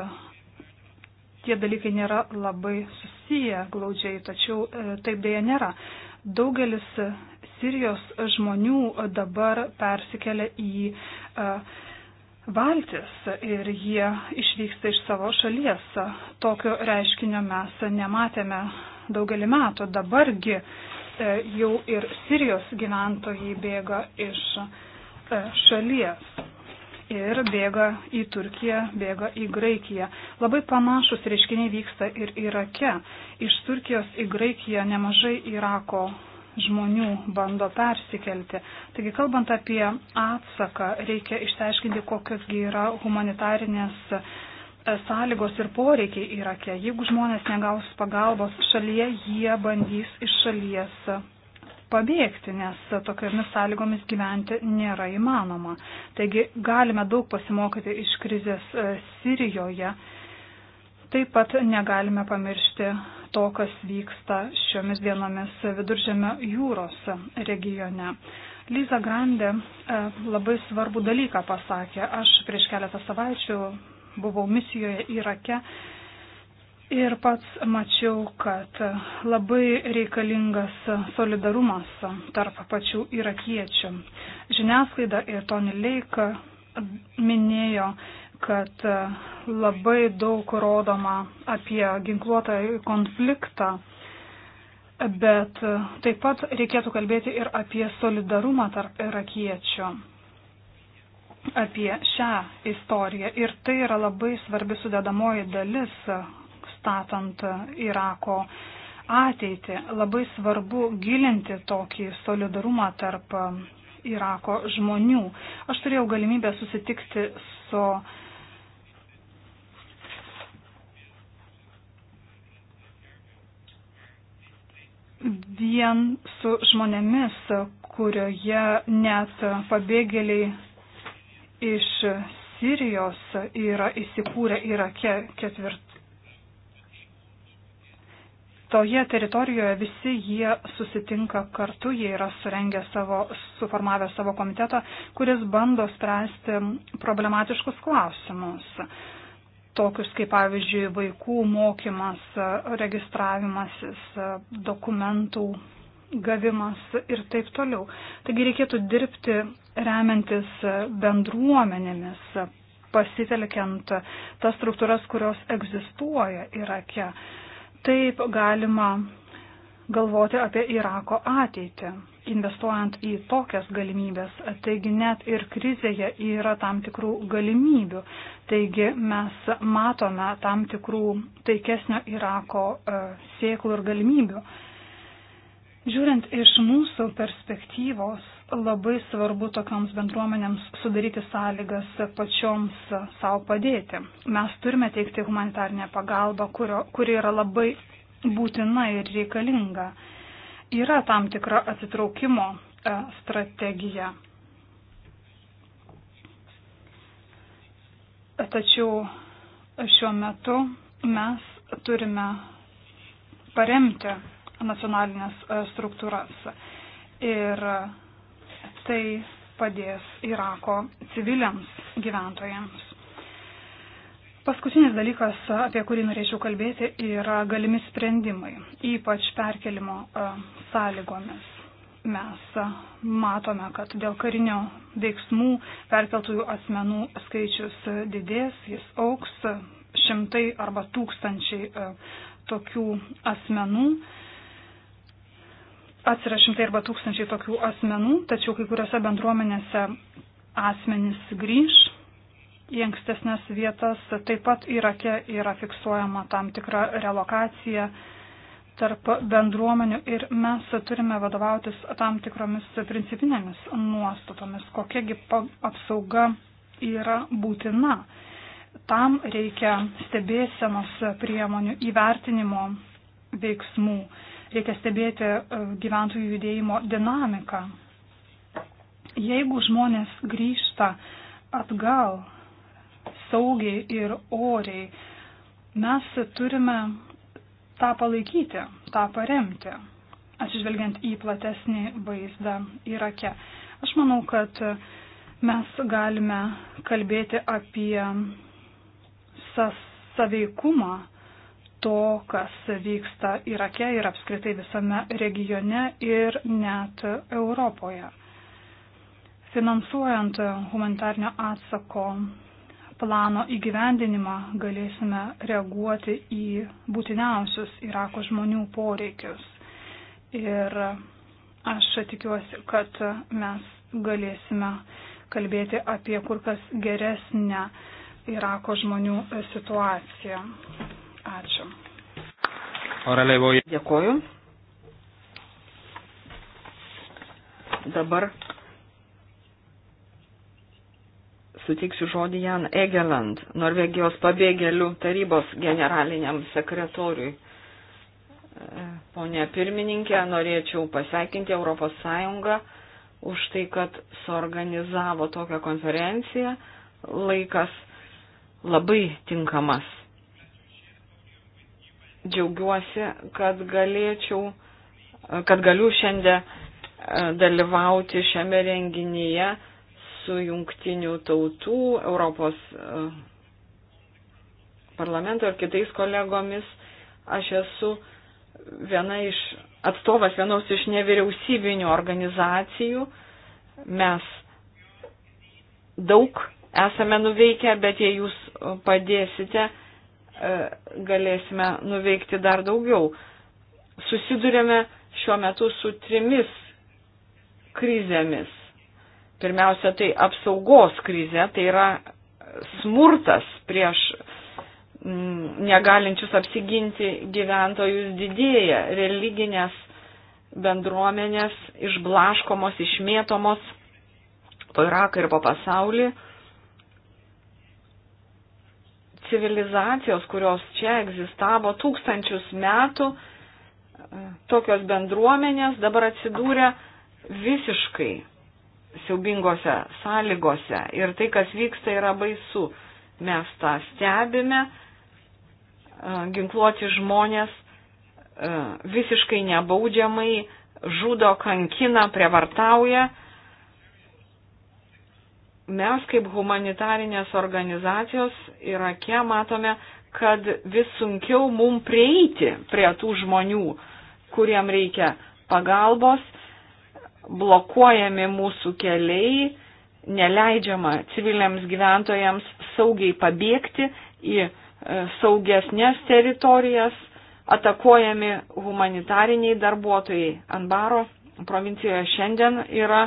tie dalykai nėra labai susiję glaudžiai, tačiau e, taip dėja nėra. Daugelis Sirijos žmonių dabar persikelia į e, valtis ir jie išvyksta iš savo šalies. Tokio reiškinio mes nematėme daugelį metų. Dabargi e, jau ir Sirijos gyventojai bėga iš šalies ir bėga į Turkiją, bėga į Graikiją. Labai panašus reiškiniai vyksta ir Irake. Iš Turkijos į Graikiją nemažai Irako žmonių bando persikelti. Taigi, kalbant apie atsaką, reikia išsiaiškinti, kokiosgi yra humanitarinės e, sąlygos ir poreikiai Irake. Jeigu žmonės negaus pagalbos šalyje, jie bandys iš šalies pabėgti, nes tokiamis sąlygomis gyventi nėra įmanoma. Taigi galime daug pasimokyti iš krizės e, Sirijoje. Taip pat negalime pamiršti to, kas vyksta šiomis dienomis viduržėme jūros regione. Liza Grande e, labai svarbų dalyką pasakė. Aš prieš keletą savaičių buvau misijoje Irake Ir pats mačiau, kad labai reikalingas solidarumas tarp pačių irakiečių. Žiniasklaida ir Tony Leika minėjo, kad labai daug rodoma apie ginkluotą konfliktą, bet taip pat reikėtų kalbėti ir apie solidarumą tarp irakiečių apie šią istoriją. Ir tai yra labai svarbi sudedamoji dalis statant Irako ateitį. Labai svarbu gilinti tokį solidarumą tarp Irako žmonių. Aš turėjau galimybę susitikti su vien su žmonėmis, kurioje net pabėgėliai iš Sirijos yra įsikūrę Irake. Ketvirt, toje teritorijoje visi jie susitinka kartu, jie yra surengę savo, suformavę savo komitetą, kuris bando spręsti problematiškus klausimus. Tokius kaip pavyzdžiui vaikų mokymas, registravimasis, dokumentų gavimas ir taip toliau. Taigi reikėtų dirbti remiantis bendruomenėmis, pasitelkiant tas struktūras, kurios egzistuoja Irake. Ir Taip galima galvoti apie Irako ateitį, investuojant į tokias galimybės. Taigi net ir krizėje yra tam tikrų galimybių. Taigi mes matome tam tikrų taikesnio Irako e, sėklų ir galimybių. Žiūrint iš mūsų perspektyvos, labai svarbu tokioms bendruomenėms sudaryti sąlygas pačioms savo padėti. Mes turime teikti humanitarnę pagalbą, kurio, kuri yra labai būtina ir reikalinga. Yra tam tikra atsitraukimo e, strategija. Tačiau šiuo metu mes turime paremti nacionalinės e, struktūras. Ir Tai padės Irako civiliams gyventojams. Paskutinis dalykas, apie kurį norėčiau kalbėti, yra galimi sprendimai, ypač perkelimo e, sąlygomis. Mes e, matome, kad dėl karinio veiksmų perkeltųjų asmenų skaičius didės, jis auks, e, šimtai arba tūkstančiai tokių asmenų atsira šimtai arba tūkstančiai tokių asmenų, tačiau kai kuriuose bendruomenėse asmenys grįž į ankstesnės vietas. Taip pat Irake yra fiksuojama tam tikra relokacija tarp bendruomenių ir mes turime vadovautis tam tikromis principinėmis nuostatomis, kokiagi apsauga yra būtina. Tam reikia stebėsenos priemonių įvertinimo veiksmų. Reikia stebėti e, gyventojų judėjimo dinamiką. Jeigu žmonės grįžta atgal saugiai ir oriai, mes turime tą palaikyti, tą paremti, atsižvelgiant į platesnį vaizdą Irake. Aš manau, kad mes galime kalbėti apie sas, saveikumą to, kas vyksta Irake ir apskritai visame regione ir net Europoje. Finansuojant humanitarnio atsako plano įgyvendinimą galėsime reaguoti į būtiniausius Irako žmonių poreikius. Ir aš tikiuosi, kad mes galėsime kalbėti apie kur kas geresnę Irako žmonių situaciją. Ačiū. Oralevoje. Dėkoju. Dabar suteiksiu žodį Jan Egeland, Norvegijos pabėgėlių tarybos generaliniam sekretoriui. E, Pone pirmininkė, norėčiau pasveikinti ES už tai, kad suorganizavo tokią konferenciją. Laikas labai tinkamas džiaugiuosi, kad galėčiau, kad galiu šiandien e, dalyvauti šiame renginyje su jungtinių tautų, Europos e, parlamento ir kitais kolegomis. Aš esu viena iš atstovas vienos iš nevyriausybinių organizacijų. Mes daug esame nuveikę, bet jei jūs padėsite, E, galėsime nuveikti dar daugiau. Susidurėme šiuo metu su trimis krizėmis. Pirmiausia, tai apsaugos krizė, tai yra smurtas prieš mm, negalinčius apsiginti gyventojus didėja, religinės bendruomenės išblaškomos, išmėtomos po Iraką ir po pasaulį civilizacijos, kurios čia egzistavo tūkstančius metų, e, tokios bendruomenės dabar atsidūrė visiškai siaubingose sąlygose. Ir tai, kas vyksta, yra baisu. Mes tą stebime, e, ginkluoti žmonės e, visiškai nebaudžiamai žudo, kankina, prievartauja mes kaip humanitarinės organizacijos Irake matome, kad vis sunkiau mum prieiti prie tų žmonių, kuriem reikia pagalbos, blokuojami mūsų keliai, neleidžiama civiliams gyventojams saugiai pabėgti į e, saugesnės teritorijas, atakuojami humanitariniai darbuotojai. Anbaro provincijoje šiandien yra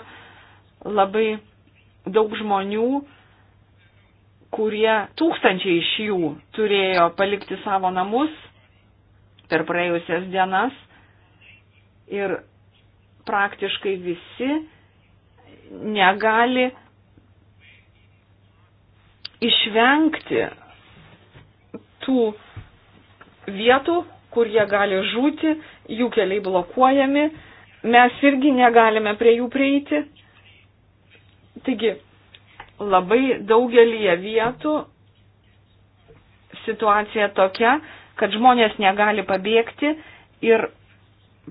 labai daug žmonių, kurie tūkstančiai iš jų turėjo palikti savo namus per praėjusias dienas ir praktiškai visi negali išvengti tų vietų, kur jie gali žūti, jų keliai blokuojami, mes irgi negalime prie jų prieiti. Taigi, labai daugelie vietų situacija tokia, kad žmonės negali pabėgti ir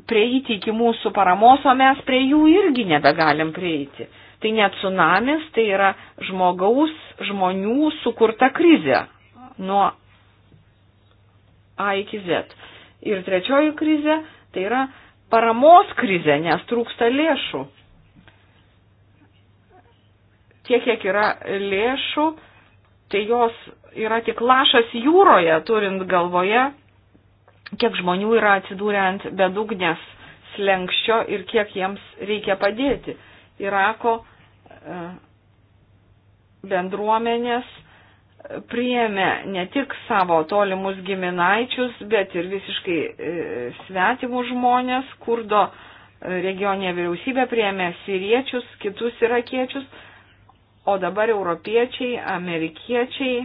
prieiti iki mūsų paramos, o mes prie jų irgi nebegalim prieiti. Tai ne tsunamis, tai yra žmogaus, žmonių sukurta krizė nuo A iki Z. Ir trečioji krizė tai yra paramos krizė, nes trūksta lėšų tiek, kiek yra lėšų, tai jos yra tik lašas jūroje, turint galvoje, kiek žmonių yra atsidūrę ant bedugnės slengščio ir kiek jiems reikia padėti. Irako e, bendruomenės priėmė ne tik savo tolimus giminaičius, bet ir visiškai e, svetimus žmonės, kurdo e, regioninė vyriausybė priėmė siriečius, kitus irakiečius O dabar europiečiai, amerikiečiai,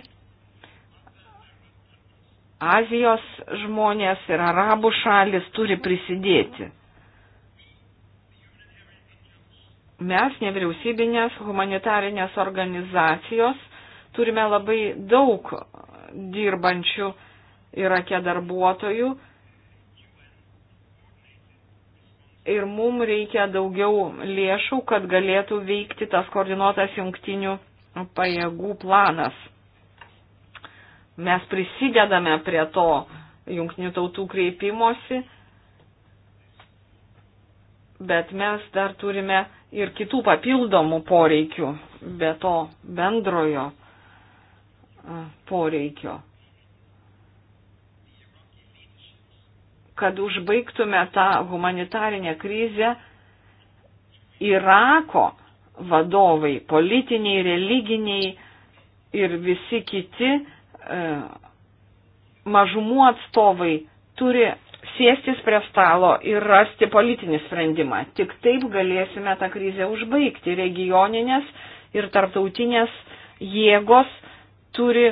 Azijos žmonės ir arabų šalis turi prisidėti. Mes, nevyriausybinės humanitarinės organizacijos, turime labai daug dirbančių Irake darbuotojų ir mums reikia daugiau lėšų, kad galėtų veikti tas koordinuotas jungtinių pajėgų planas. Mes prisidedame prie to jungtinių tautų kreipimosi, bet mes dar turime ir kitų papildomų poreikių, be to bendrojo poreikio. kad užbaigtume tą humanitarinę krizę, Irako vadovai, politiniai, religiniai ir visi kiti e, mažumų atstovai turi sėstis prie stalo ir rasti politinį sprendimą. Tik taip galėsime tą krizę užbaigti. Regioninės ir tarptautinės jėgos turi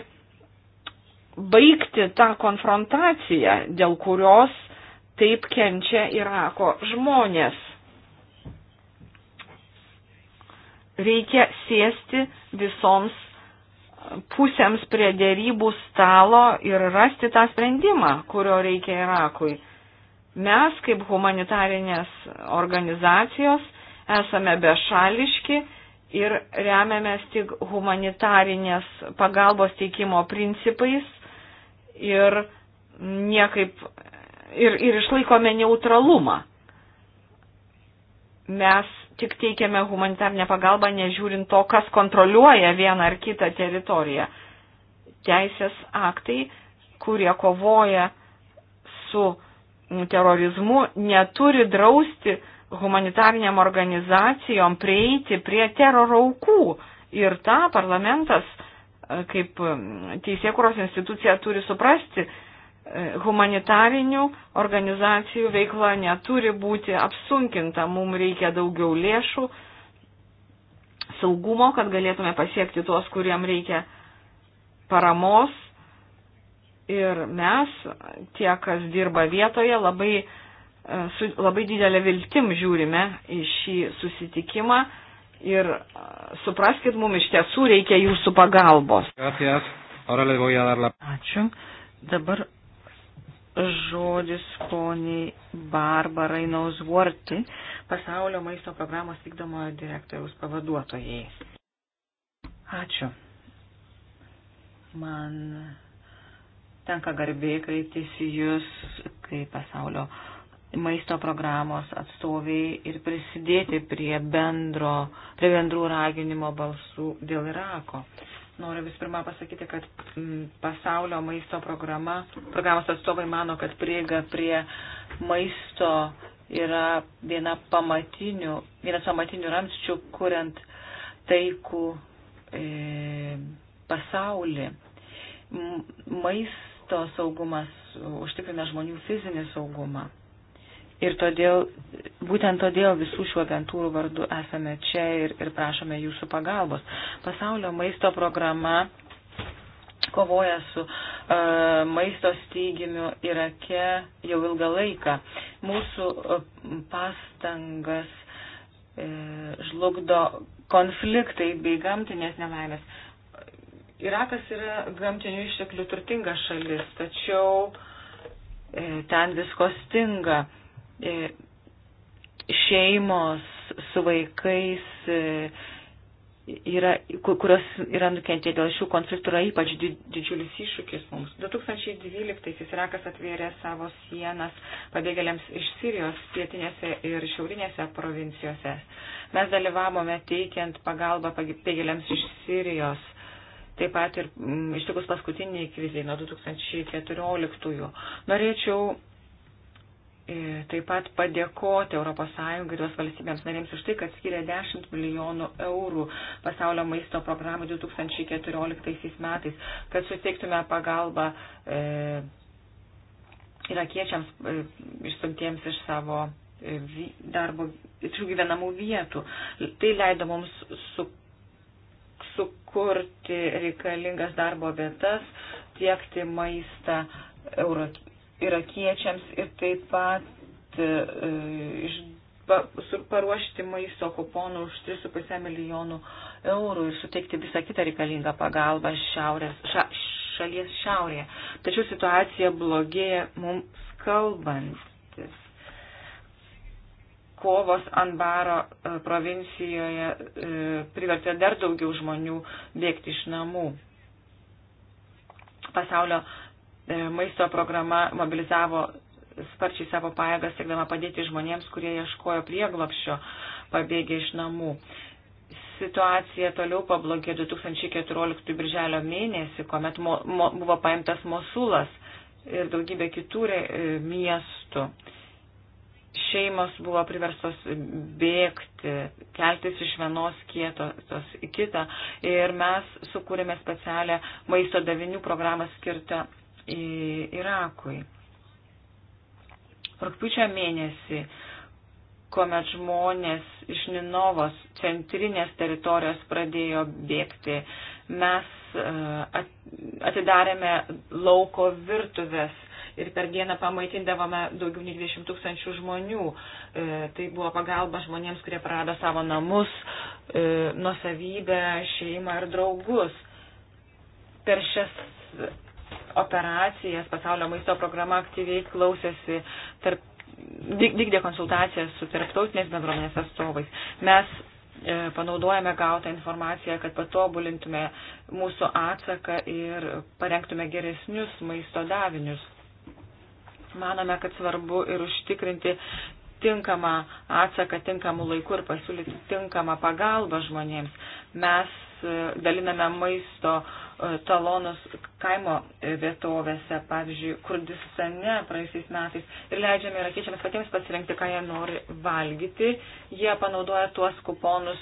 baigti tą konfrontaciją, dėl kurios Taip kenčia Irako žmonės. Reikia sėsti visoms pusėms prie dėrybų stalo ir rasti tą sprendimą, kurio reikia Irakui. Mes, kaip humanitarinės organizacijos, esame bešališki ir remiamės tik humanitarinės pagalbos teikimo principais ir niekaip ir, ir išlaikome neutralumą. Mes tik teikiame humanitarnę pagalbą, nežiūrint to, kas kontroliuoja vieną ar kitą teritoriją. Teisės aktai, kurie kovoja su mm, terorizmu, neturi drausti humanitarniam organizacijom prieiti prie teroro aukų. Ir tą parlamentas e, kaip mm, teisėkuros institucija turi suprasti, humanitarinių organizacijų veikla neturi būti apsunkinta, mums reikia daugiau lėšų, saugumo, kad galėtume pasiekti tuos, kuriem reikia paramos. Ir mes, tie, kas dirba vietoje, labai, e, su, labai didelė viltim žiūrime į šį susitikimą ir e, supraskit, mums iš tiesų reikia jūsų pagalbos. Ačiū. Dabar žodis poniai Barbarai Nausvorti, pasaulio maisto programos vykdomojo direktoriaus pavaduotojai. Ačiū. Man tenka garbė kreiptis į Jūs kaip pasaulio maisto programos atstoviai ir prisidėti prie, bendro, prie bendrų raginimo balsų dėl Irako. Uh, Noriu vis pirma pasakyti, kad mm, pasaulio maisto programa, programos atstovai mano, kad prieiga prie maisto yra viena pamatinių, vienas pamatinių ramščių, kuriant taikų e, pasaulį. Maisto saugumas užtikrina žmonių fizinį saugumą. Ir todėl, būtent todėl visų šių agentūrų vardu esame čia ir, ir prašome jūsų pagalbos. Pasaulio maisto programa kovoja su uh, maisto stygimiu Irake jau ilgą laiką. Mūsų uh, pastangas uh, žlugdo konfliktai bei gamtinės nelaimės. Irakas yra gamtinių išteklių turtinga šalis, tačiau uh, ten visko stinga. Uh, E, šeimos su vaikais, e, yra, kurios yra nukentėję dėl šių konfliktų, yra ypač didžiulis iššūkis mums. 2012-aisiais Irakas atvėrė savo sienas pabėgėliams iš Sirijos pietinėse ir šiaurinėse provincijose. Mes dalyvavome teikiant pagalbą pabėgėliams iš Sirijos. Taip pat ir m, ištikus paskutiniai kriziai nuo 2014. -ųjų. Norėčiau E, taip pat padėkoti ES ir jos valstybėms narėms už tai, kad skiria 10 milijonų eurų pasaulio maisto programą 2014 metais, kad suteiktume pagalbą e, irakiečiams e, išstumtiems iš savo e, darbo, iš jų gyvenamų vietų. Tai leido mums su, sukurti reikalingas darbo vietas, tiekti maistą Euro, irakiečiams ir taip pat e, iš, pa, su, paruošti maisto kuponų už 3,5 milijonų eurų ir suteikti visą kitą reikalingą pagalbą šiaurės, ša, šalies šiaurėje. Tačiau situacija blogėja mums kalbantis kovos Anbaro e, provincijoje e, privertė dar daugiau žmonių bėgti iš namų. Pasaulio E, maisto programa mobilizavo sparčiai savo pajėgas, siekdama padėti žmonėms, kurie ieškojo prieglopščio pabėgę iš namų. Situacija toliau pablogė 2014 birželio mėnesį, kuomet mo, mo, buvo paimtas Mosulas ir daugybė kitų re, e, miestų. Šeimos buvo priverstos bėgti, keltis iš vienos kietos į kitą ir mes sukūrėme specialią maisto davinių programą skirtą Irakui. Rūpiučio mėnesį, kuomet žmonės iš Ninovos centrinės teritorijos pradėjo bėgti, mes e, atidarėme lauko virtuvės ir per dieną pamaitindavome daugiau nei 20 tūkstančių žmonių. E, tai buvo pagalba žmonėms, kurie prarado savo namus, e, nusavybę, šeimą ir draugus. Per šias operacijas pasaulio maisto programa aktyviai klausėsi tarp vykdė konsultacijas su tarptautinės bendruomenės atstovais. Mes e, panaudojame gautą informaciją, kad patobulintume mūsų atsaką ir parengtume geresnius maisto davinius. Manome, kad svarbu ir užtikrinti tinkamą atsaką tinkamų laikų ir pasiūlyti tinkamą pagalbą žmonėms. Mes e, daliname maisto uh, E, talonus kaimo vietovėse, pavyzdžiui, Kurdistane praeisiais metais ir leidžiame irakiečiams patiems pasirinkti, ką jie nori valgyti. Jie panaudoja tuos kuponus,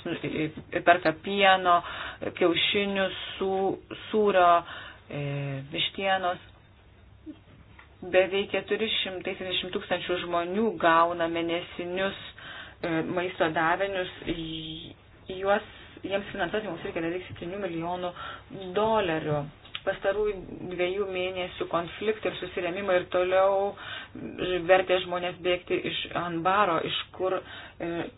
perka pieno, kiaušinių, sū, sūrio, e, vištienos. Beveik 470 tūkstančių žmonių gauna mėnesinius e, maisto davinius, juos jiems finansuoti mums reikia beveik 7 milijonų dolerių. Pastarųjų dviejų mėnesių konfliktai ir susirėmimai ir toliau vertė žmonės bėgti iš Anbaro, iš kur e,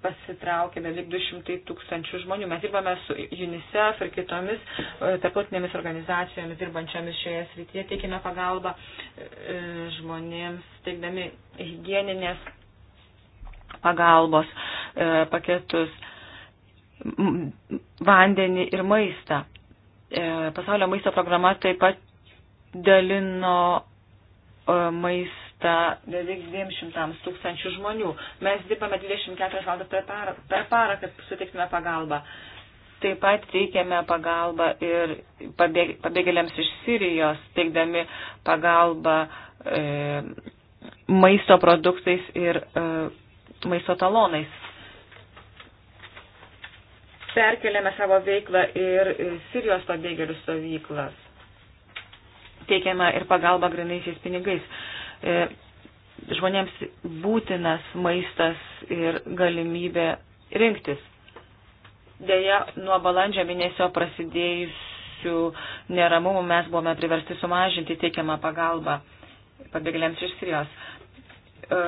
pasitraukė beveik 200 tūkstančių žmonių. Mes dirbame su UNICEF ir kitomis e, tarptautinėmis organizacijomis dirbančiomis šioje srityje, teikime pagalbą e, žmonėms, teikdami hygieninės pagalbos paketus vandenį ir maistą. E, pasaulio maisto programa taip pat dalino e, maistą beveik 200 tūkstančių žmonių. Mes dirbame 24 valandas per parą, per parą, kad suteiktume pagalbą. Taip pat teikiame pagalbą ir pabėg, pabėgėliams iš Sirijos, teikdami pagalbą e, maisto produktais ir e, maisto talonais perkeliame savo veiklą ir Sirijos pabėgėlių stovyklas. Teikiame ir pagalbą grinaisiais pinigais. E, žmonėms būtinas maistas ir galimybė rinktis. Deja, nuo balandžio mėnesio prasidėjusių neramumų mes buvome priversti sumažinti teikiamą pagalbą pabėgėliams iš Sirijos e,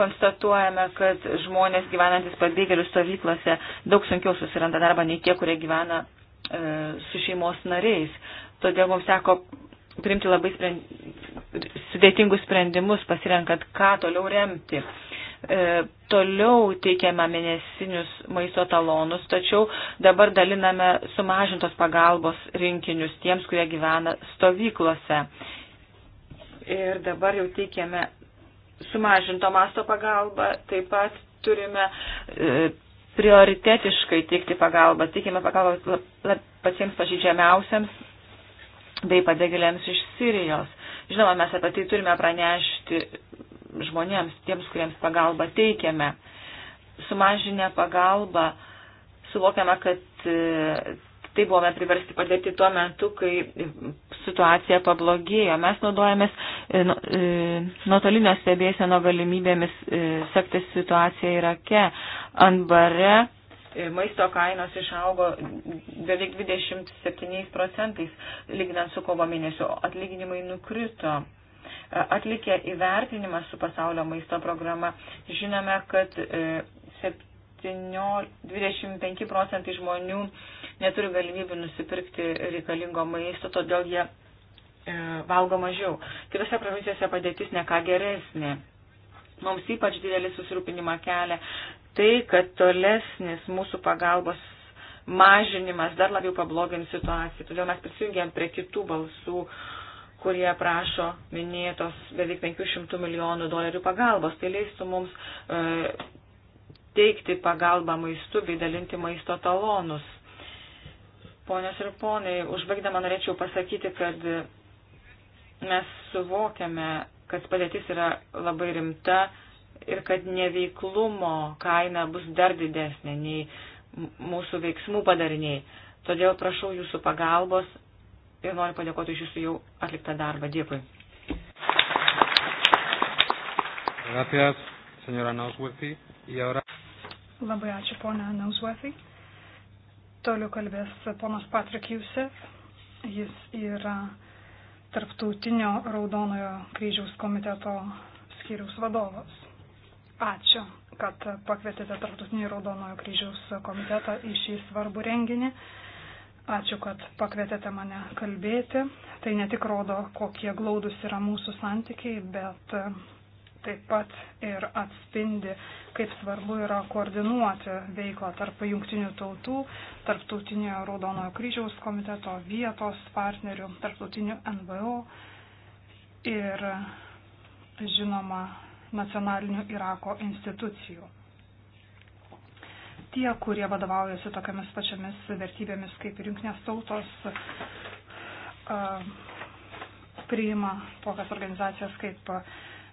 konstatuojame, kad žmonės gyvenantis pabėgėlių stovyklose daug sunkiau susiranda darbą nei tie, kurie gyvena e, su šeimos nariais. Todėl mums teko priimti labai sprend... sudėtingus sprendimus, pasirenkant, ką toliau remti. E, toliau teikiame mėnesinius maisto talonus, tačiau dabar daliname sumažintos pagalbos rinkinius tiems, kurie gyvena stovyklose. Ir dabar jau teikiame sumažinto masto pagalbą, taip pat turime e, prioritetiškai teikti pagalbą, teikime pagalbą patiems pažydžiamiausiams bei padėgėliams iš Sirijos. Žinoma, mes apie tai turime pranešti žmonėms, tiems, kuriems pagalbą teikiame. Sumažinę pagalbą suvokiame, kad e, Tai buvome priversti padėti tuo metu, kai situacija pablogėjo. Mes naudojamės e, nu, e, nuotolinio stebėseno galimybėmis e, sekti situaciją Irake. Anbare maisto kainos išaugo beveik 27 procentais, lyginant su kovo mėnesiu, atlyginimai nukrito. Atlikę įvertinimą su pasaulio maisto programa, žinome, kad 25 procentai žmonių neturi galimybių nusipirkti reikalingo maisto, todėl jie e, valgo mažiau. Kitose provincijose padėtis neką geresnė. Mums ypač didelį susirūpinimą kelia tai, kad tolesnis mūsų pagalbos mažinimas dar labiau pablogins situaciją. Todėl mes prisijungėm prie kitų balsų kurie prašo minėtos beveik 500 milijonų dolerių pagalbos. Tai leistų mums e, teikti pagalbą maistu bei dalinti maisto talonus. Ponios ir ponai, užbaigdama norėčiau pasakyti, kad mes suvokiame, kad padėtis yra labai rimta ir kad neveiklumo kaina bus dar didesnė nei mūsų veiksmų padariniai. Todėl prašau jūsų pagalbos ir noriu padėkoti iš jūsų jau atliktą darbą. Dėkui. Gracias señora Nausworthy. Y ahora... Labai ačiū, ponia Nausworthy. Toliau kalbės ponas Patrick Jusef. Jis yra Tarptautinio Raudonojo kryžiaus komiteto skyriaus vadovas. Ačiū, kad pakvietėte Tarptautinį Raudonojo kryžiaus komitetą į šį svarbų renginį. Ačiū, kad pakvietėte mane kalbėti. Tai ne tik rodo, kokie glaudus yra mūsų santykiai, bet taip pat ir atspindi, kaip svarbu yra koordinuoti veiklą tarp jungtinių tautų, tarptautinio Raudonojo kryžiaus komiteto vietos partnerių, tarptautinių NVO ir žinoma nacionalinių Irako institucijų. Tie, kurie vadovaujasi tokiamis pačiamis vertybėmis kaip ir jungtinės tautos, priima tokias organizacijas kaip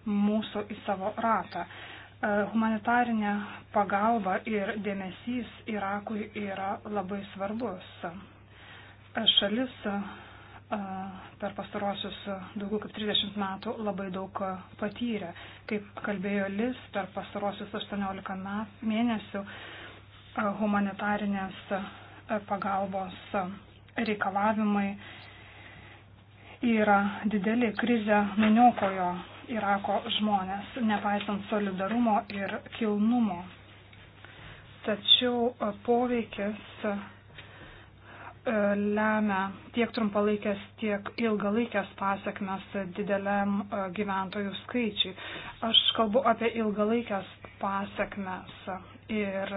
mūsų į savo ratą. E, humanitarinė pagalba ir dėmesys Irakui yra labai svarbus. E, šalis e, per pastaruosius daugiau kaip 30 metų labai daug patyrė. Kaip kalbėjo Lis, per pastaruosius 18 mėnesių humanitarinės pagalbos reikalavimai yra dideli. Krize nuniokojo Irako žmonės, nepaisant solidarumo ir kilnumo. Tačiau e, poveikis e, lemia tiek trumpalaikės, tiek ilgalaikės pasiekmes dideliam e, gyventojų skaičiui. Aš kalbu apie ilgalaikės pasiekmes ir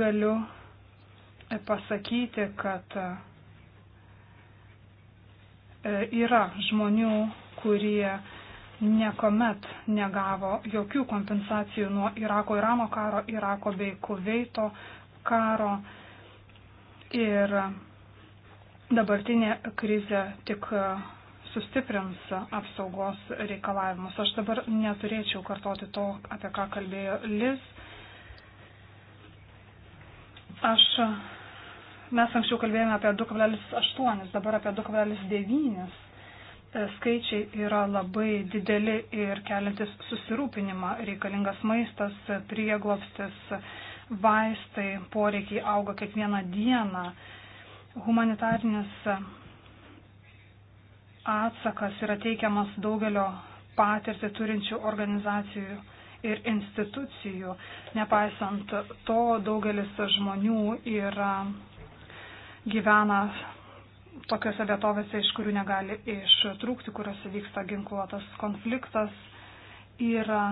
galiu pasakyti, kad yra žmonių, kurie niekuomet negavo jokių kompensacijų nuo Irako Irano karo, Irako bei Kuveito karo. Ir dabartinė krizė tik sustiprins apsaugos reikalavimus. Aš dabar neturėčiau kartoti to, apie ką kalbėjo Liz. Aš, mes anksčiau kalbėjome apie 2,8, dabar apie 2,9 E, skaičiai yra labai dideli ir keliantis susirūpinimą reikalingas maistas, prieglopstis, vaistai, poreikiai auga kiekvieną dieną. Humanitarnis atsakas yra teikiamas daugelio patirtį turinčių organizacijų ir institucijų. Nepaisant to, daugelis žmonių yra gyvena tokiuose vietovėse, iš kurių negali ištrūkti, kuriuose vyksta ginkluotas konfliktas. Yra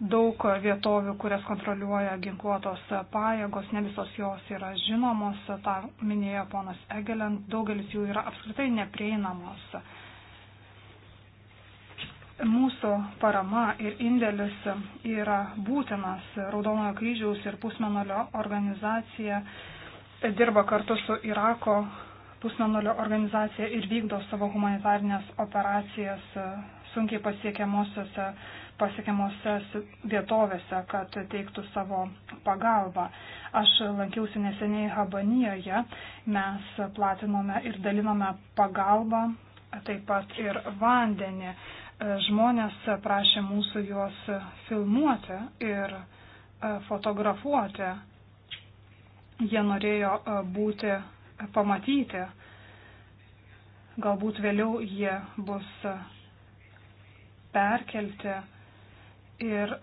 daug vietovių, kurias kontroliuoja ginkluotos pajėgos, ne visos jos yra žinomos, tą minėjo ponas Egelen, daugelis jų yra apskritai neprieinamos. Mūsų parama ir indėlis yra būtinas. Raudonojo kryžiaus ir pusmenolio organizacija dirba kartu su Irako pusnanulio organizacija ir vykdo savo humanitarnės operacijas e, sunkiai pasiekiamosiose pasiekiamosiose vietovėse, kad teiktų savo pagalbą. Aš lankiausi neseniai Habanijoje, mes platinome ir dalinome pagalbą, taip pat ir vandenį. E, žmonės prašė mūsų juos filmuoti ir e, fotografuoti. Jie norėjo būti pamatyti. Galbūt vėliau jie bus perkelti ir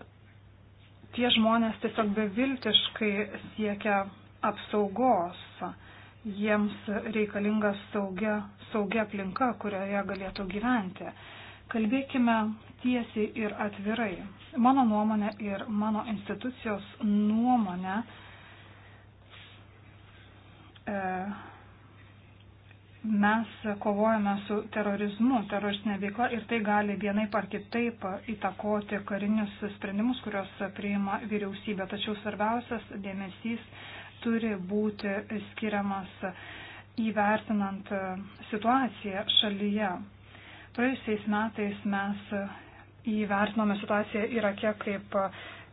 tie žmonės tiesiog beviltiškai siekia apsaugos. Jiems reikalinga saugia, saugia aplinka, kurioje galėtų gyventi. Kalbėkime tiesiai ir atvirai. Mano nuomonė ir mano institucijos nuomonė E, mes kovojame su terorizmu, teroristinė veikla ir tai gali vienaip ar kitaip įtakoti karinius sprendimus, kuriuos priima vyriausybė. Tačiau svarbiausias dėmesys turi būti skiriamas įvertinant situaciją šalyje. Praėjusiais metais mes įvertinome situaciją Irake kaip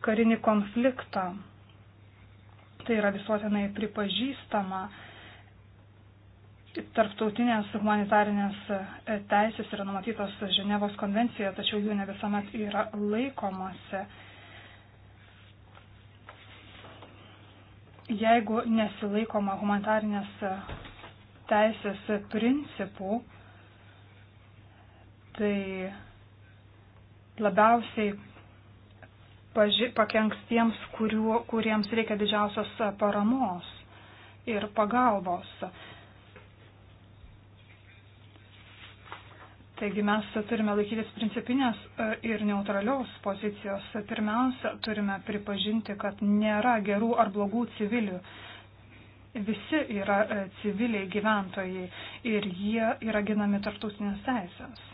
karinį konfliktą. Tai yra visuotinai pripažįstama tarptautinės humanitarinės e, teisės yra numatytos Ženevos konvencijoje, tačiau jų ne visuomet yra laikomasi. Jeigu nesilaikoma humanitarinės e, teisės principų, tai labiausiai paži, pakenks tiems, kuriuo, kuriems reikia didžiausios paramos ir pagalbos. Taigi mes turime laikytis principinės e, ir neutralios pozicijos. Pirmiausia, turime pripažinti, kad nėra gerų ar blogų civilių. Visi yra e, civiliai gyventojai ir jie yra ginami tartusinės teisės.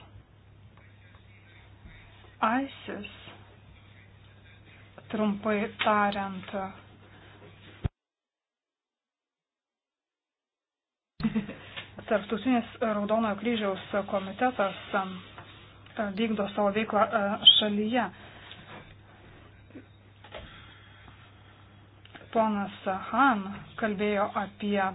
ISIS, trumpai tariant, Tarptautinis Raudonojo kryžiaus komitetas vykdo savo veiklą e, šalyje. Ponas Han kalbėjo apie e,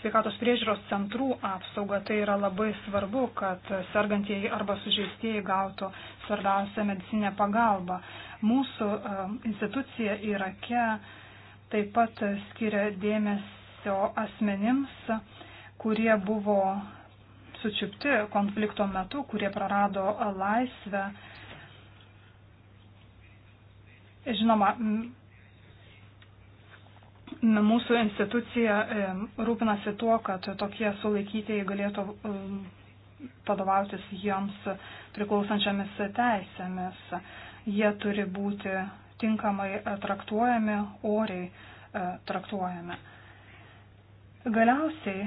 sveikatos priežiūros centrų apsaugą. Tai yra labai svarbu, kad sergantieji arba sužeistieji gautų svarbiausią medicinę pagalbą. Mūsų e, institucija Irake taip pat skiria dėmesio asmenims, kurie buvo sučiupti konflikto metu, kurie prarado laisvę. Žinoma, mūsų institucija rūpinasi tuo, kad tokie sulaikytieji galėtų vadovautis jiems priklausančiamis teisėmis. Jie turi būti tinkamai traktuojami, oriai e, traktuojami. Galiausiai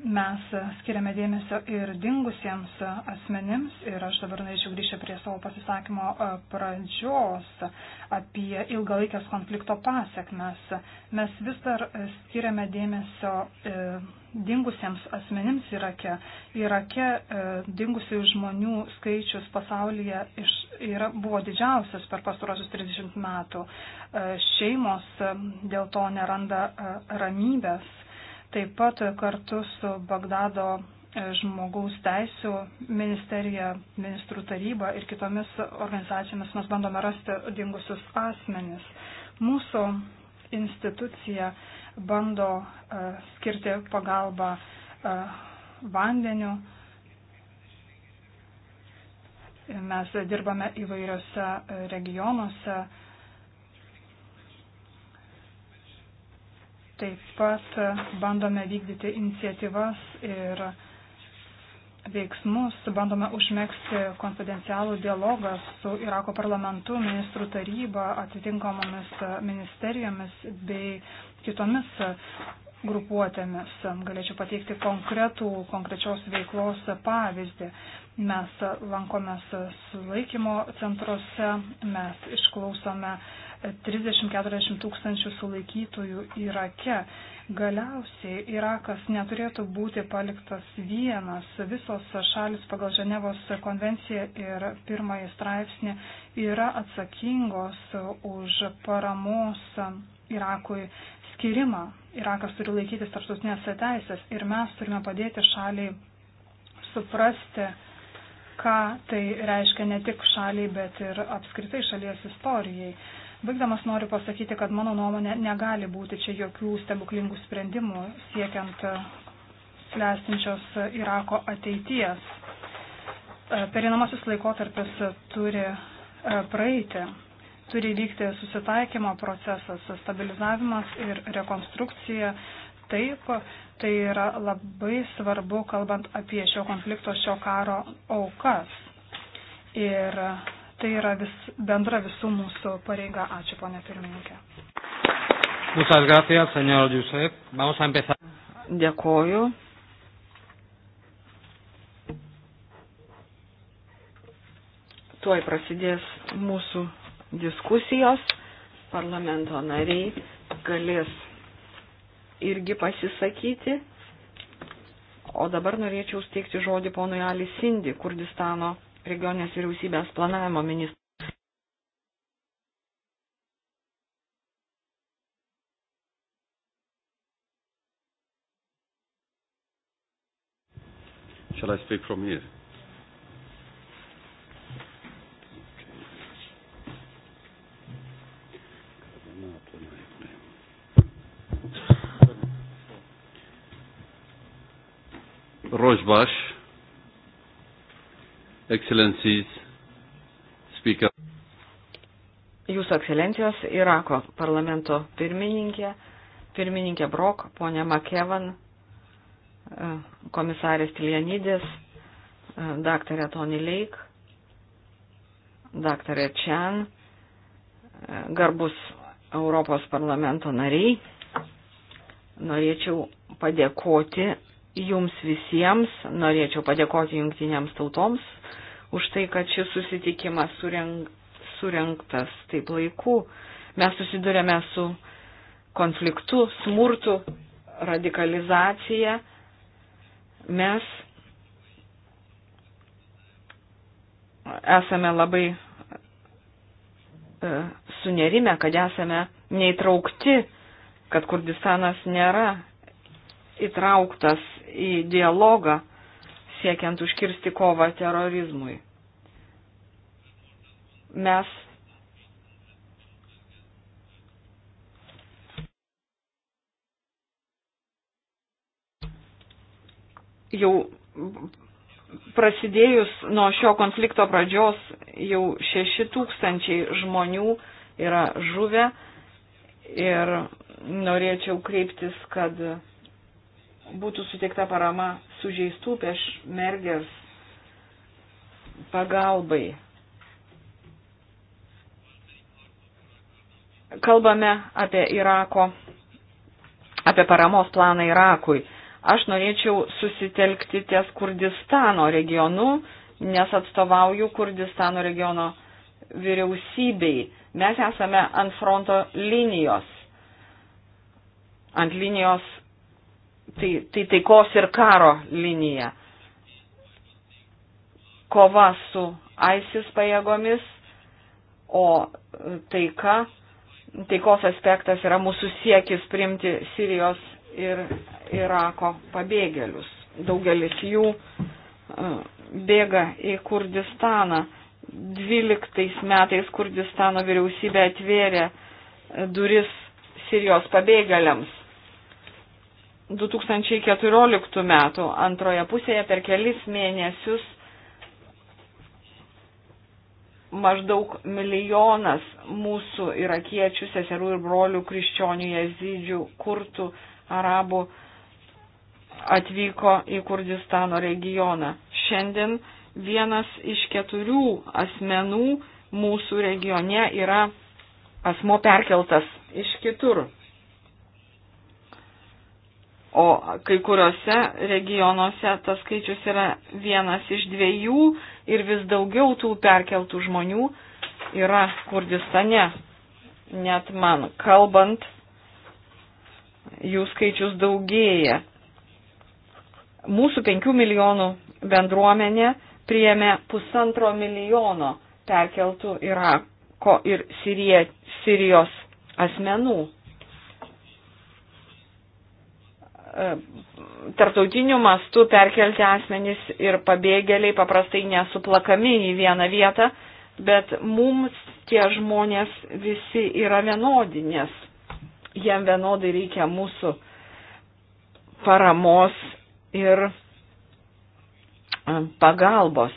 Mes skiriame dėmesio ir dingusiems asmenims ir aš dabar norėčiau grįžti prie savo pasisakymo e, pradžios apie ilgalaikės konflikto pasiekmes. Mes vis dar skiriame dėmesio e, dingusiems asmenims Irake. Irake e, dingusių žmonių skaičius pasaulyje iš, yra, buvo didžiausias per pastarosius 30 metų. Šeimos dėl to neranda ramybės Taip pat kartu su Bagdado e, žmogaus teisų ministerija, ministrų taryba ir kitomis organizacijomis mes bandome rasti dingusius asmenis. Mūsų institucija bando e, skirti pagalbą e, vandeniu. Mes dirbame įvairiose regionuose Taip pat bandome vykdyti iniciatyvas ir veiksmus, bandome užmėgsti konfidencialų dialogą su Irako parlamentu, ministrų taryba, atitinkamomis ministerijomis bei kitomis grupuotėmis. Galėčiau pateikti konkretų, konkrečios veiklos pavyzdį. Mes lankomės sulaikymo centruose, mes išklausome uh, 30-40 tūkstančių sulaikytųjų Irake. Galiausiai Irakas neturėtų būti paliktas vienas. Visos šalis pagal Ženevos konvenciją ir pirmąjį straipsnį yra atsakingos už paramos Irakui skirimą. Irakas turi laikytis tarptautinės teisės ir mes turime padėti šaliai suprasti, ką tai reiškia ne tik šaliai, bet ir apskritai šalies istorijai. Baigdamas noriu pasakyti, kad mano nuomonė negali būti čia jokių stebuklingų sprendimų siekiant e, klestinčios e, Irako ateities. E, perinamasis laikotarpis turi praeiti, turi vykti susitaikymo procesas, stabilizavimas ir rekonstrukcija. Taip, tai yra labai svarbu, kalbant apie šio konflikto, šio karo aukas. Ir Tai yra vis, bendra visų mūsų pareiga. Ačiū, ponė pirmininkė. Muchas gracias, señor Josep. Vamos a empezar. Dėkoju. Tuoj prasidės mūsų diskusijos. Parlamento nariai galės irgi pasisakyti. O dabar norėčiau steigti žodį ponui Ali Sindi, Kurdistano regionės vyriausybės planavimo ministras. Shall I speak from here? Excellencies, Speaker. Jūsų ekscelencijos Irako parlamento pirmininkė, pirmininkė Brok, ponė Makevan, e, komisarės Tilianidės, e, daktarė Tony Leik, daktarė Čian, e, garbus Europos parlamento nariai. Norėčiau padėkoti jums visiems, norėčiau padėkoti jungtinėms tautoms už tai, kad šis susitikimas sureng, surengtas taip laiku. Mes susidurėme su konfliktu, smurtu, radikalizacija. Mes esame labai e, sunerime, kad esame neįtraukti, kad Kurdistanas nėra įtrauktas į dialogą siekiant užkirsti kovą terorizmui. Mes jau prasidėjus nuo šio konflikto pradžios jau šeši tūkstančiai žmonių yra žuvę ir norėčiau kreiptis, kad būtų suteikta parama sužeistų pešmergės pagalbai. Kalbame apie Irako, apie paramos planą Irakui. Aš norėčiau susitelkti ties Kurdistano regionu, nes atstovauju Kurdistano regiono vyriausybei. Mes esame ant fronto linijos. Ant linijos tai, tai taikos ir karo linija. Kova su ISIS pajėgomis, o taika, taikos aspektas yra mūsų siekis priimti Sirijos ir Irako pabėgėlius. Daugelis jų e, bėga į Kurdistaną. 12 metais Kurdistano vyriausybė atvėrė e, duris Sirijos pabėgėliams 2014 metų antroje pusėje per kelis mėnesius maždaug milijonas mūsų irakiečių, seserų ir brolių, krikščionių, jezidžių, kurtų, arabų atvyko į Kurdistano regioną. Šiandien vienas iš keturių asmenų mūsų regione yra asmo perkeltas iš kitur. O kai kuriuose regionuose tas skaičius yra vienas iš dviejų ir vis daugiau tų perkeltų žmonių yra Kurdistane. Net man kalbant, jų skaičius daugėja. Mūsų penkių milijonų bendruomenė priėmė pusantro milijono perkeltų Irako ir Sirije, Sirijos asmenų. E, tarptautiniu mastu perkelti asmenys ir pabėgėliai paprastai nesuplakami į vieną vietą, bet mums tie žmonės visi yra vienodi, nes jiem vienodai reikia mūsų paramos ir e, pagalbos.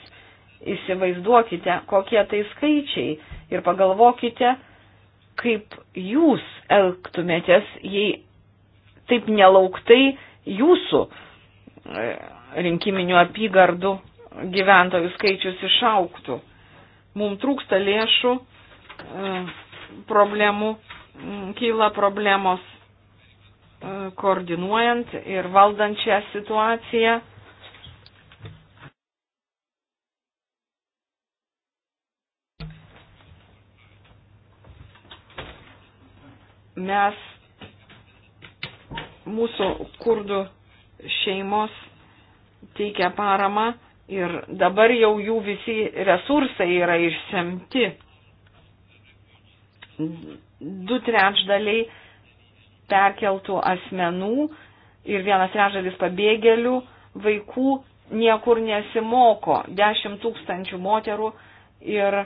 Įsivaizduokite, kokie tai skaičiai ir pagalvokite, kaip jūs elgtumėtės, jei taip nelauktai jūsų e, rinkiminių apygardų gyventojų skaičius išauktų. Mums trūksta lėšų, e, problemų, kyla problemos e, koordinuojant ir valdant šią situaciją. Mes mūsų kurdų šeimos teikia paramą ir dabar jau jų visi resursai yra išsemti. Du trečdaliai perkeltų asmenų ir vienas trečdalis pabėgėlių vaikų niekur nesimoko. Dešimt tūkstančių moterų ir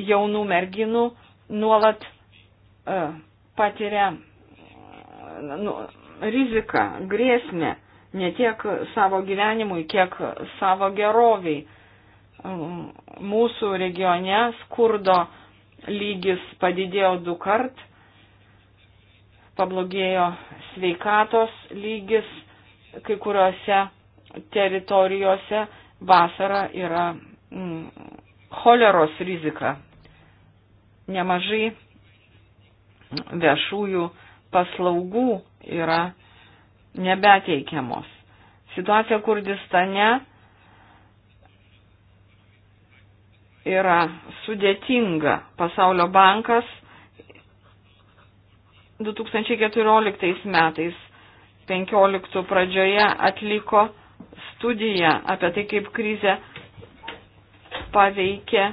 jaunų merginų nuolat uh, patiria nu, riziką, grėsmę, ne tiek savo gyvenimui, kiek savo geroviai. Mūsų regione skurdo lygis padidėjo du kart, pablogėjo sveikatos lygis kai kuriuose teritorijose, vasara yra mm, choleros rizika. Nemažai viešųjų paslaugų yra nebeteikiamos. Situacija Kurdistane yra sudėtinga. Pasaulio bankas 2014 metais 15 pradžioje atliko studiją apie tai, kaip krizė paveikė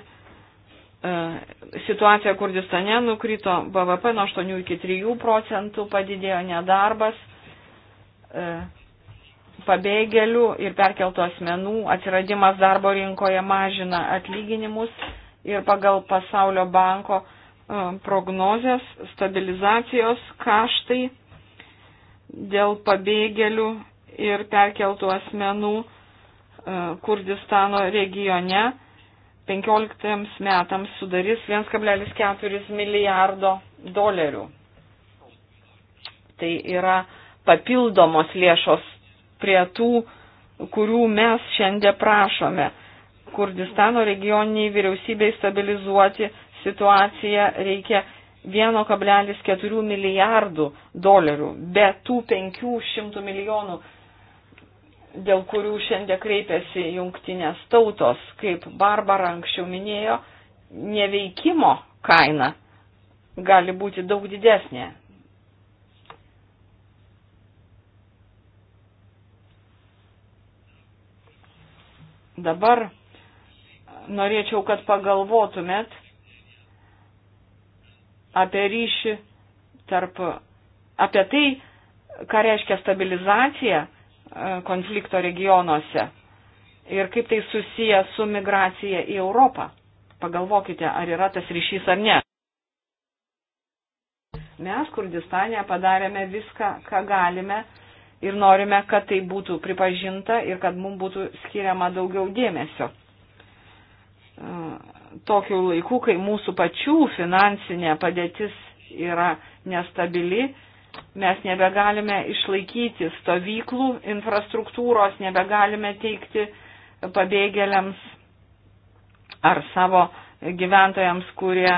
E, situacija Kurdistane nukrito BVP nuo 8 iki 3 procentų, padidėjo nedarbas, e, pabėgėlių ir perkeltų asmenų atsiradimas darbo rinkoje mažina atlyginimus ir pagal pasaulio banko e, prognozės stabilizacijos kaštai dėl pabėgėlių ir perkeltų asmenų Kurdistano regione 15 metams sudarys 1,4 milijardo dolerių. Tai yra papildomos lėšos prie tų, kurių mes šiandien prašome. Kurdistano regioniniai vyriausybei stabilizuoti situaciją reikia 1,4 milijardų dolerių, be tų 500 milijonų dėl kurių šiandien kreipiasi jungtinės tautos, kaip Barbara anksčiau minėjo, neveikimo kaina gali būti daug didesnė. Dabar norėčiau, kad pagalvotumėt apie ryšį tarp, apie tai, ką reiškia stabilizacija E, konflikto regionuose ir kaip tai susiję su migracija į Europą. Pagalvokite, ar yra tas ryšys ar ne. Mes Kurdistane padarėme viską, ką galime ir norime, kad tai būtų pripažinta ir kad mums būtų skiriama daugiau dėmesio. E, tokiu laiku, kai mūsų pačių finansinė padėtis yra nestabili, Mes nebegalime išlaikyti stovyklų, infrastruktūros, nebegalime teikti pabėgėliams ar savo gyventojams, kurie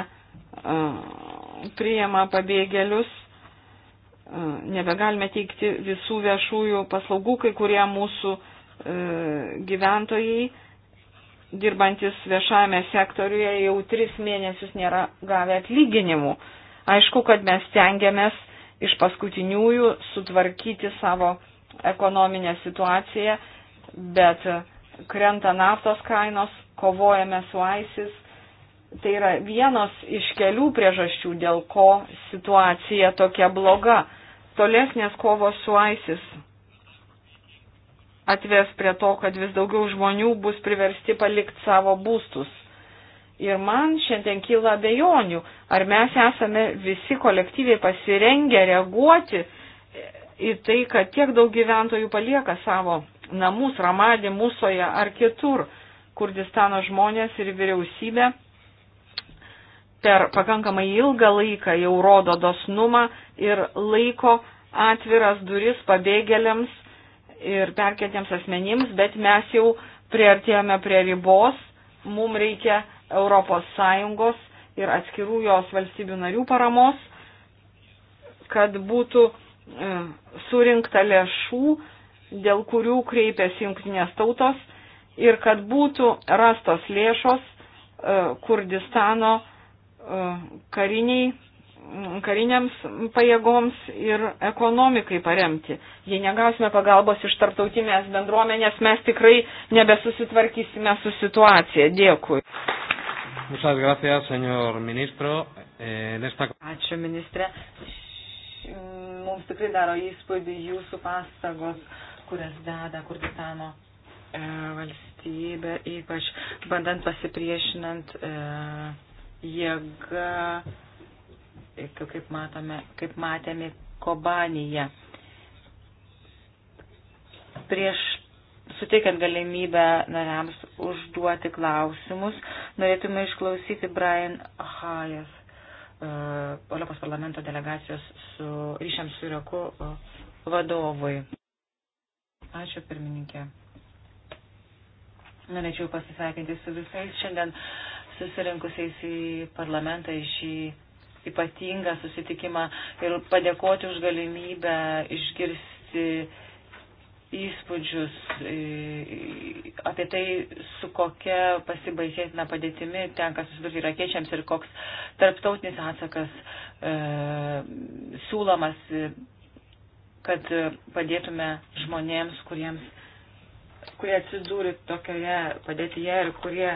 priima pabėgėlius, nebegalime teikti visų viešųjų paslaugų, kai kurie mūsų e, gyventojai, dirbantis viešajame sektoriuje, jau tris mėnesius nėra gavę atlyginimų. Aišku, kad mes tengiamės iš paskutiniųjų sutvarkyti savo ekonominę situaciją, bet krenta naftos kainos, kovojame su ISIS. Tai yra vienos iš kelių priežasčių, dėl ko situacija tokia bloga. Tolesnės kovos su ISIS atves prie to, kad vis daugiau žmonių bus priversti palikti savo būstus. Ir man šiandien kyla abejonių, ar mes esame visi kolektyviai pasirengę reaguoti į tai, kad tiek daug gyventojų palieka savo namus, Ramadį, Musoje ar kitur. Kurdistano žmonės ir vyriausybė per pakankamai ilgą laiką jau rodo dosnumą ir laiko atviras duris pabėgėliams ir perkėtiems asmenims, bet mes jau priartėjome prie ribos, mums reikia ES ir atskirų jos valstybių narių paramos, kad būtų e, surinkta lėšų, dėl kurių kreipėsi jungtinės tautos ir kad būtų rastos lėšos e, Kurdistano e, kariniai, kariniams pajėgoms ir ekonomikai paremti. Jei negausime pagalbos iš tarptautinės bendruomenės, mes tikrai nebesusitvarkysime su situacija. Dėkui. Muchas gracias, señor ministro. Eh, en esta... Ačiū, ministrė. Mums tikrai daro įspūdį jūsų pastagos, kurias deda Kurdistano e, valstybė, ypač bandant pasipriešinant e, jėgą, e, kaip, matome, kaip matėme Kobanyje. Prieš suteikiant galimybę nariams užduoti klausimus, norėtume išklausyti Brian Hayes, e, Europos parlamento delegacijos su ryšiams su Iraku e, vadovui. Ačiū pirmininkė. Norėčiau pasisveikinti su visais šiandien susirinkusiais į parlamentą į šį ypatingą susitikimą ir padėkoti už galimybę išgirsti įspūdžius e, e, apie tai, su kokia pasibaisėtina padėtimi tenka susidurti irakiečiams ir koks tarptautinis atsakas e, siūlomas, e, kad padėtume žmonėms, kuriems, kurie atsidūrė tokioje padėtyje ir kurie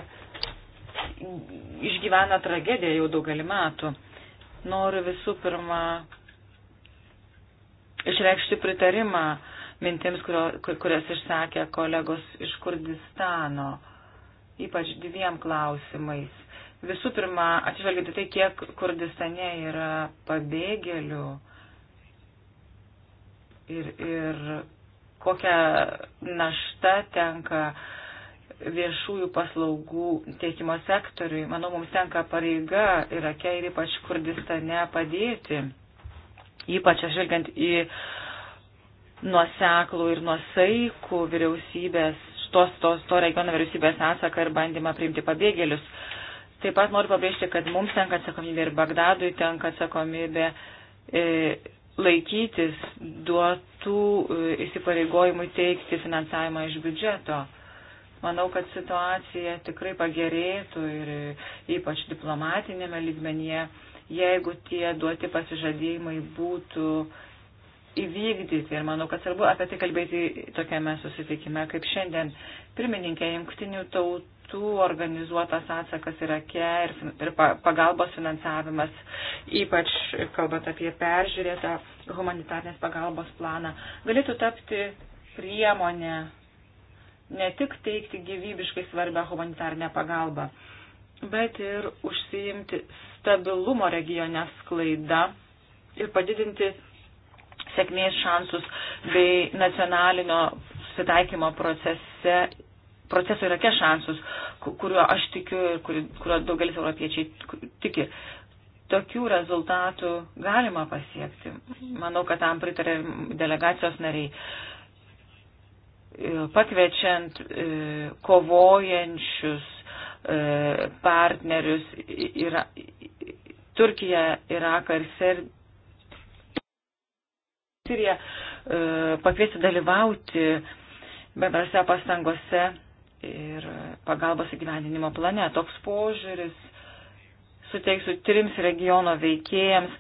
išgyvena tragediją jau daugelį metų. Noriu visų pirma išreikšti pritarimą mintims, kurio, kurias išsakė kolegos iš Kurdistano, ypač dviem klausimais. Visų pirma, atsižvelgiant į tai, kiek Kurdistane yra pabėgėlių ir, ir kokią naštą tenka viešųjų paslaugų teikimo sektoriui. Manau, mums tenka pareiga Irake ir ypač Kurdistane padėti, ypač atsižvelgiant į uh, nuoseklų ir nuosaikų vyriausybės, tos, tos, to regiono vyriausybės atsaką ir bandymą priimti pabėgėlius. Taip pat noriu pabrėžti, kad mums tenka atsakomybė ir Bagdadui tenka atsakomybė e, laikytis duotų e, įsipareigojimų teikti finansavimą iš biudžeto. Manau, kad situacija tikrai pagerėtų ir e, ypač diplomatinėme lygmenyje, jeigu tie duoti pasižadėjimai būtų e, įvykdyti. Ir manau, kad svarbu apie tai kalbėti tokiame susitikime kaip šiandien. Pirmininkė, jungtinių tautų organizuotas atsakas Irake ir, ir pagalbos finansavimas, ypač kalbant apie peržiūrėtą humanitarnės pagalbos planą, galėtų tapti priemonė ne tik teikti gyvybiškai svarbę humanitarnę pagalbą, bet ir užsiimti stabilumo regione sklaida ir padidinti sėkmės šansus bei nacionalinio susitaikymo procese, proceso irake šansus, kuriuo aš tikiu ir kuriuo daugelis europiečiai tiki. Tokių rezultatų galima pasiekti. Manau, kad tam pritarė delegacijos nariai pakviečiant e, kovojančius e, partnerius yra Turkija, Iraką ir Siriją e, pakviesti dalyvauti bendrase pastangose ir pagalbos įgyvendinimo plane. Toks požiūris suteiksų trims regiono veikėjams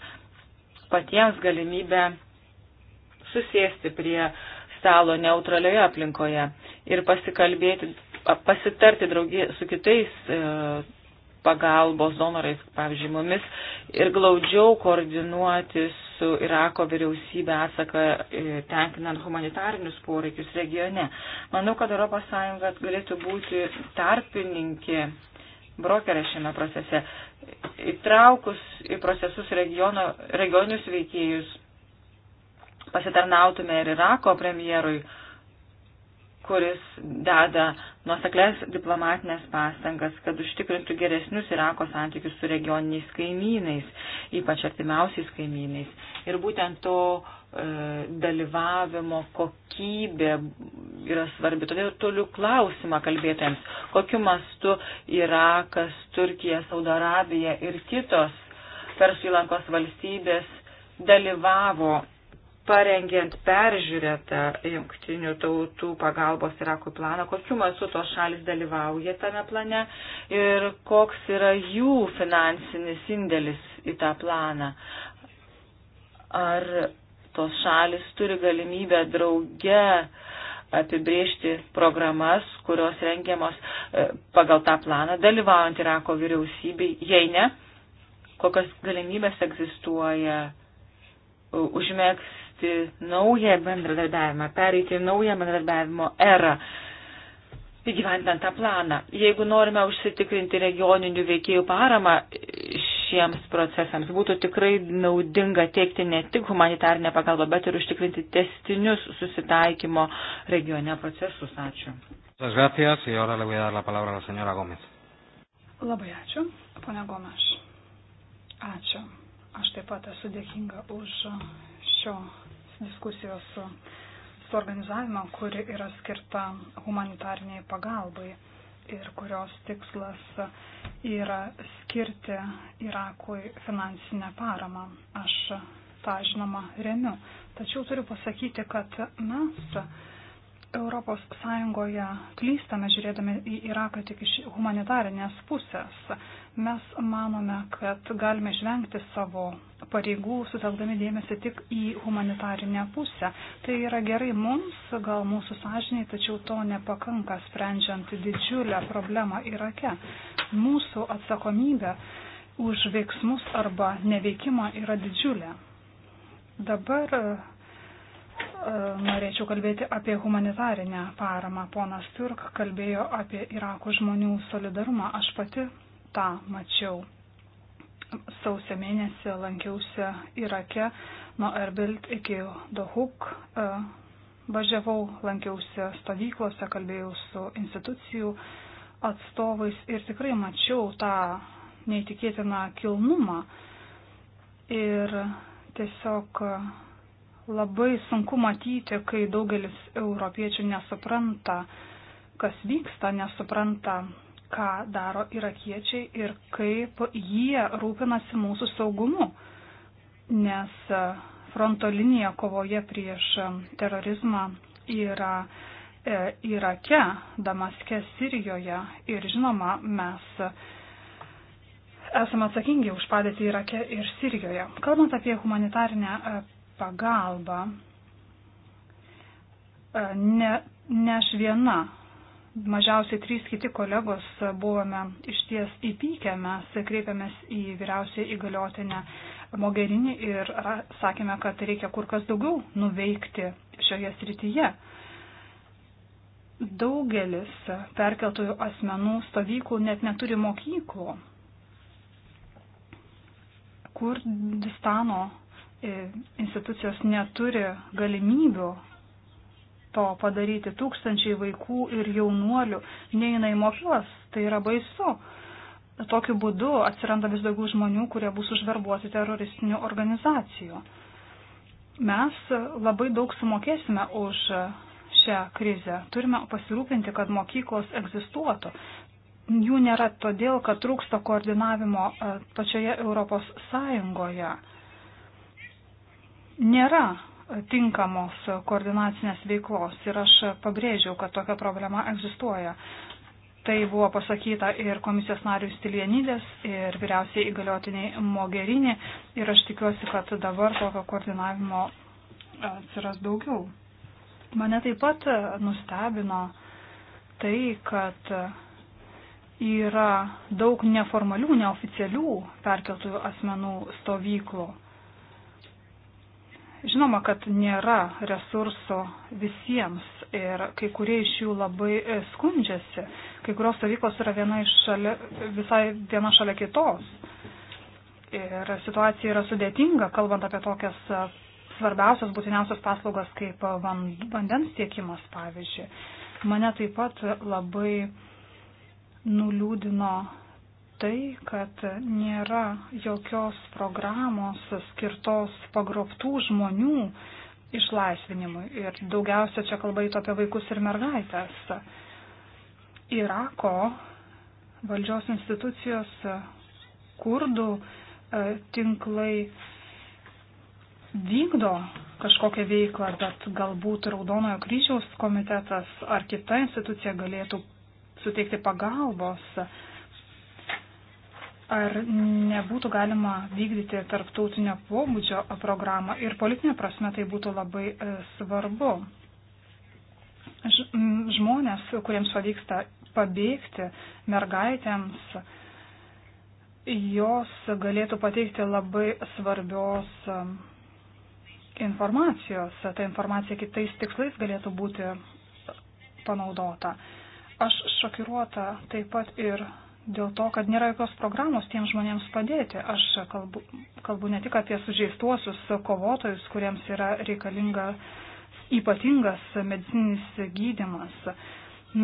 patiems galimybę susėsti prie stalo neutralioje aplinkoje ir pasikalbėti, pasitarti draugė su kitais e, pagalbos donorais, pavyzdžiui, mumis ir glaudžiau koordinuotis su Irako vyriausybė atsaką e, tenkinant humanitarinius poreikius regione. Manau, kad ES galėtų būti tarpininkė, brokerė šiame procese, įtraukus į procesus regiono, regionius veikėjus pasitarnautume ir Irako premjerui kuris deda nuoseklės diplomatinės pastangas, kad užtikrintų geresnius Irako santykius su regioniniais kaimynais, ypač artimiausiais kaimynais. Ir būtent to e, dalyvavimo kokybė yra svarbi. Todėl toliu klausimą kalbėtojams, kokiu mastu Irakas, Turkija, Saudarabija ir kitos Persų įlankos valstybės dalyvavo parengiant peržiūrėtą jungtinių tautų pagalbos Irakui planą, kokiu mastu tos šalis dalyvauja tame plane ir koks yra jų finansinis indėlis į tą planą. Ar tos šalis turi galimybę drauge apibriežti programas, kurios rengiamos e, pagal tą planą, dalyvaujant Irako vyriausybei, jei ne, kokios galimybės egzistuoja užmėgs rasti naują bendradarbiavimą, pereiti naują bendradarbiavimo erą įgyventant tą planą. Jeigu norime užsitikrinti regioninių veikėjų paramą šiems procesams, būtų tikrai naudinga teikti ne tik humanitarinę pagalbą, bet ir užtikrinti testinius susitaikymo regione procesus. Ačiū. Labai ačiū, ponia Gomaš. Ačiū. Aš taip pat esu dėkinga už šio diskusijos suorganizavimą, kuri yra skirta humanitarniai pagalbai ir kurios tikslas yra skirti Irakui finansinę paramą. Aš tą žinoma remiu. Tačiau turiu pasakyti, kad mes ES klystame žiūrėdami į Iraką tik iš humanitarinės pusės. Mes manome, kad galime išvengti savo pareigų, sutelkdami dėmesį tik į humanitarinę pusę. Tai yra gerai mums, gal mūsų sąžiniai, tačiau to nepakanka sprendžiant didžiulę problemą Irake. Mūsų atsakomybė už veiksmus arba neveikimą yra didžiulė. Dabar norėčiau kalbėti apie humanitarinę paramą. Ponas Turk kalbėjo apie Irako žmonių solidarumą. Aš pati tą mačiau. Sausio mėnesį lankiausi Irake nuo Erbilt iki Dohuk. E, važiavau, lankiausi stovyklose, kalbėjau su institucijų atstovais ir tikrai mačiau tą neįtikėtiną kilnumą. Ir tiesiog labai sunku matyti, kai daugelis europiečių nesupranta, kas vyksta, nesupranta, ką daro irakiečiai ir kaip jie rūpinasi mūsų saugumu. Nes e, fronto linija kovoje prieš e, terorizmą yra e, Irake, Damaske, Sirijoje ir žinoma, mes esame atsakingi už padėtį Irake ir Sirijoje. Kalbant apie humanitarinę pagalba e, ne, ne aš viena. Mažiausiai trys kiti kolegos buvome išties įpykę, mes kreipėmės į vyriausią įgaliotinę Mogerinį ir sakėme, kad reikia kur kas daugiau nuveikti šioje srityje. Daugelis perkeltųjų asmenų stovyklų net neturi mokyklų. Kurdistano E, institucijos neturi galimybių to padaryti. Tūkstančiai vaikų ir jaunuolių neina į mokyklas. Tai yra baisu. Tokiu būdu atsiranda vis daugiau žmonių, kurie bus užverbuoti teroristinių organizacijų. Mes labai daug sumokėsime už šią krizę. Turime pasirūpinti, kad mokyklos egzistuotų. Jų nėra todėl, kad trūksta koordinavimo e, pačioje Europos Sąjungoje nėra tinkamos koordinacinės veiklos ir aš pabrėžiau, kad tokia problema egzistuoja. Tai buvo pasakyta ir komisijos narių Stilienydės, ir vyriausiai įgaliotiniai Mogerinė ir aš tikiuosi, kad dabar tokio koordinavimo e, atsiras daugiau. Mane taip pat nustebino tai, kad yra daug neformalių, neoficialių perkeltųjų asmenų stovyklų. Žinoma, kad nėra resurso visiems ir kai kurie iš jų labai e, skundžiasi. Kai kurios stovyklos yra viena šalia, visai viena šalia kitos. Ir situacija yra sudėtinga, kalbant apie tokias e, svarbiausias būtiniausias paslaugas kaip e, vandens tiekimas, pavyzdžiui. Mane taip pat labai nuliūdino tai, kad nėra jokios programos skirtos pagrobtų žmonių išlaisvinimui. Ir daugiausia čia kalba įto apie vaikus ir mergaitės. Irako valdžios institucijos, kurdų e, tinklai vykdo kažkokią veiklą, bet galbūt Raudonojo kryžiaus komitetas ar kita institucija galėtų suteikti pagalbos ar nebūtų galima vykdyti tarptautinio pobūdžio programą ir politinė prasme tai būtų labai e, svarbu. Žmonės, kuriems pavyksta pabėgti mergaitėms, jos galėtų pateikti labai svarbios e, informacijos. Ta informacija kitais tikslais galėtų būti panaudota. Aš šokiruota taip pat ir dėl to, kad nėra jokios programos tiems žmonėms padėti. Aš kalbu, kalbu ne tik apie sužeistuosius kovotojus, kuriems yra reikalinga ypatingas medicininis gydimas.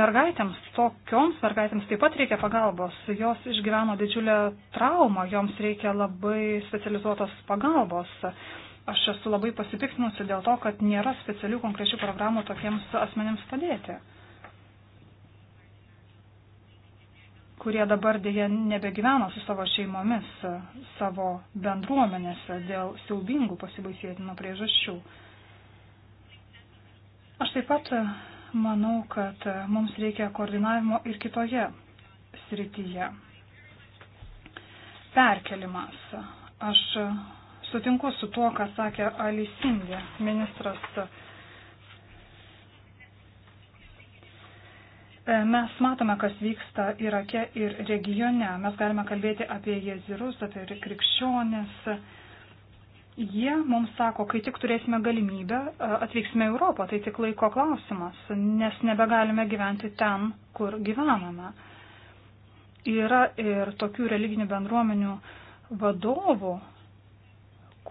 Mergaitėms, tokioms mergaitėms taip pat reikia pagalbos. Jos išgyveno didžiulę traumą, joms reikia labai specializuotos pagalbos. Aš esu labai pasipiktinusi dėl to, kad nėra specialių konkrečių programų tokiems asmenėms padėti. kurie dabar dėje nebegyvena su savo šeimomis, savo bendruomenėse dėl siaubingų pasibaisėtino priežasčių. Aš taip pat manau, kad mums reikia koordinavimo ir kitoje srityje. Perkelimas. Aš sutinku su tuo, ką sakė Alisindė, ministras E, mes matome, kas vyksta Irake ir regione. Mes galime kalbėti apie jezirus, apie krikščionis. Jie mums sako, kai tik turėsime galimybę, e, atvyksime į Europą. Tai tik laiko klausimas, nes nebegalime gyventi ten, kur gyvename. Yra ir tokių religinių bendruomenių vadovų,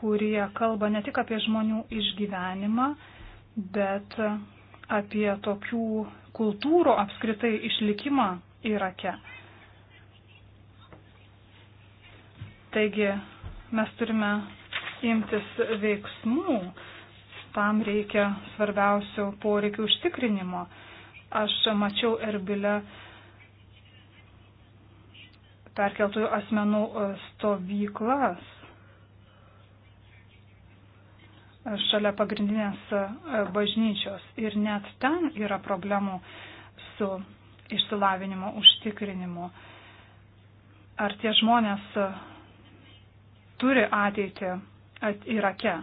kurie kalba ne tik apie žmonių išgyvenimą, bet apie tokių kultūrų apskritai išlikimą Irake. Taigi mes turime imtis veiksmų, tam reikia svarbiausių poreikių užtikrinimo. Aš mačiau Erbilę perkeltųjų asmenų stovyklas šalia pagrindinės e, bažnyčios. Ir net ten yra problemų su išsilavinimo užtikrinimu. Ar tie žmonės e, turi ateitį Irake?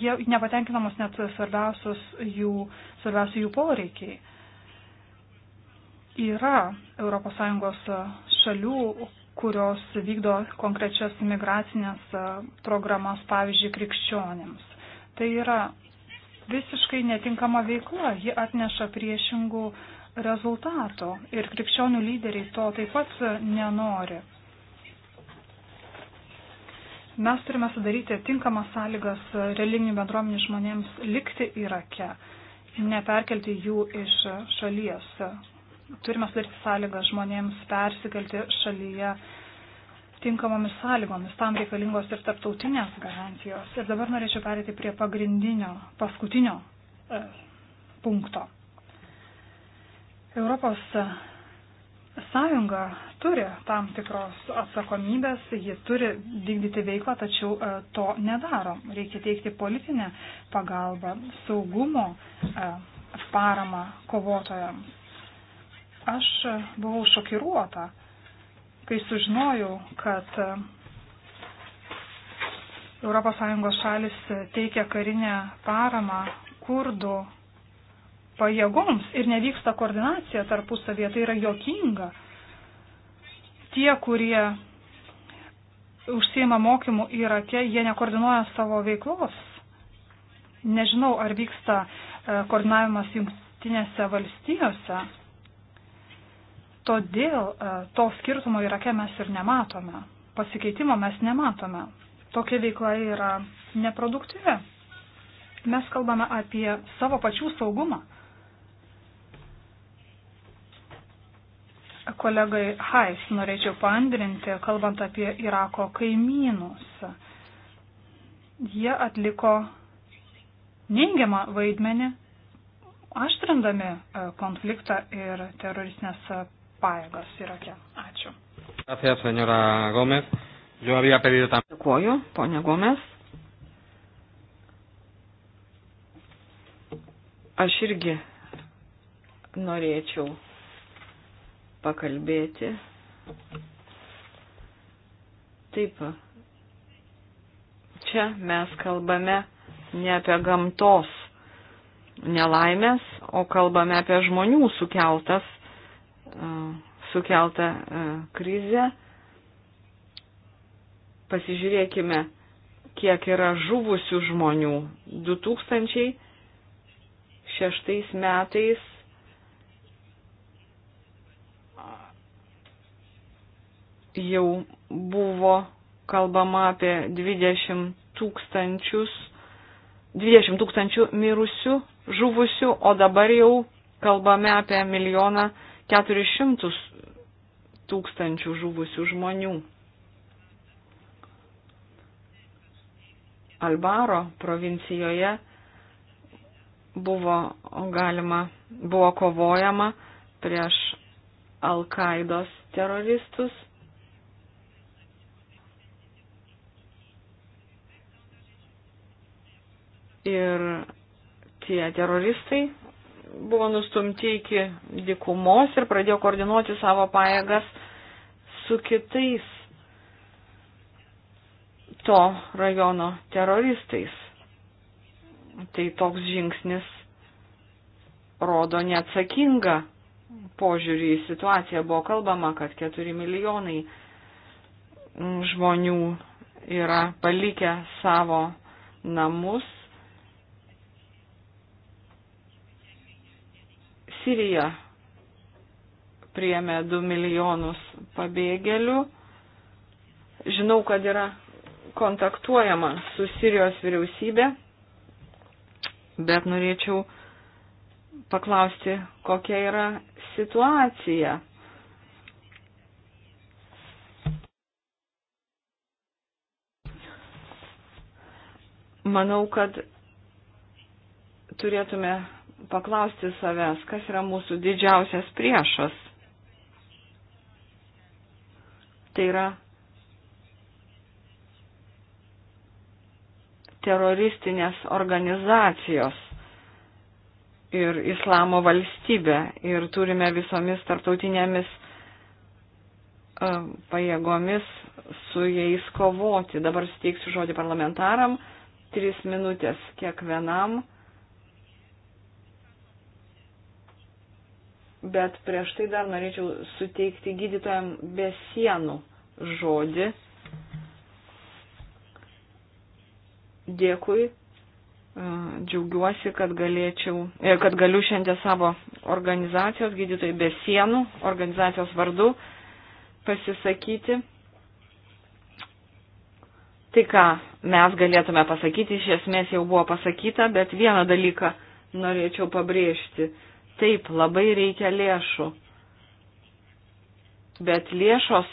Jie nepatenkinamos net svarbiausios jų, svarbiausių jų poreikiai. Yra ES e, šalių, kurios vykdo konkrečias imigracinės programas, pavyzdžiui, krikščionėms. Tai yra visiškai netinkama veikla, ji atneša priešingų rezultato ir krikščionių lyderiai to taip pat nenori. Mes turime sudaryti tinkamas sąlygas religinių bendruomenių žmonėms likti Irake, neperkelti jų iš šalies. Turime sudaryti sąlygas žmonėms persikelti šalyje tinkamomis sąlygomis. Tam reikalingos ir tarptautinės garantijos. Ir dabar norėčiau perėti prie pagrindinio, paskutinio e, punkto. Europos e, sąjunga turi tam tikros atsakomybės, ji turi vykdyti veiklą, tačiau e, to nedaro. Reikia teikti politinę pagalbą, saugumo e, paramą kovotojams. Aš e, buvau šokiruota, Kai sužinojau, kad ES šalis teikia karinę paramą kurdų pajėgoms ir nevyksta koordinacija tarpusavėje, tai yra jokinga. Tie, kurie užsieima mokymų Irake, jie nekoordinuoja savo veiklos. Nežinau, ar vyksta e, koordinavimas jungtinėse valstijose. Todėl e, to skirtumo Irake mes ir nematome. Pasikeitimo mes nematome. Tokia veikla yra neproduktyvi. Mes kalbame apie savo pačių saugumą. Kolegai Hais norėčiau pandrinti, kalbant apie Irako kaimynus. Jie atliko neigiamą vaidmenį aštrindami e, konfliktą ir teroristinės pajėgas Irake. Ačiū. Gracias, senora Gómez. Yo había pedido también. Dėkuoju, ponia Gómez. Aš irgi norėčiau pakalbėti. Taip, čia mes kalbame ne apie gamtos nelaimės, o kalbame apie žmonių sukeltas sukeltą e, krizę. Pasižiūrėkime, kiek yra žuvusių žmonių. 2006 metais jau buvo kalbama apie 20 tūkstančius, 20 tūkstančių mirusių, žuvusių, o dabar jau kalbame apie milijoną 000 400 tūkstančių žuvusių žmonių. Albaro provincijoje buvo galima, buvo kovojama prieš Al-Qaidos teroristus. Ir tie teroristai buvo nustumti iki dikumos ir pradėjo koordinuoti savo pajėgas su kitais to rajono teroristais. Tai toks žingsnis rodo neatsakingą požiūrį į situaciją. Buvo kalbama, kad 4 milijonai žmonių yra palikę savo namus Sirija priėmė 2 milijonus pabėgėlių. Žinau, kad yra kontaktuojama su Sirijos vyriausybė, bet norėčiau paklausti, kokia yra situacija. Manau, kad turėtume paklausti savęs, kas yra mūsų didžiausias priešas. Tai yra teroristinės organizacijos ir islamo valstybė ir turime visomis tarptautinėmis e, pajėgomis su jais kovoti. Dabar steiksiu žodį parlamentaram. Tris minutės kiekvienam. bet prieš tai dar norėčiau suteikti gydytojam be sienų žodį. Dėkui, džiaugiuosi, kad, galėčiau, e, kad galiu šiandien savo organizacijos gydytojai be sienų, organizacijos vardu pasisakyti. Tai ką mes galėtume pasakyti, iš esmės jau buvo pasakyta, bet vieną dalyką norėčiau pabrėžti Taip, labai reikia lėšų. Bet lėšos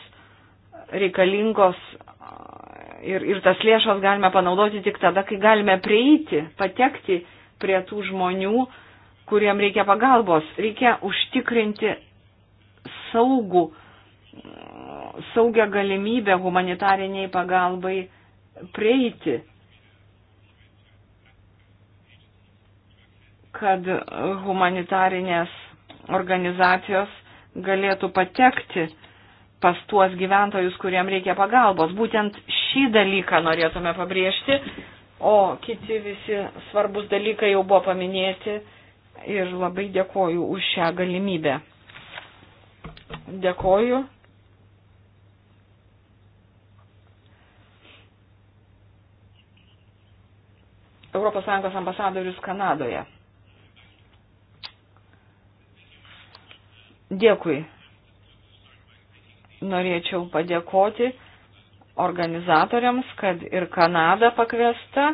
reikalingos ir, ir tas lėšas galime panaudoti tik tada, kai galime prieiti, patekti prie tų žmonių, kuriem reikia pagalbos. Reikia užtikrinti saugų, saugią galimybę humanitariniai pagalbai prieiti. kad humanitarinės organizacijos galėtų patekti pas tuos gyventojus, kuriem reikia pagalbos. Būtent šį dalyką norėtume pabrėžti, o kiti visi svarbus dalykai jau buvo paminėti ir labai dėkoju už šią galimybę. Dėkoju. ES ambasadorius Kanadoje. Dėkui. Norėčiau padėkoti organizatoriams, kad ir Kanada pakviesta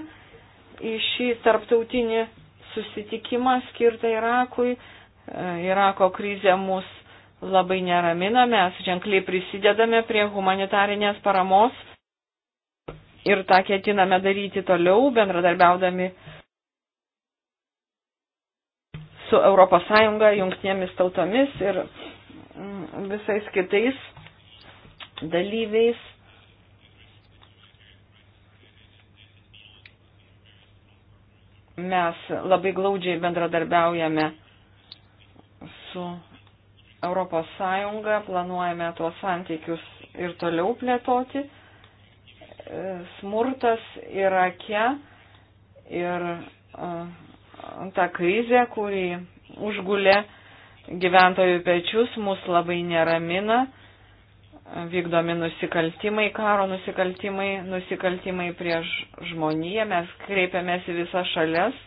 į šį tarptautinį susitikimą skirtą Irakui. E, Irako krizė mus labai neramina, mes ženkliai prisidedame prie humanitarinės paramos ir tą ketiname daryti toliau, bendradarbiaudami su ES, jungtinėmis tautomis ir mm, visais kitais dalyviais. Mes labai glaudžiai bendradarbiaujame su ES, planuojame tuos santykius ir toliau plėtoti. E, smurtas Irake ir uh, ta krizė, kuri užgulė gyventojų pečius, mus labai neramina, vykdomi nusikaltimai, karo nusikaltimai, nusikaltimai prieš žmoniją, mes kreipiamės į visas šalias,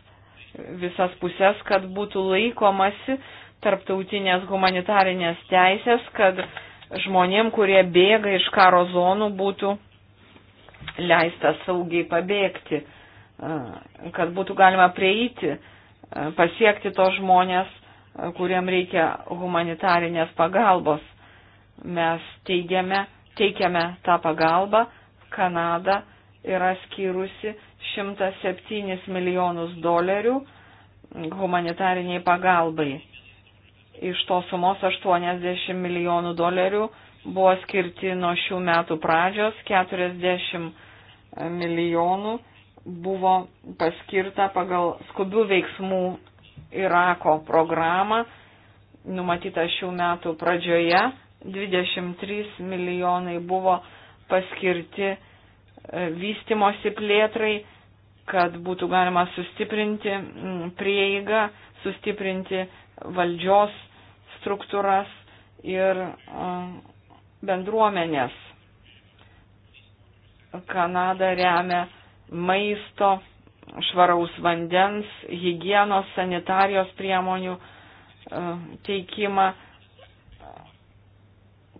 visas pusės, kad būtų laikomasi tarptautinės humanitarinės teisės, kad žmonėm, kurie bėga iš karo zonų, būtų leista saugiai pabėgti. E, kad būtų galima prieiti, e, pasiekti tos žmonės, e, kuriem reikia humanitarinės pagalbos. Mes teigiame, teikiame tą pagalbą. Kanada yra skyrusi 107 milijonus dolerių humanitariniai pagalbai. Iš tos sumos 80 milijonų dolerių buvo skirti nuo šių metų pradžios 40 milijonų buvo paskirta pagal skubių veiksmų Irako programą, numatyta šių metų pradžioje, 23 milijonai buvo paskirti e, vystimosi plėtrai, kad būtų galima sustiprinti prieigą, sustiprinti valdžios struktūras ir bendruomenės. Kanada remia maisto, švaraus vandens, hygienos, sanitarijos priemonių e, teikimą,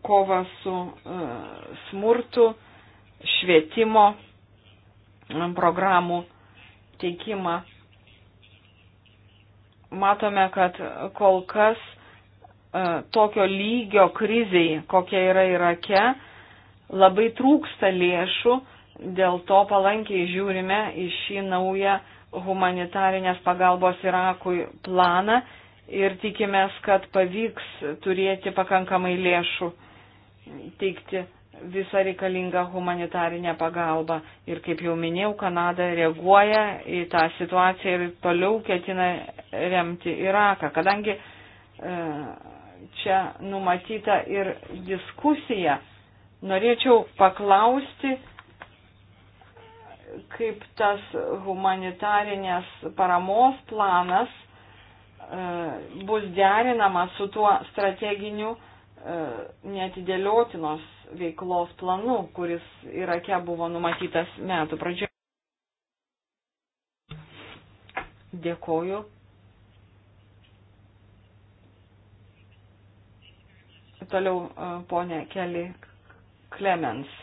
kovą su e, smurtu, švietimo e, programų teikimą. Matome, kad kol kas tokio lygio kriziai, kokia yra Irake, labai trūksta lėšų, dėl to palankiai žiūrime į šį naują humanitarinės pagalbos Irakui planą ir tikimės, kad pavyks turėti pakankamai lėšų teikti visą reikalingą humanitarinę pagalbą. Ir kaip jau minėjau, Kanada reaguoja į tą situaciją ir toliau ketina remti Iraką, kadangi e, čia numatyta ir diskusija. Norėčiau paklausti, kaip tas humanitarinės paramos planas e, bus derinamas su tuo strateginiu e, netidėliotinos veiklos planu, kuris Irake buvo numatytas metų pradžioje. Dėkoju. Toliau e, ponė Keli Klemens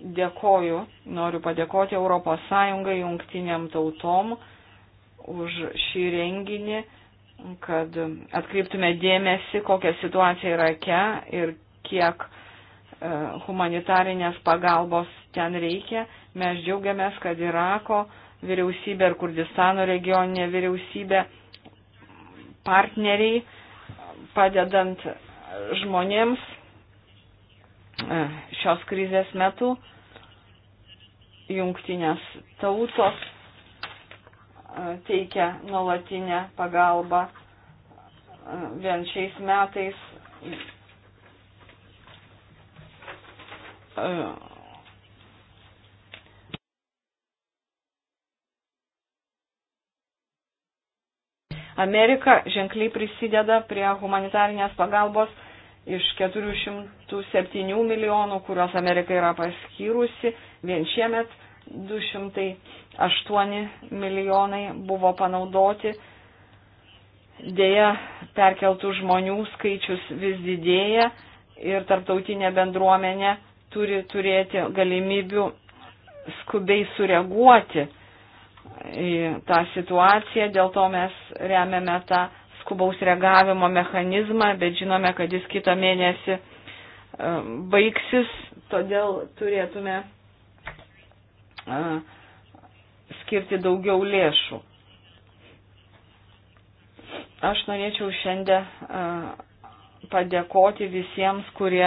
dėkoju, noriu padėkoti Europos Sąjungai, jungtiniam tautom už šį renginį, kad atkreiptume dėmesį, kokia situacija Irake ir kiek e, humanitarinės pagalbos ten reikia. Mes džiaugiamės, kad Irako vyriausybė ir Kurdistano regioninė vyriausybė partneriai padedant žmonėms E, šios krizės metu jungtinės tautos e, teikia nuolatinę pagalbą. E, vien šiais metais Amerika ženkliai prisideda prie humanitarinės pagalbos iš 407 milijonų, kuriuos Amerika yra paskyrusi, vien šiemet 208 milijonai buvo panaudoti. Deja, perkeltų žmonių skaičius vis didėja ir tarptautinė bendruomenė turi turėti galimybių skubiai sureaguoti į tą situaciją, dėl to mes remiame tą skubaus reagavimo mechanizmą, bet žinome, kad jis kito mėnesį e, baigsis, todėl turėtume e, skirti daugiau lėšų. Aš norėčiau šiandien e, padėkoti visiems, kurie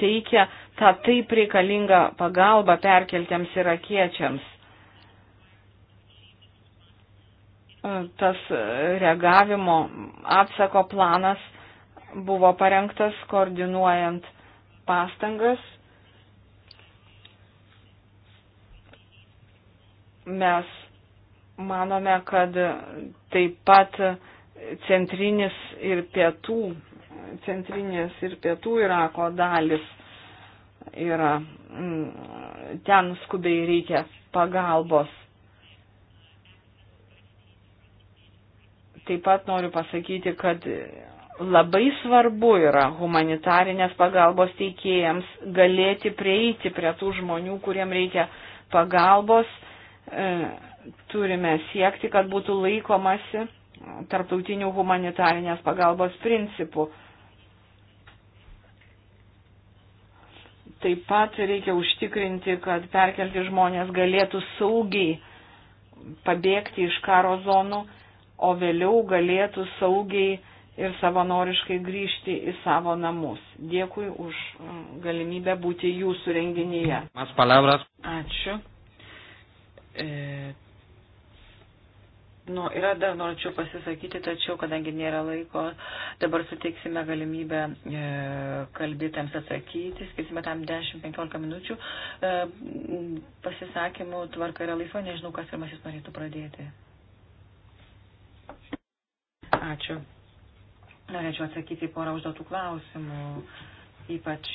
teikia tą taip reikalingą pagalbą perkeltiems irakiečiams. tas reagavimo atsako planas buvo parengtas koordinuojant pastangas. Mes manome, kad taip pat centrinis ir pietų, centrinės ir pietų Irako dalis yra, mm, ten skubiai reikia pagalbos taip pat noriu pasakyti, kad labai svarbu yra humanitarinės pagalbos teikėjams galėti prieiti prie tų žmonių, kuriem reikia pagalbos. E, turime siekti, kad būtų laikomasi tarptautinių humanitarinės pagalbos principų. Taip pat reikia užtikrinti, kad perkelti žmonės galėtų saugiai pabėgti iš karo zonų o vėliau galėtų saugiai ir savanoriškai grįžti į savo namus. Dėkui už mm, galimybę būti jūsų renginyje. Mas palabras. Ačiū. E, nu, yra dar norčiau pasisakyti, tačiau, kadangi nėra laiko, dabar suteiksime galimybę e, kalbėtams atsakyti, skirsime tam 10-15 minučių. E, pasisakymų tvarka yra laisva, nežinau, kas pirmasis norėtų pradėti ačiū. Norėčiau atsakyti į porą užduotų klausimų, ypač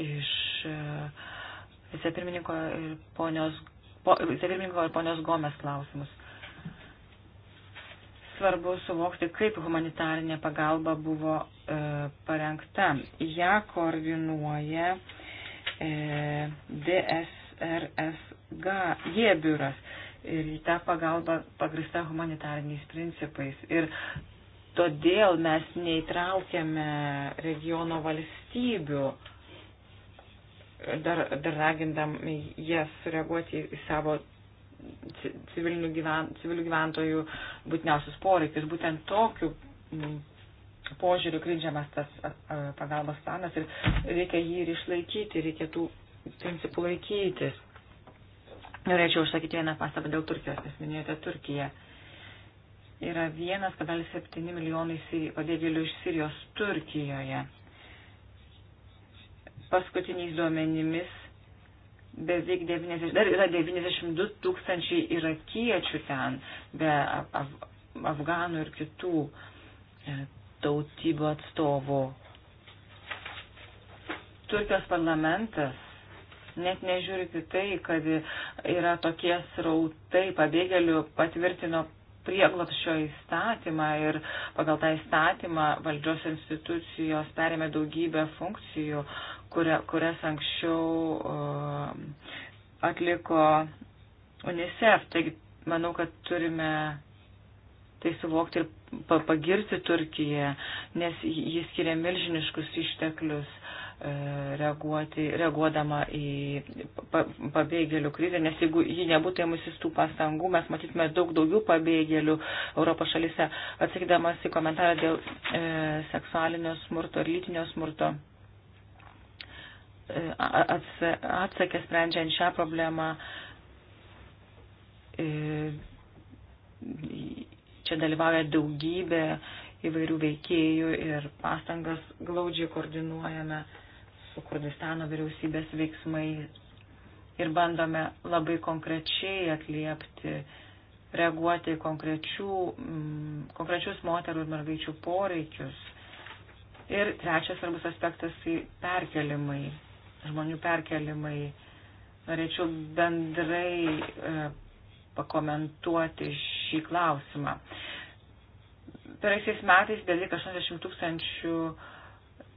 iš e, vicepirmininko ir ponios, po, vicepirmininko ir ponios Gomes klausimus. Svarbu suvokti, kaip humanitarinė pagalba buvo e, parengta. Ja koordinuoja e, DSRSG biuras ir ta pagalba pagrista humanitariniais principais. Ir todėl mes neįtraukėme regiono valstybių, dar, dar ragindam jas sureaguoti į savo civilinių gyven, civilių gyventojų būtiniausius poreikius. Būtent tokiu mm, požiūriu grindžiamas tas pagalbos planas ir reikia jį ir išlaikyti, reikia tų principų laikytis. Norėčiau užsakyti vieną pastabą dėl Turkijos, nes minėjote Turkiją. Yra 1,7 milijonai pabėgėlių iš Sirijos Turkijoje. Paskutiniais duomenimis beveik 90, dar yra 92 tūkstančiai irakiečių ten, be af, afganų ir kitų e, tautybių atstovų. Turkijos parlamentas net nežiūrint į tai, kad yra tokie srautai pabėgėlių patvirtino prieglapščio įstatymą ir pagal tą įstatymą valdžios institucijos perėmė daugybę funkcijų, kuria, kurias anksčiau uh, atliko UNICEF. Taigi manau, kad turime tai suvokti ir pagirti Turkiją, nes jis skiria milžiniškus išteklius E, reaguoti, reaguodama į pabėgėlių krizę, nes jeigu ji nebūtų ėmusis tų pastangų, mes matytume daug daugiau pabėgėlių Europos šalise. Atsakydamas į komentarą dėl e, seksualinio smurto ir lytinio smurto e, atsakę sprendžiant šią problemą, e, čia dalyvauja daugybė įvairių veikėjų ir pastangas glaudžiai koordinuojame. E, su Kurdistano vyriausybės veiksmais ir bandome labai konkrečiai atliepti, reaguoti konkrečių, m, mm, konkrečius moterų ir mergaičių poreikius. Ir trečias svarbus aspektas tai perkelimai, žmonių perkelimai. Norėčiau bendrai e, pakomentuoti šį klausimą. Peraisiais metais beveik 80 tūkstančių 000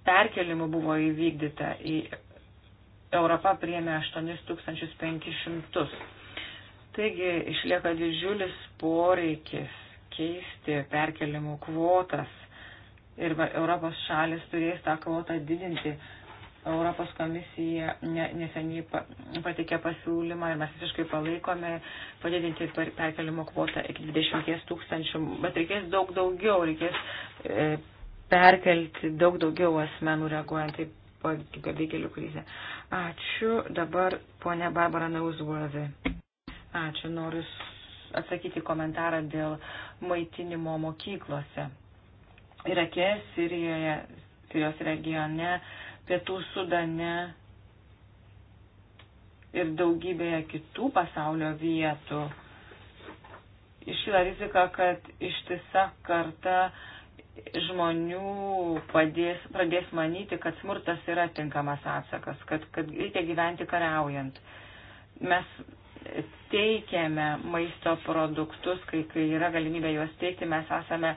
perkelimų buvo įvykdyta į Europą priemė 8500. Taigi išlieka didžiulis poreikis keisti perkelimų kvotas ir Europos šalis turės tą kvotą didinti. Europos komisija neseniai patikė pasiūlymą ir mes visiškai palaikome padidinti perkelimo kvotą iki 20 tūkstančių, bet reikės daug daugiau, reikės e, perkelti daug daugiau asmenų reaguojant į pabėgėlių krizę. Ačiū. Dabar ponė Barbara Nausworthy. Ačiū. Noriu atsakyti komentarą dėl maitinimo mokyklose. Irake, Sirijoje, Sirijos regione, Pietų Sudane ir daugybėje kitų pasaulio vietų iškyla rizika, kad ištisa karta žmonių padės, pradės manyti, kad smurtas yra tinkamas atsakas, kad, kad reikia gyventi kariaujant. Mes teikiame maisto produktus, kai, kai yra galimybė juos teikti, mes esame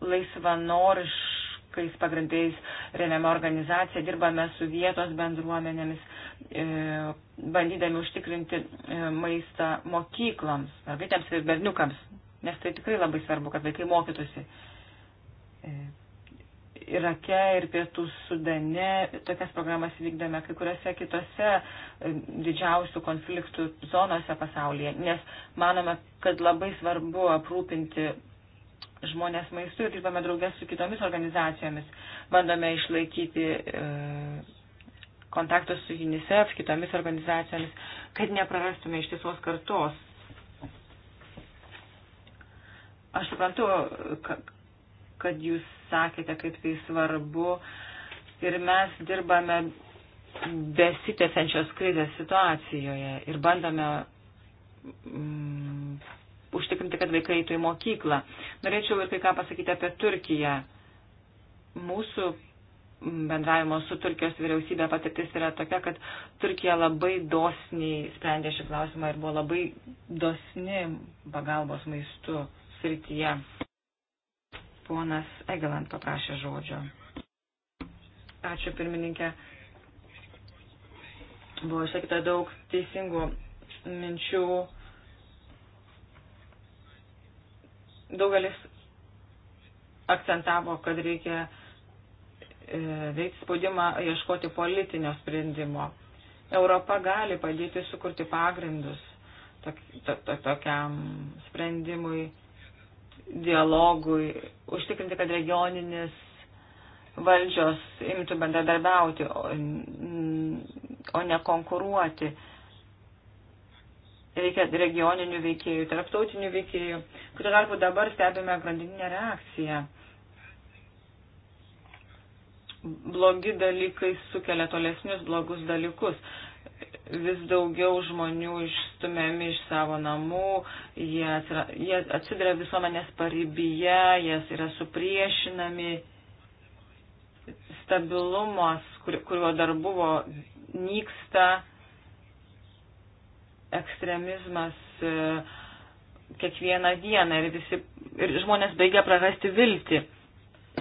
laisvanoriškais pagrindais remiama organizacija, dirbame su vietos bendruomenėmis, e, bandydami užtikrinti e, maistą mokykloms, mergaitėms ir berniukams, nes tai tikrai labai svarbu, kad vaikai mokytųsi. E, E, Irake ir Pietų Sudane. Tokias programas vykdome kai kuriuose kitose e, didžiausių konfliktų zonose pasaulyje, nes manome, kad labai svarbu aprūpinti žmonės maistu ir dirbame draugės su kitomis organizacijomis. Bandome išlaikyti e, kontaktus su UNICEF, kitomis organizacijomis, kad neprarastume iš tiesos kartos. Aš suprantu, kad jūs sakėte, kaip tai svarbu. Ir mes dirbame besitėsiančios krizės situacijoje ir bandome mm, užtikrinti, kad vaikai eitų į mokyklą. Norėčiau ir kai ką pasakyti apie Turkiją. Mūsų mm, bendravimo su Turkijos vyriausybė patirtis yra tokia, kad Turkija labai dosniai sprendė šį klausimą ir buvo labai dosni pagalbos maistu srityje. Ponas Egeland paprašė žodžio. Ačiū pirmininkė. Buvo išsakyta daug teisingų minčių. Daugelis akcentavo, kad reikia e, veikti spaudimą ieškoti politinio sprendimo. Europa gali padėti sukurti pagrindus tokiam sprendimui dialogui, užtikrinti, kad regioninis valdžios imtų bendradarbiauti, o ne konkuruoti. Reikia regioninių veikėjų, tarptautinių veikėjų, kurio tarpu dabar stebime grandininę reakciją. Blogi dalykai sukelia tolesnius blogus dalykus vis daugiau žmonių išstumiami iš savo namų, jie, atsira, jie atsiduria visuomenės paribyje, jie yra supriešinami stabilumas, kur, kurio dar buvo, nyksta ekstremizmas e, kiekvieną dieną ir, visi, ir žmonės baigia prarasti viltį.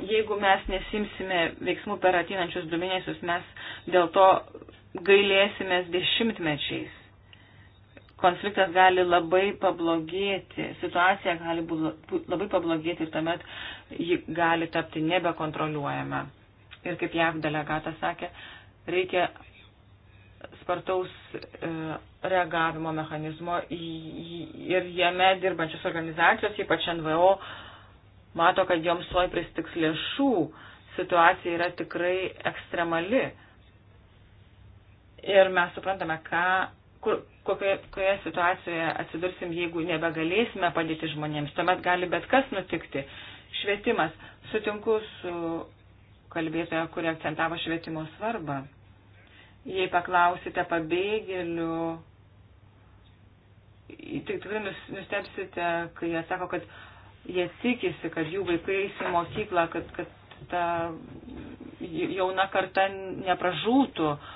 Jeigu mes nesimsime veiksmų per ateinančius du mėnesius, mes dėl to gailėsimės dešimtmečiais. Konfliktas gali labai pablogėti, situacija gali būti labai pablogėti ir tuomet ji gali tapti nebekontroliuojama. Ir kaip JAV delegatas sakė, reikia spartaus e, reagavimo mechanizmo ir jame dirbančios organizacijos, ypač NVO, mato, kad joms tuoj pristiks lėšų. Situacija yra tikrai ekstremali ir mes suprantame, ką, kur, kokioje, kokioje situacijoje atsidursim, jeigu nebegalėsime padėti žmonėms. Tuomet gali bet kas nutikti. Švietimas. Sutinku su kalbėtoja, kuri akcentavo švietimo svarbą. Jei paklausite pabėgėlių, tik tikrai nustepsite, kai jie sako, kad jie tikisi, kad jų vaikai eis į mokyklą, kad, kad ta jauna karta nepražūtų. Uh,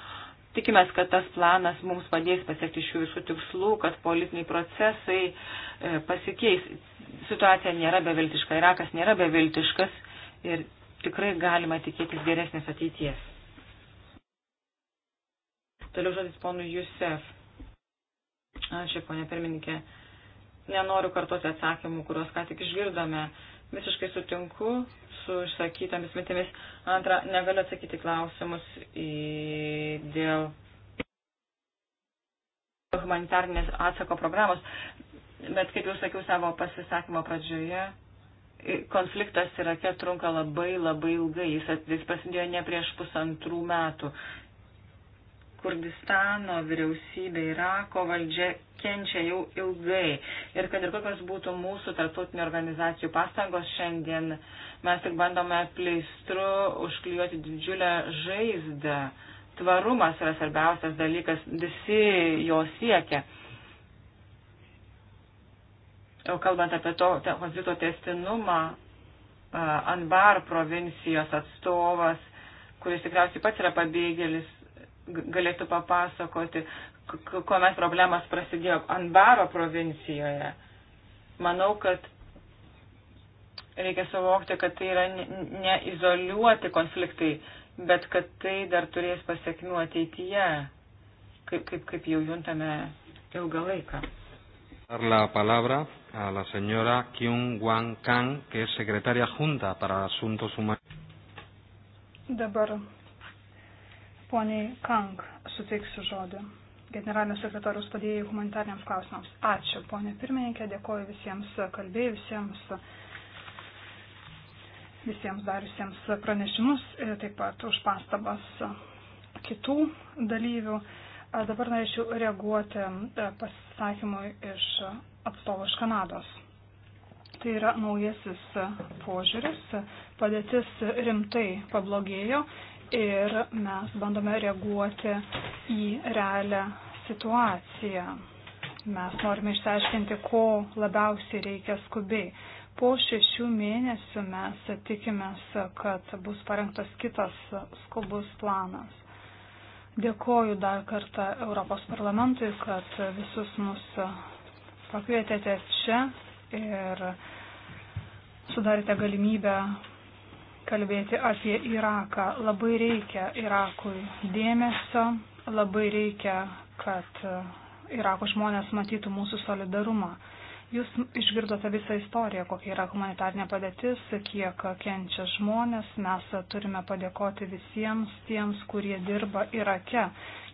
Tikimės, kad tas planas mums padės pasiekti šių visų tikslų, kad politiniai procesai e, pasikeis. Situacija nėra beviltiška, Irakas nėra beviltiškas ir tikrai galima tikėtis geresnės ateities. Toliau žodis ponui Jusef. Ačiū, ponė pirmininkė. Nenoriu kartuoti atsakymų, kuriuos ką tik išgirdome. Visiškai sutinku su išsakytomis mintimis. Antra, negaliu atsakyti klausimus į, dėl humanitarnės atsako programos, bet kaip jau sakiau savo pasisakymo pradžioje, konfliktas Irake trunka labai labai ilgai, jis, jis prasidėjo ne prieš pusantrų metų Kurdistano vyriausybė, Irako valdžia kenčia jau ilgai. Ir kad ir kokios būtų mūsų tarptautinių organizacijų pastangos šiandien, mes tik bandome pleistru užklijuoti didžiulę žaizdą. Tvarumas yra svarbiausias dalykas, visi jo siekia. O kalbant apie to konflikto testinumą, Anbar provincijos atstovas, kuris tikriausiai pats yra pabėgėlis, galėtų papasakoti, kuomet problemas prasidėjo Anbaro provincijoje. Manau, kad reikia suvokti, kad tai yra neizoliuoti konfliktai, bet kad tai dar turės pasiekmių ateityje, kaip, kaip, kaip jau juntame ilgą laiką. Dar la palabra a la señora Kyung Wang Kang, que es secretaria junta para asuntos humanos. Dabar Poniai Kang suteiksiu žodį. Generalinio sekretoriaus padėjai humanitariniams klausimams. Ačiū, ponė pirmininkė, dėkoju visiems kalbėjai, visiems, visiems dariusiems pranešimus ir taip pat už pastabas kitų dalyvių. Dabar norėčiau reaguoti pasisakymui iš atstovo iš Kanados. Tai yra naujasis požiūris, padėtis rimtai pablogėjo ir mes bandome reaguoti į realią situaciją. Mes norime išsiaiškinti, ko labiausiai reikia skubiai. Po šešių mėnesių mes tikimės, kad bus parengtas kitas skubus planas. Dėkoju dar kartą Europos parlamentui, kad visus mus pakvietėte čia ir sudarėte galimybę kalbėti apie Iraką. Labai reikia Irakui dėmesio, labai reikia, kad e, Irako žmonės matytų mūsų solidarumą. Jūs išgirdote visą istoriją, kokia yra humanitarnė padėtis, kiek kenčia žmonės. Mes turime padėkoti visiems tiems, kurie dirba Irake.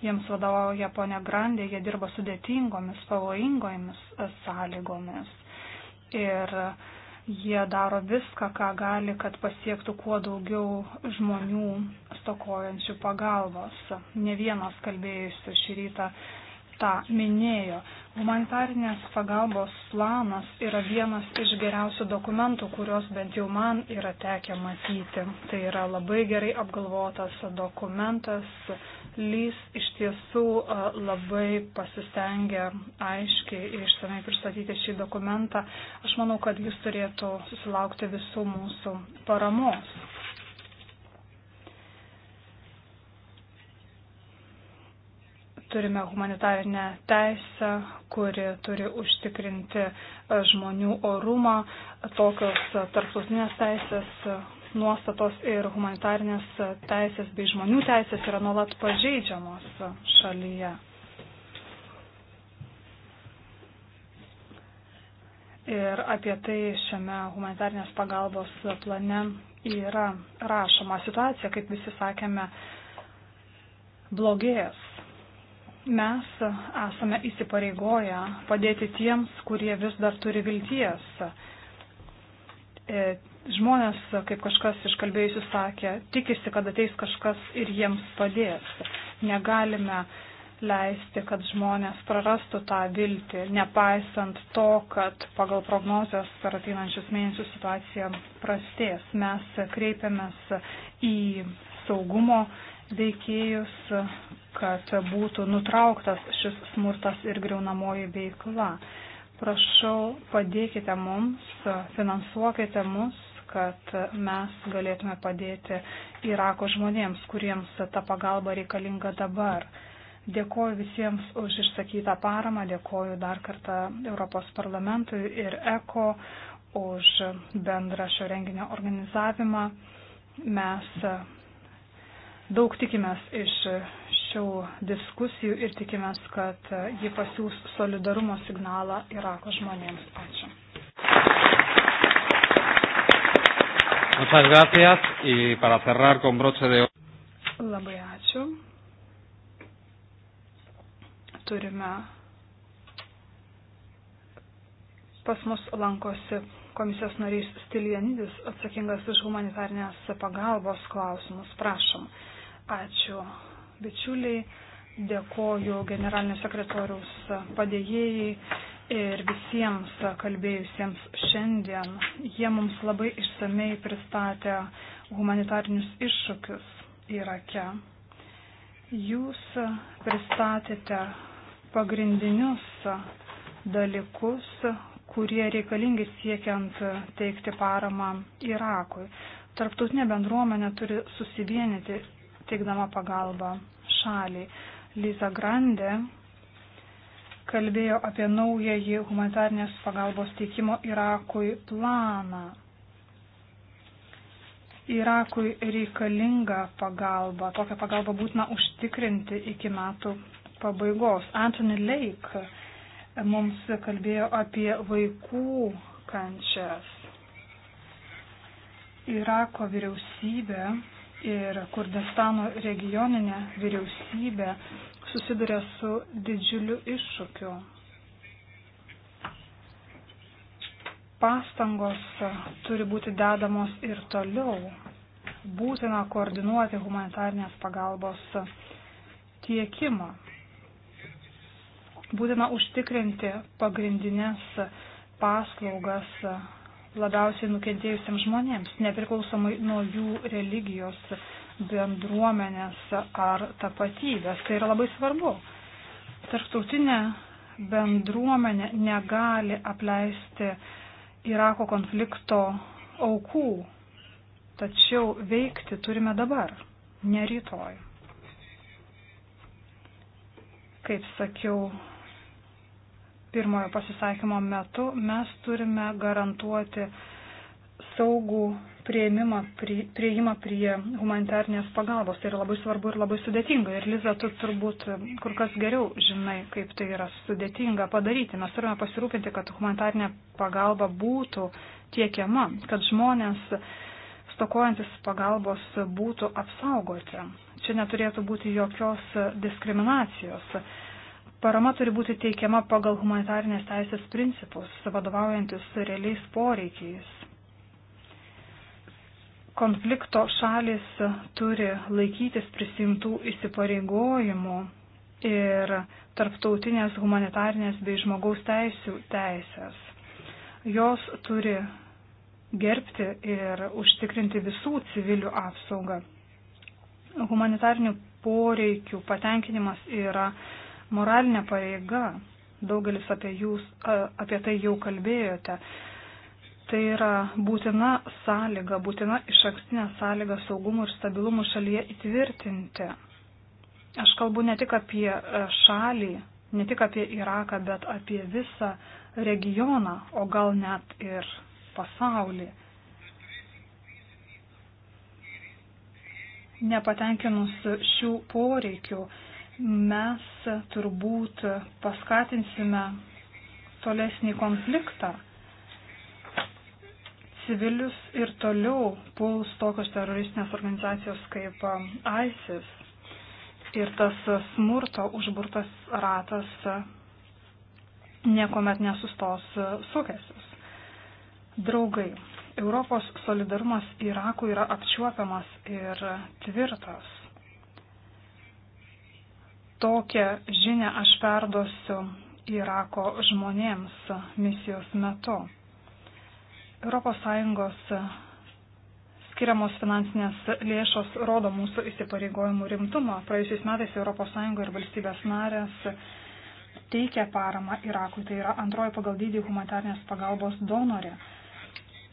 Jiems vadovauja ponia Grandė, jie dirba sudėtingomis, pavojingomis sąlygomis. Ir uh, Jie daro viską, ką gali, kad pasiektų kuo daugiau žmonių stokojančių pagalbos. Ne vienas kalbėjusiu šį rytą tą minėjo. Humanitarinės pagalbos planas yra vienas iš geriausių dokumentų, kuriuos bent jau man yra tekę matyti. Tai yra labai gerai apgalvotas dokumentas, Lys iš tiesų labai pasistengė aiškiai ir išsamei pristatyti šį dokumentą. Aš manau, kad jis turėtų susilaukti visų mūsų paramos. Turime humanitarinę teisę, kuri turi užtikrinti žmonių orumą. Tokios tarptautinės teisės nuostatos ir humanitarnės teisės bei žmonių teisės yra nuolat pažeidžiamos šalyje. Ir apie tai šiame humanitarnės pagalbos plane yra rašoma situacija, kaip visi sakėme, blogės. Mes esame įsipareigoję padėti tiems, kurie vis dar turi vilties e, žmonės, kaip kažkas iškalbėjusius sakė, tikisi, kad ateis kažkas ir jiems padės. Negalime leisti, kad žmonės prarastų tą viltį, nepaisant to, kad pagal prognozijas per ateinančius mėnesius situacija prastės. Mes kreipiamės į saugumo veikėjus, kad būtų nutrauktas šis smurtas ir greunamoji veikla prašau, padėkite mums, finansuokite mus, kad mes galėtume padėti Irako žmonėms, kuriems ta pagalba reikalinga dabar. Dėkoju visiems už išsakytą paramą, dėkoju dar kartą Europos parlamentui ir ECO už bendrą šio renginio organizavimą. Mes daug tikimės iš šių diskusijų ir tikimės, kad ji pasiūs solidarumo signalą Irako žmonėms. Ačiū. Muchas gracias y para cerrar con broche de oro. Labai ačiū. Turime. Pas mus lankosi komisijos narys Stilienidis, atsakingas už humanitarnės pagalbos klausimus. Prašom. Ačiū, bičiuliai. Dėkoju generalinio sekretoriaus padėjėjai ir visiems kalbėjusiems šiandien. Jie mums labai išsamei pristatė humanitarinius iššūkius Irake. Jūs pristatėte pagrindinius dalykus, kurie reikalingi siekiant teikti paramą Irakui. Tarptautinė bendruomenė turi susivienyti teikdama pagalbą šaliai. Liza Grande kalbėjo apie naująjį humanitarnės pagalbos teikimo Irakui planą. Irakui reikalinga pagalba. Tokią pagalbą būtina užtikrinti iki metų pabaigos. Anthony Lake mums kalbėjo apie vaikų kančias. Irako vyriausybė ir Kurdistano regioninė vyriausybė susiduria su didžiuliu iššūkiu. Pastangos turi būti dedamos ir toliau. Būtina koordinuoti humanitarnės pagalbos tiekimą. Būtina užtikrinti pagrindinės paslaugas labiausiai nukentėjusiems žmonėms, nepriklausomai nuo jų religijos bendruomenės ar tapatybės. Tai yra labai svarbu. Tarptautinė bendruomenė negali apleisti Irako konflikto aukų. Tačiau veikti turime dabar, ne rytoj. Kaip sakiau, pirmojo pasisakymo metu mes turime garantuoti saugų prieimimą, prie, prieimą prie humanitarnės pagalbos. Tai yra labai svarbu ir labai sudėtinga. Ir Liza, tu turbūt kur kas geriau žinai, kaip tai yra sudėtinga padaryti. Mes turime pasirūpinti, kad humanitarnė pagalba būtų tiekiama, kad žmonės stokojantis pagalbos būtų apsaugoti. Čia neturėtų būti jokios diskriminacijos. Parama turi būti teikiama pagal humanitarnės teisės principus, vadovaujantis realiais poreikiais konflikto šalis turi laikytis prisimtų įsipareigojimų ir tarptautinės humanitarnės bei žmogaus teisų teisės. Jos turi gerbti ir užtikrinti visų civilių apsaugą. Humanitarnių poreikių patenkinimas yra moralinė pareiga. Daugelis apie, jūs, apie tai jau kalbėjote. Tai yra būtina sąlyga, būtina iš ankstinė sąlyga saugumų ir stabilumų šalyje įtvirtinti. Aš kalbu ne tik apie e, šalį, ne tik apie Iraką, bet apie visą regioną, o gal net ir pasaulį. Nepatenkinus šių poreikių, mes turbūt paskatinsime tolesnį konfliktą civilius ir toliau puls tokios teroristinės organizacijos kaip um, ISIS. Ir tas smurto užburtas ratas uh, niekuomet nesustos uh, sukęsis. Draugai, Europos solidarumas Irakui yra apčiuopiamas ir tvirtas. Tokią žinę aš perduosiu Irako žmonėms misijos metu. ES skiriamos finansinės lėšos rodo mūsų įsipareigojimų rimtumą. Praėjusiais metais ES ir valstybės narės teikia paramą Irakui, tai yra antroji pagal dydį humanitarnės pagalbos donorė.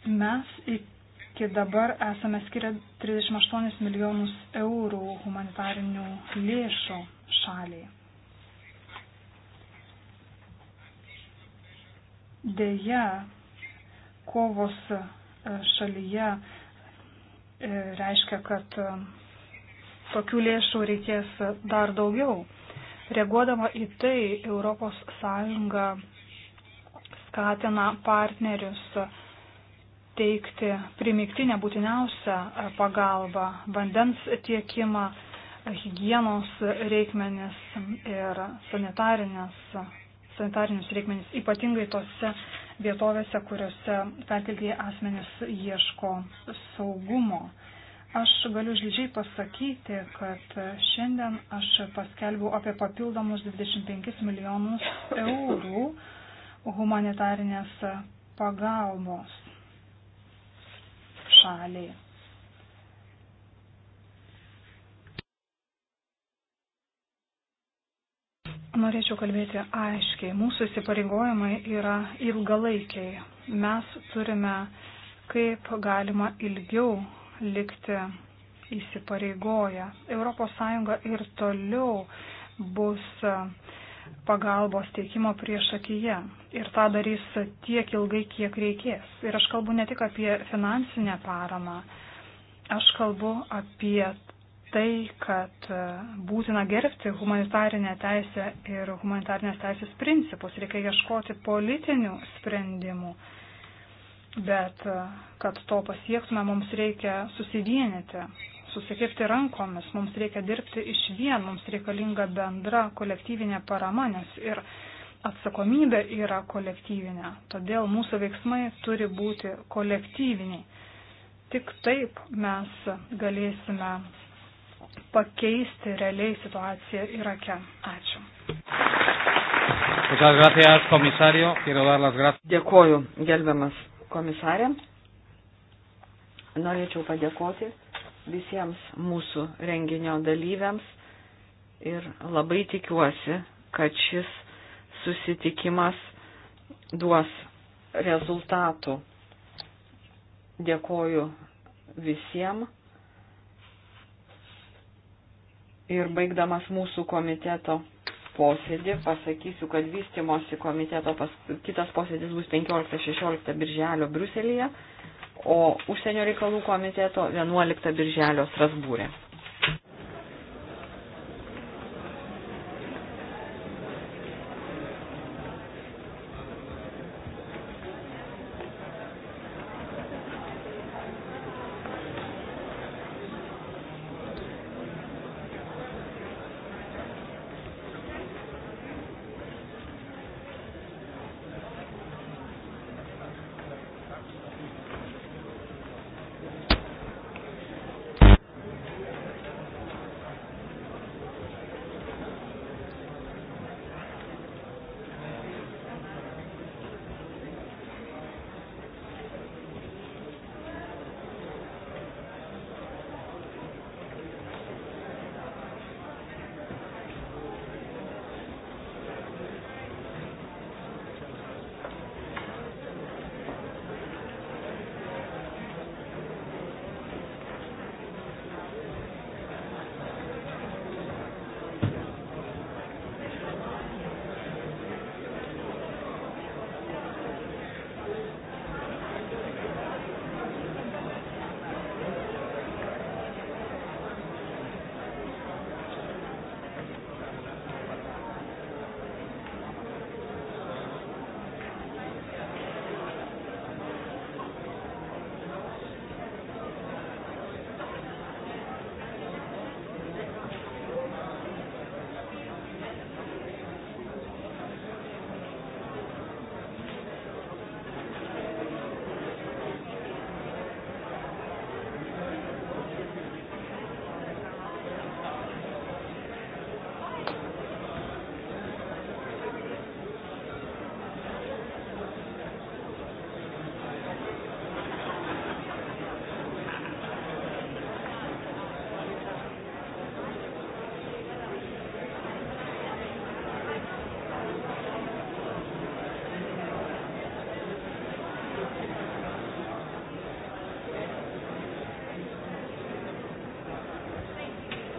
Mes iki dabar esame skiria 38 milijonus eurų humanitarinių lėšų šaliai. Deja, kovos e, šalyje e, reiškia, kad e, tokių lėšų reikės dar daugiau. Reaguodama į tai, ES skatina partnerius teikti primiktinę būtiniausią pagalbą, vandens tiekimą, hygienos reikmenis ir sanitarinius reikmenis, ypatingai tose vietovėse, kuriuose perkeltieji asmenys ieško saugumo. Aš galiu žydžiai pasakyti, kad šiandien aš paskelbiu apie papildomus 25 milijonus eurų humanitarinės pagalbos šaliai. Norėčiau kalbėti aiškiai. Mūsų įsipareigojimai yra ilgalaikiai. Mes turime kaip galima ilgiau likti įsipareigoję. ES ir toliau bus pagalbos teikimo prieš akiją ir tą darys tiek ilgai, kiek reikės. Ir aš kalbu ne tik apie finansinę paramą, aš kalbu apie tai, kad e, būtina gerbti humanitarinę teisę ir humanitarinės teisės principus, reikia ieškoti politinių sprendimų. Bet e, kad to pasiektume, mums reikia susivienyti, susikirti rankomis, mums reikia dirbti iš vien, mums reikalinga bendra kolektyvinė parama, nes ir atsakomybė yra kolektyvinė. Todėl mūsų veiksmai turi būti kolektyviniai. Tik taip mes galėsime pakeisti realiai situaciją Irake. Ačiū. Dėkoju, gerbiamas komisarė. Norėčiau padėkoti visiems mūsų renginio dalyviams ir labai tikiuosi, kad šis susitikimas duos rezultatų. Dėkoju visiems Ir baigdamas mūsų komiteto posėdį pasakysiu, kad vystimosi komiteto pas, kitas posėdis bus 15-16 birželio Bruselėje, o užsienio reikalų komiteto 11 birželio Strasbūrė.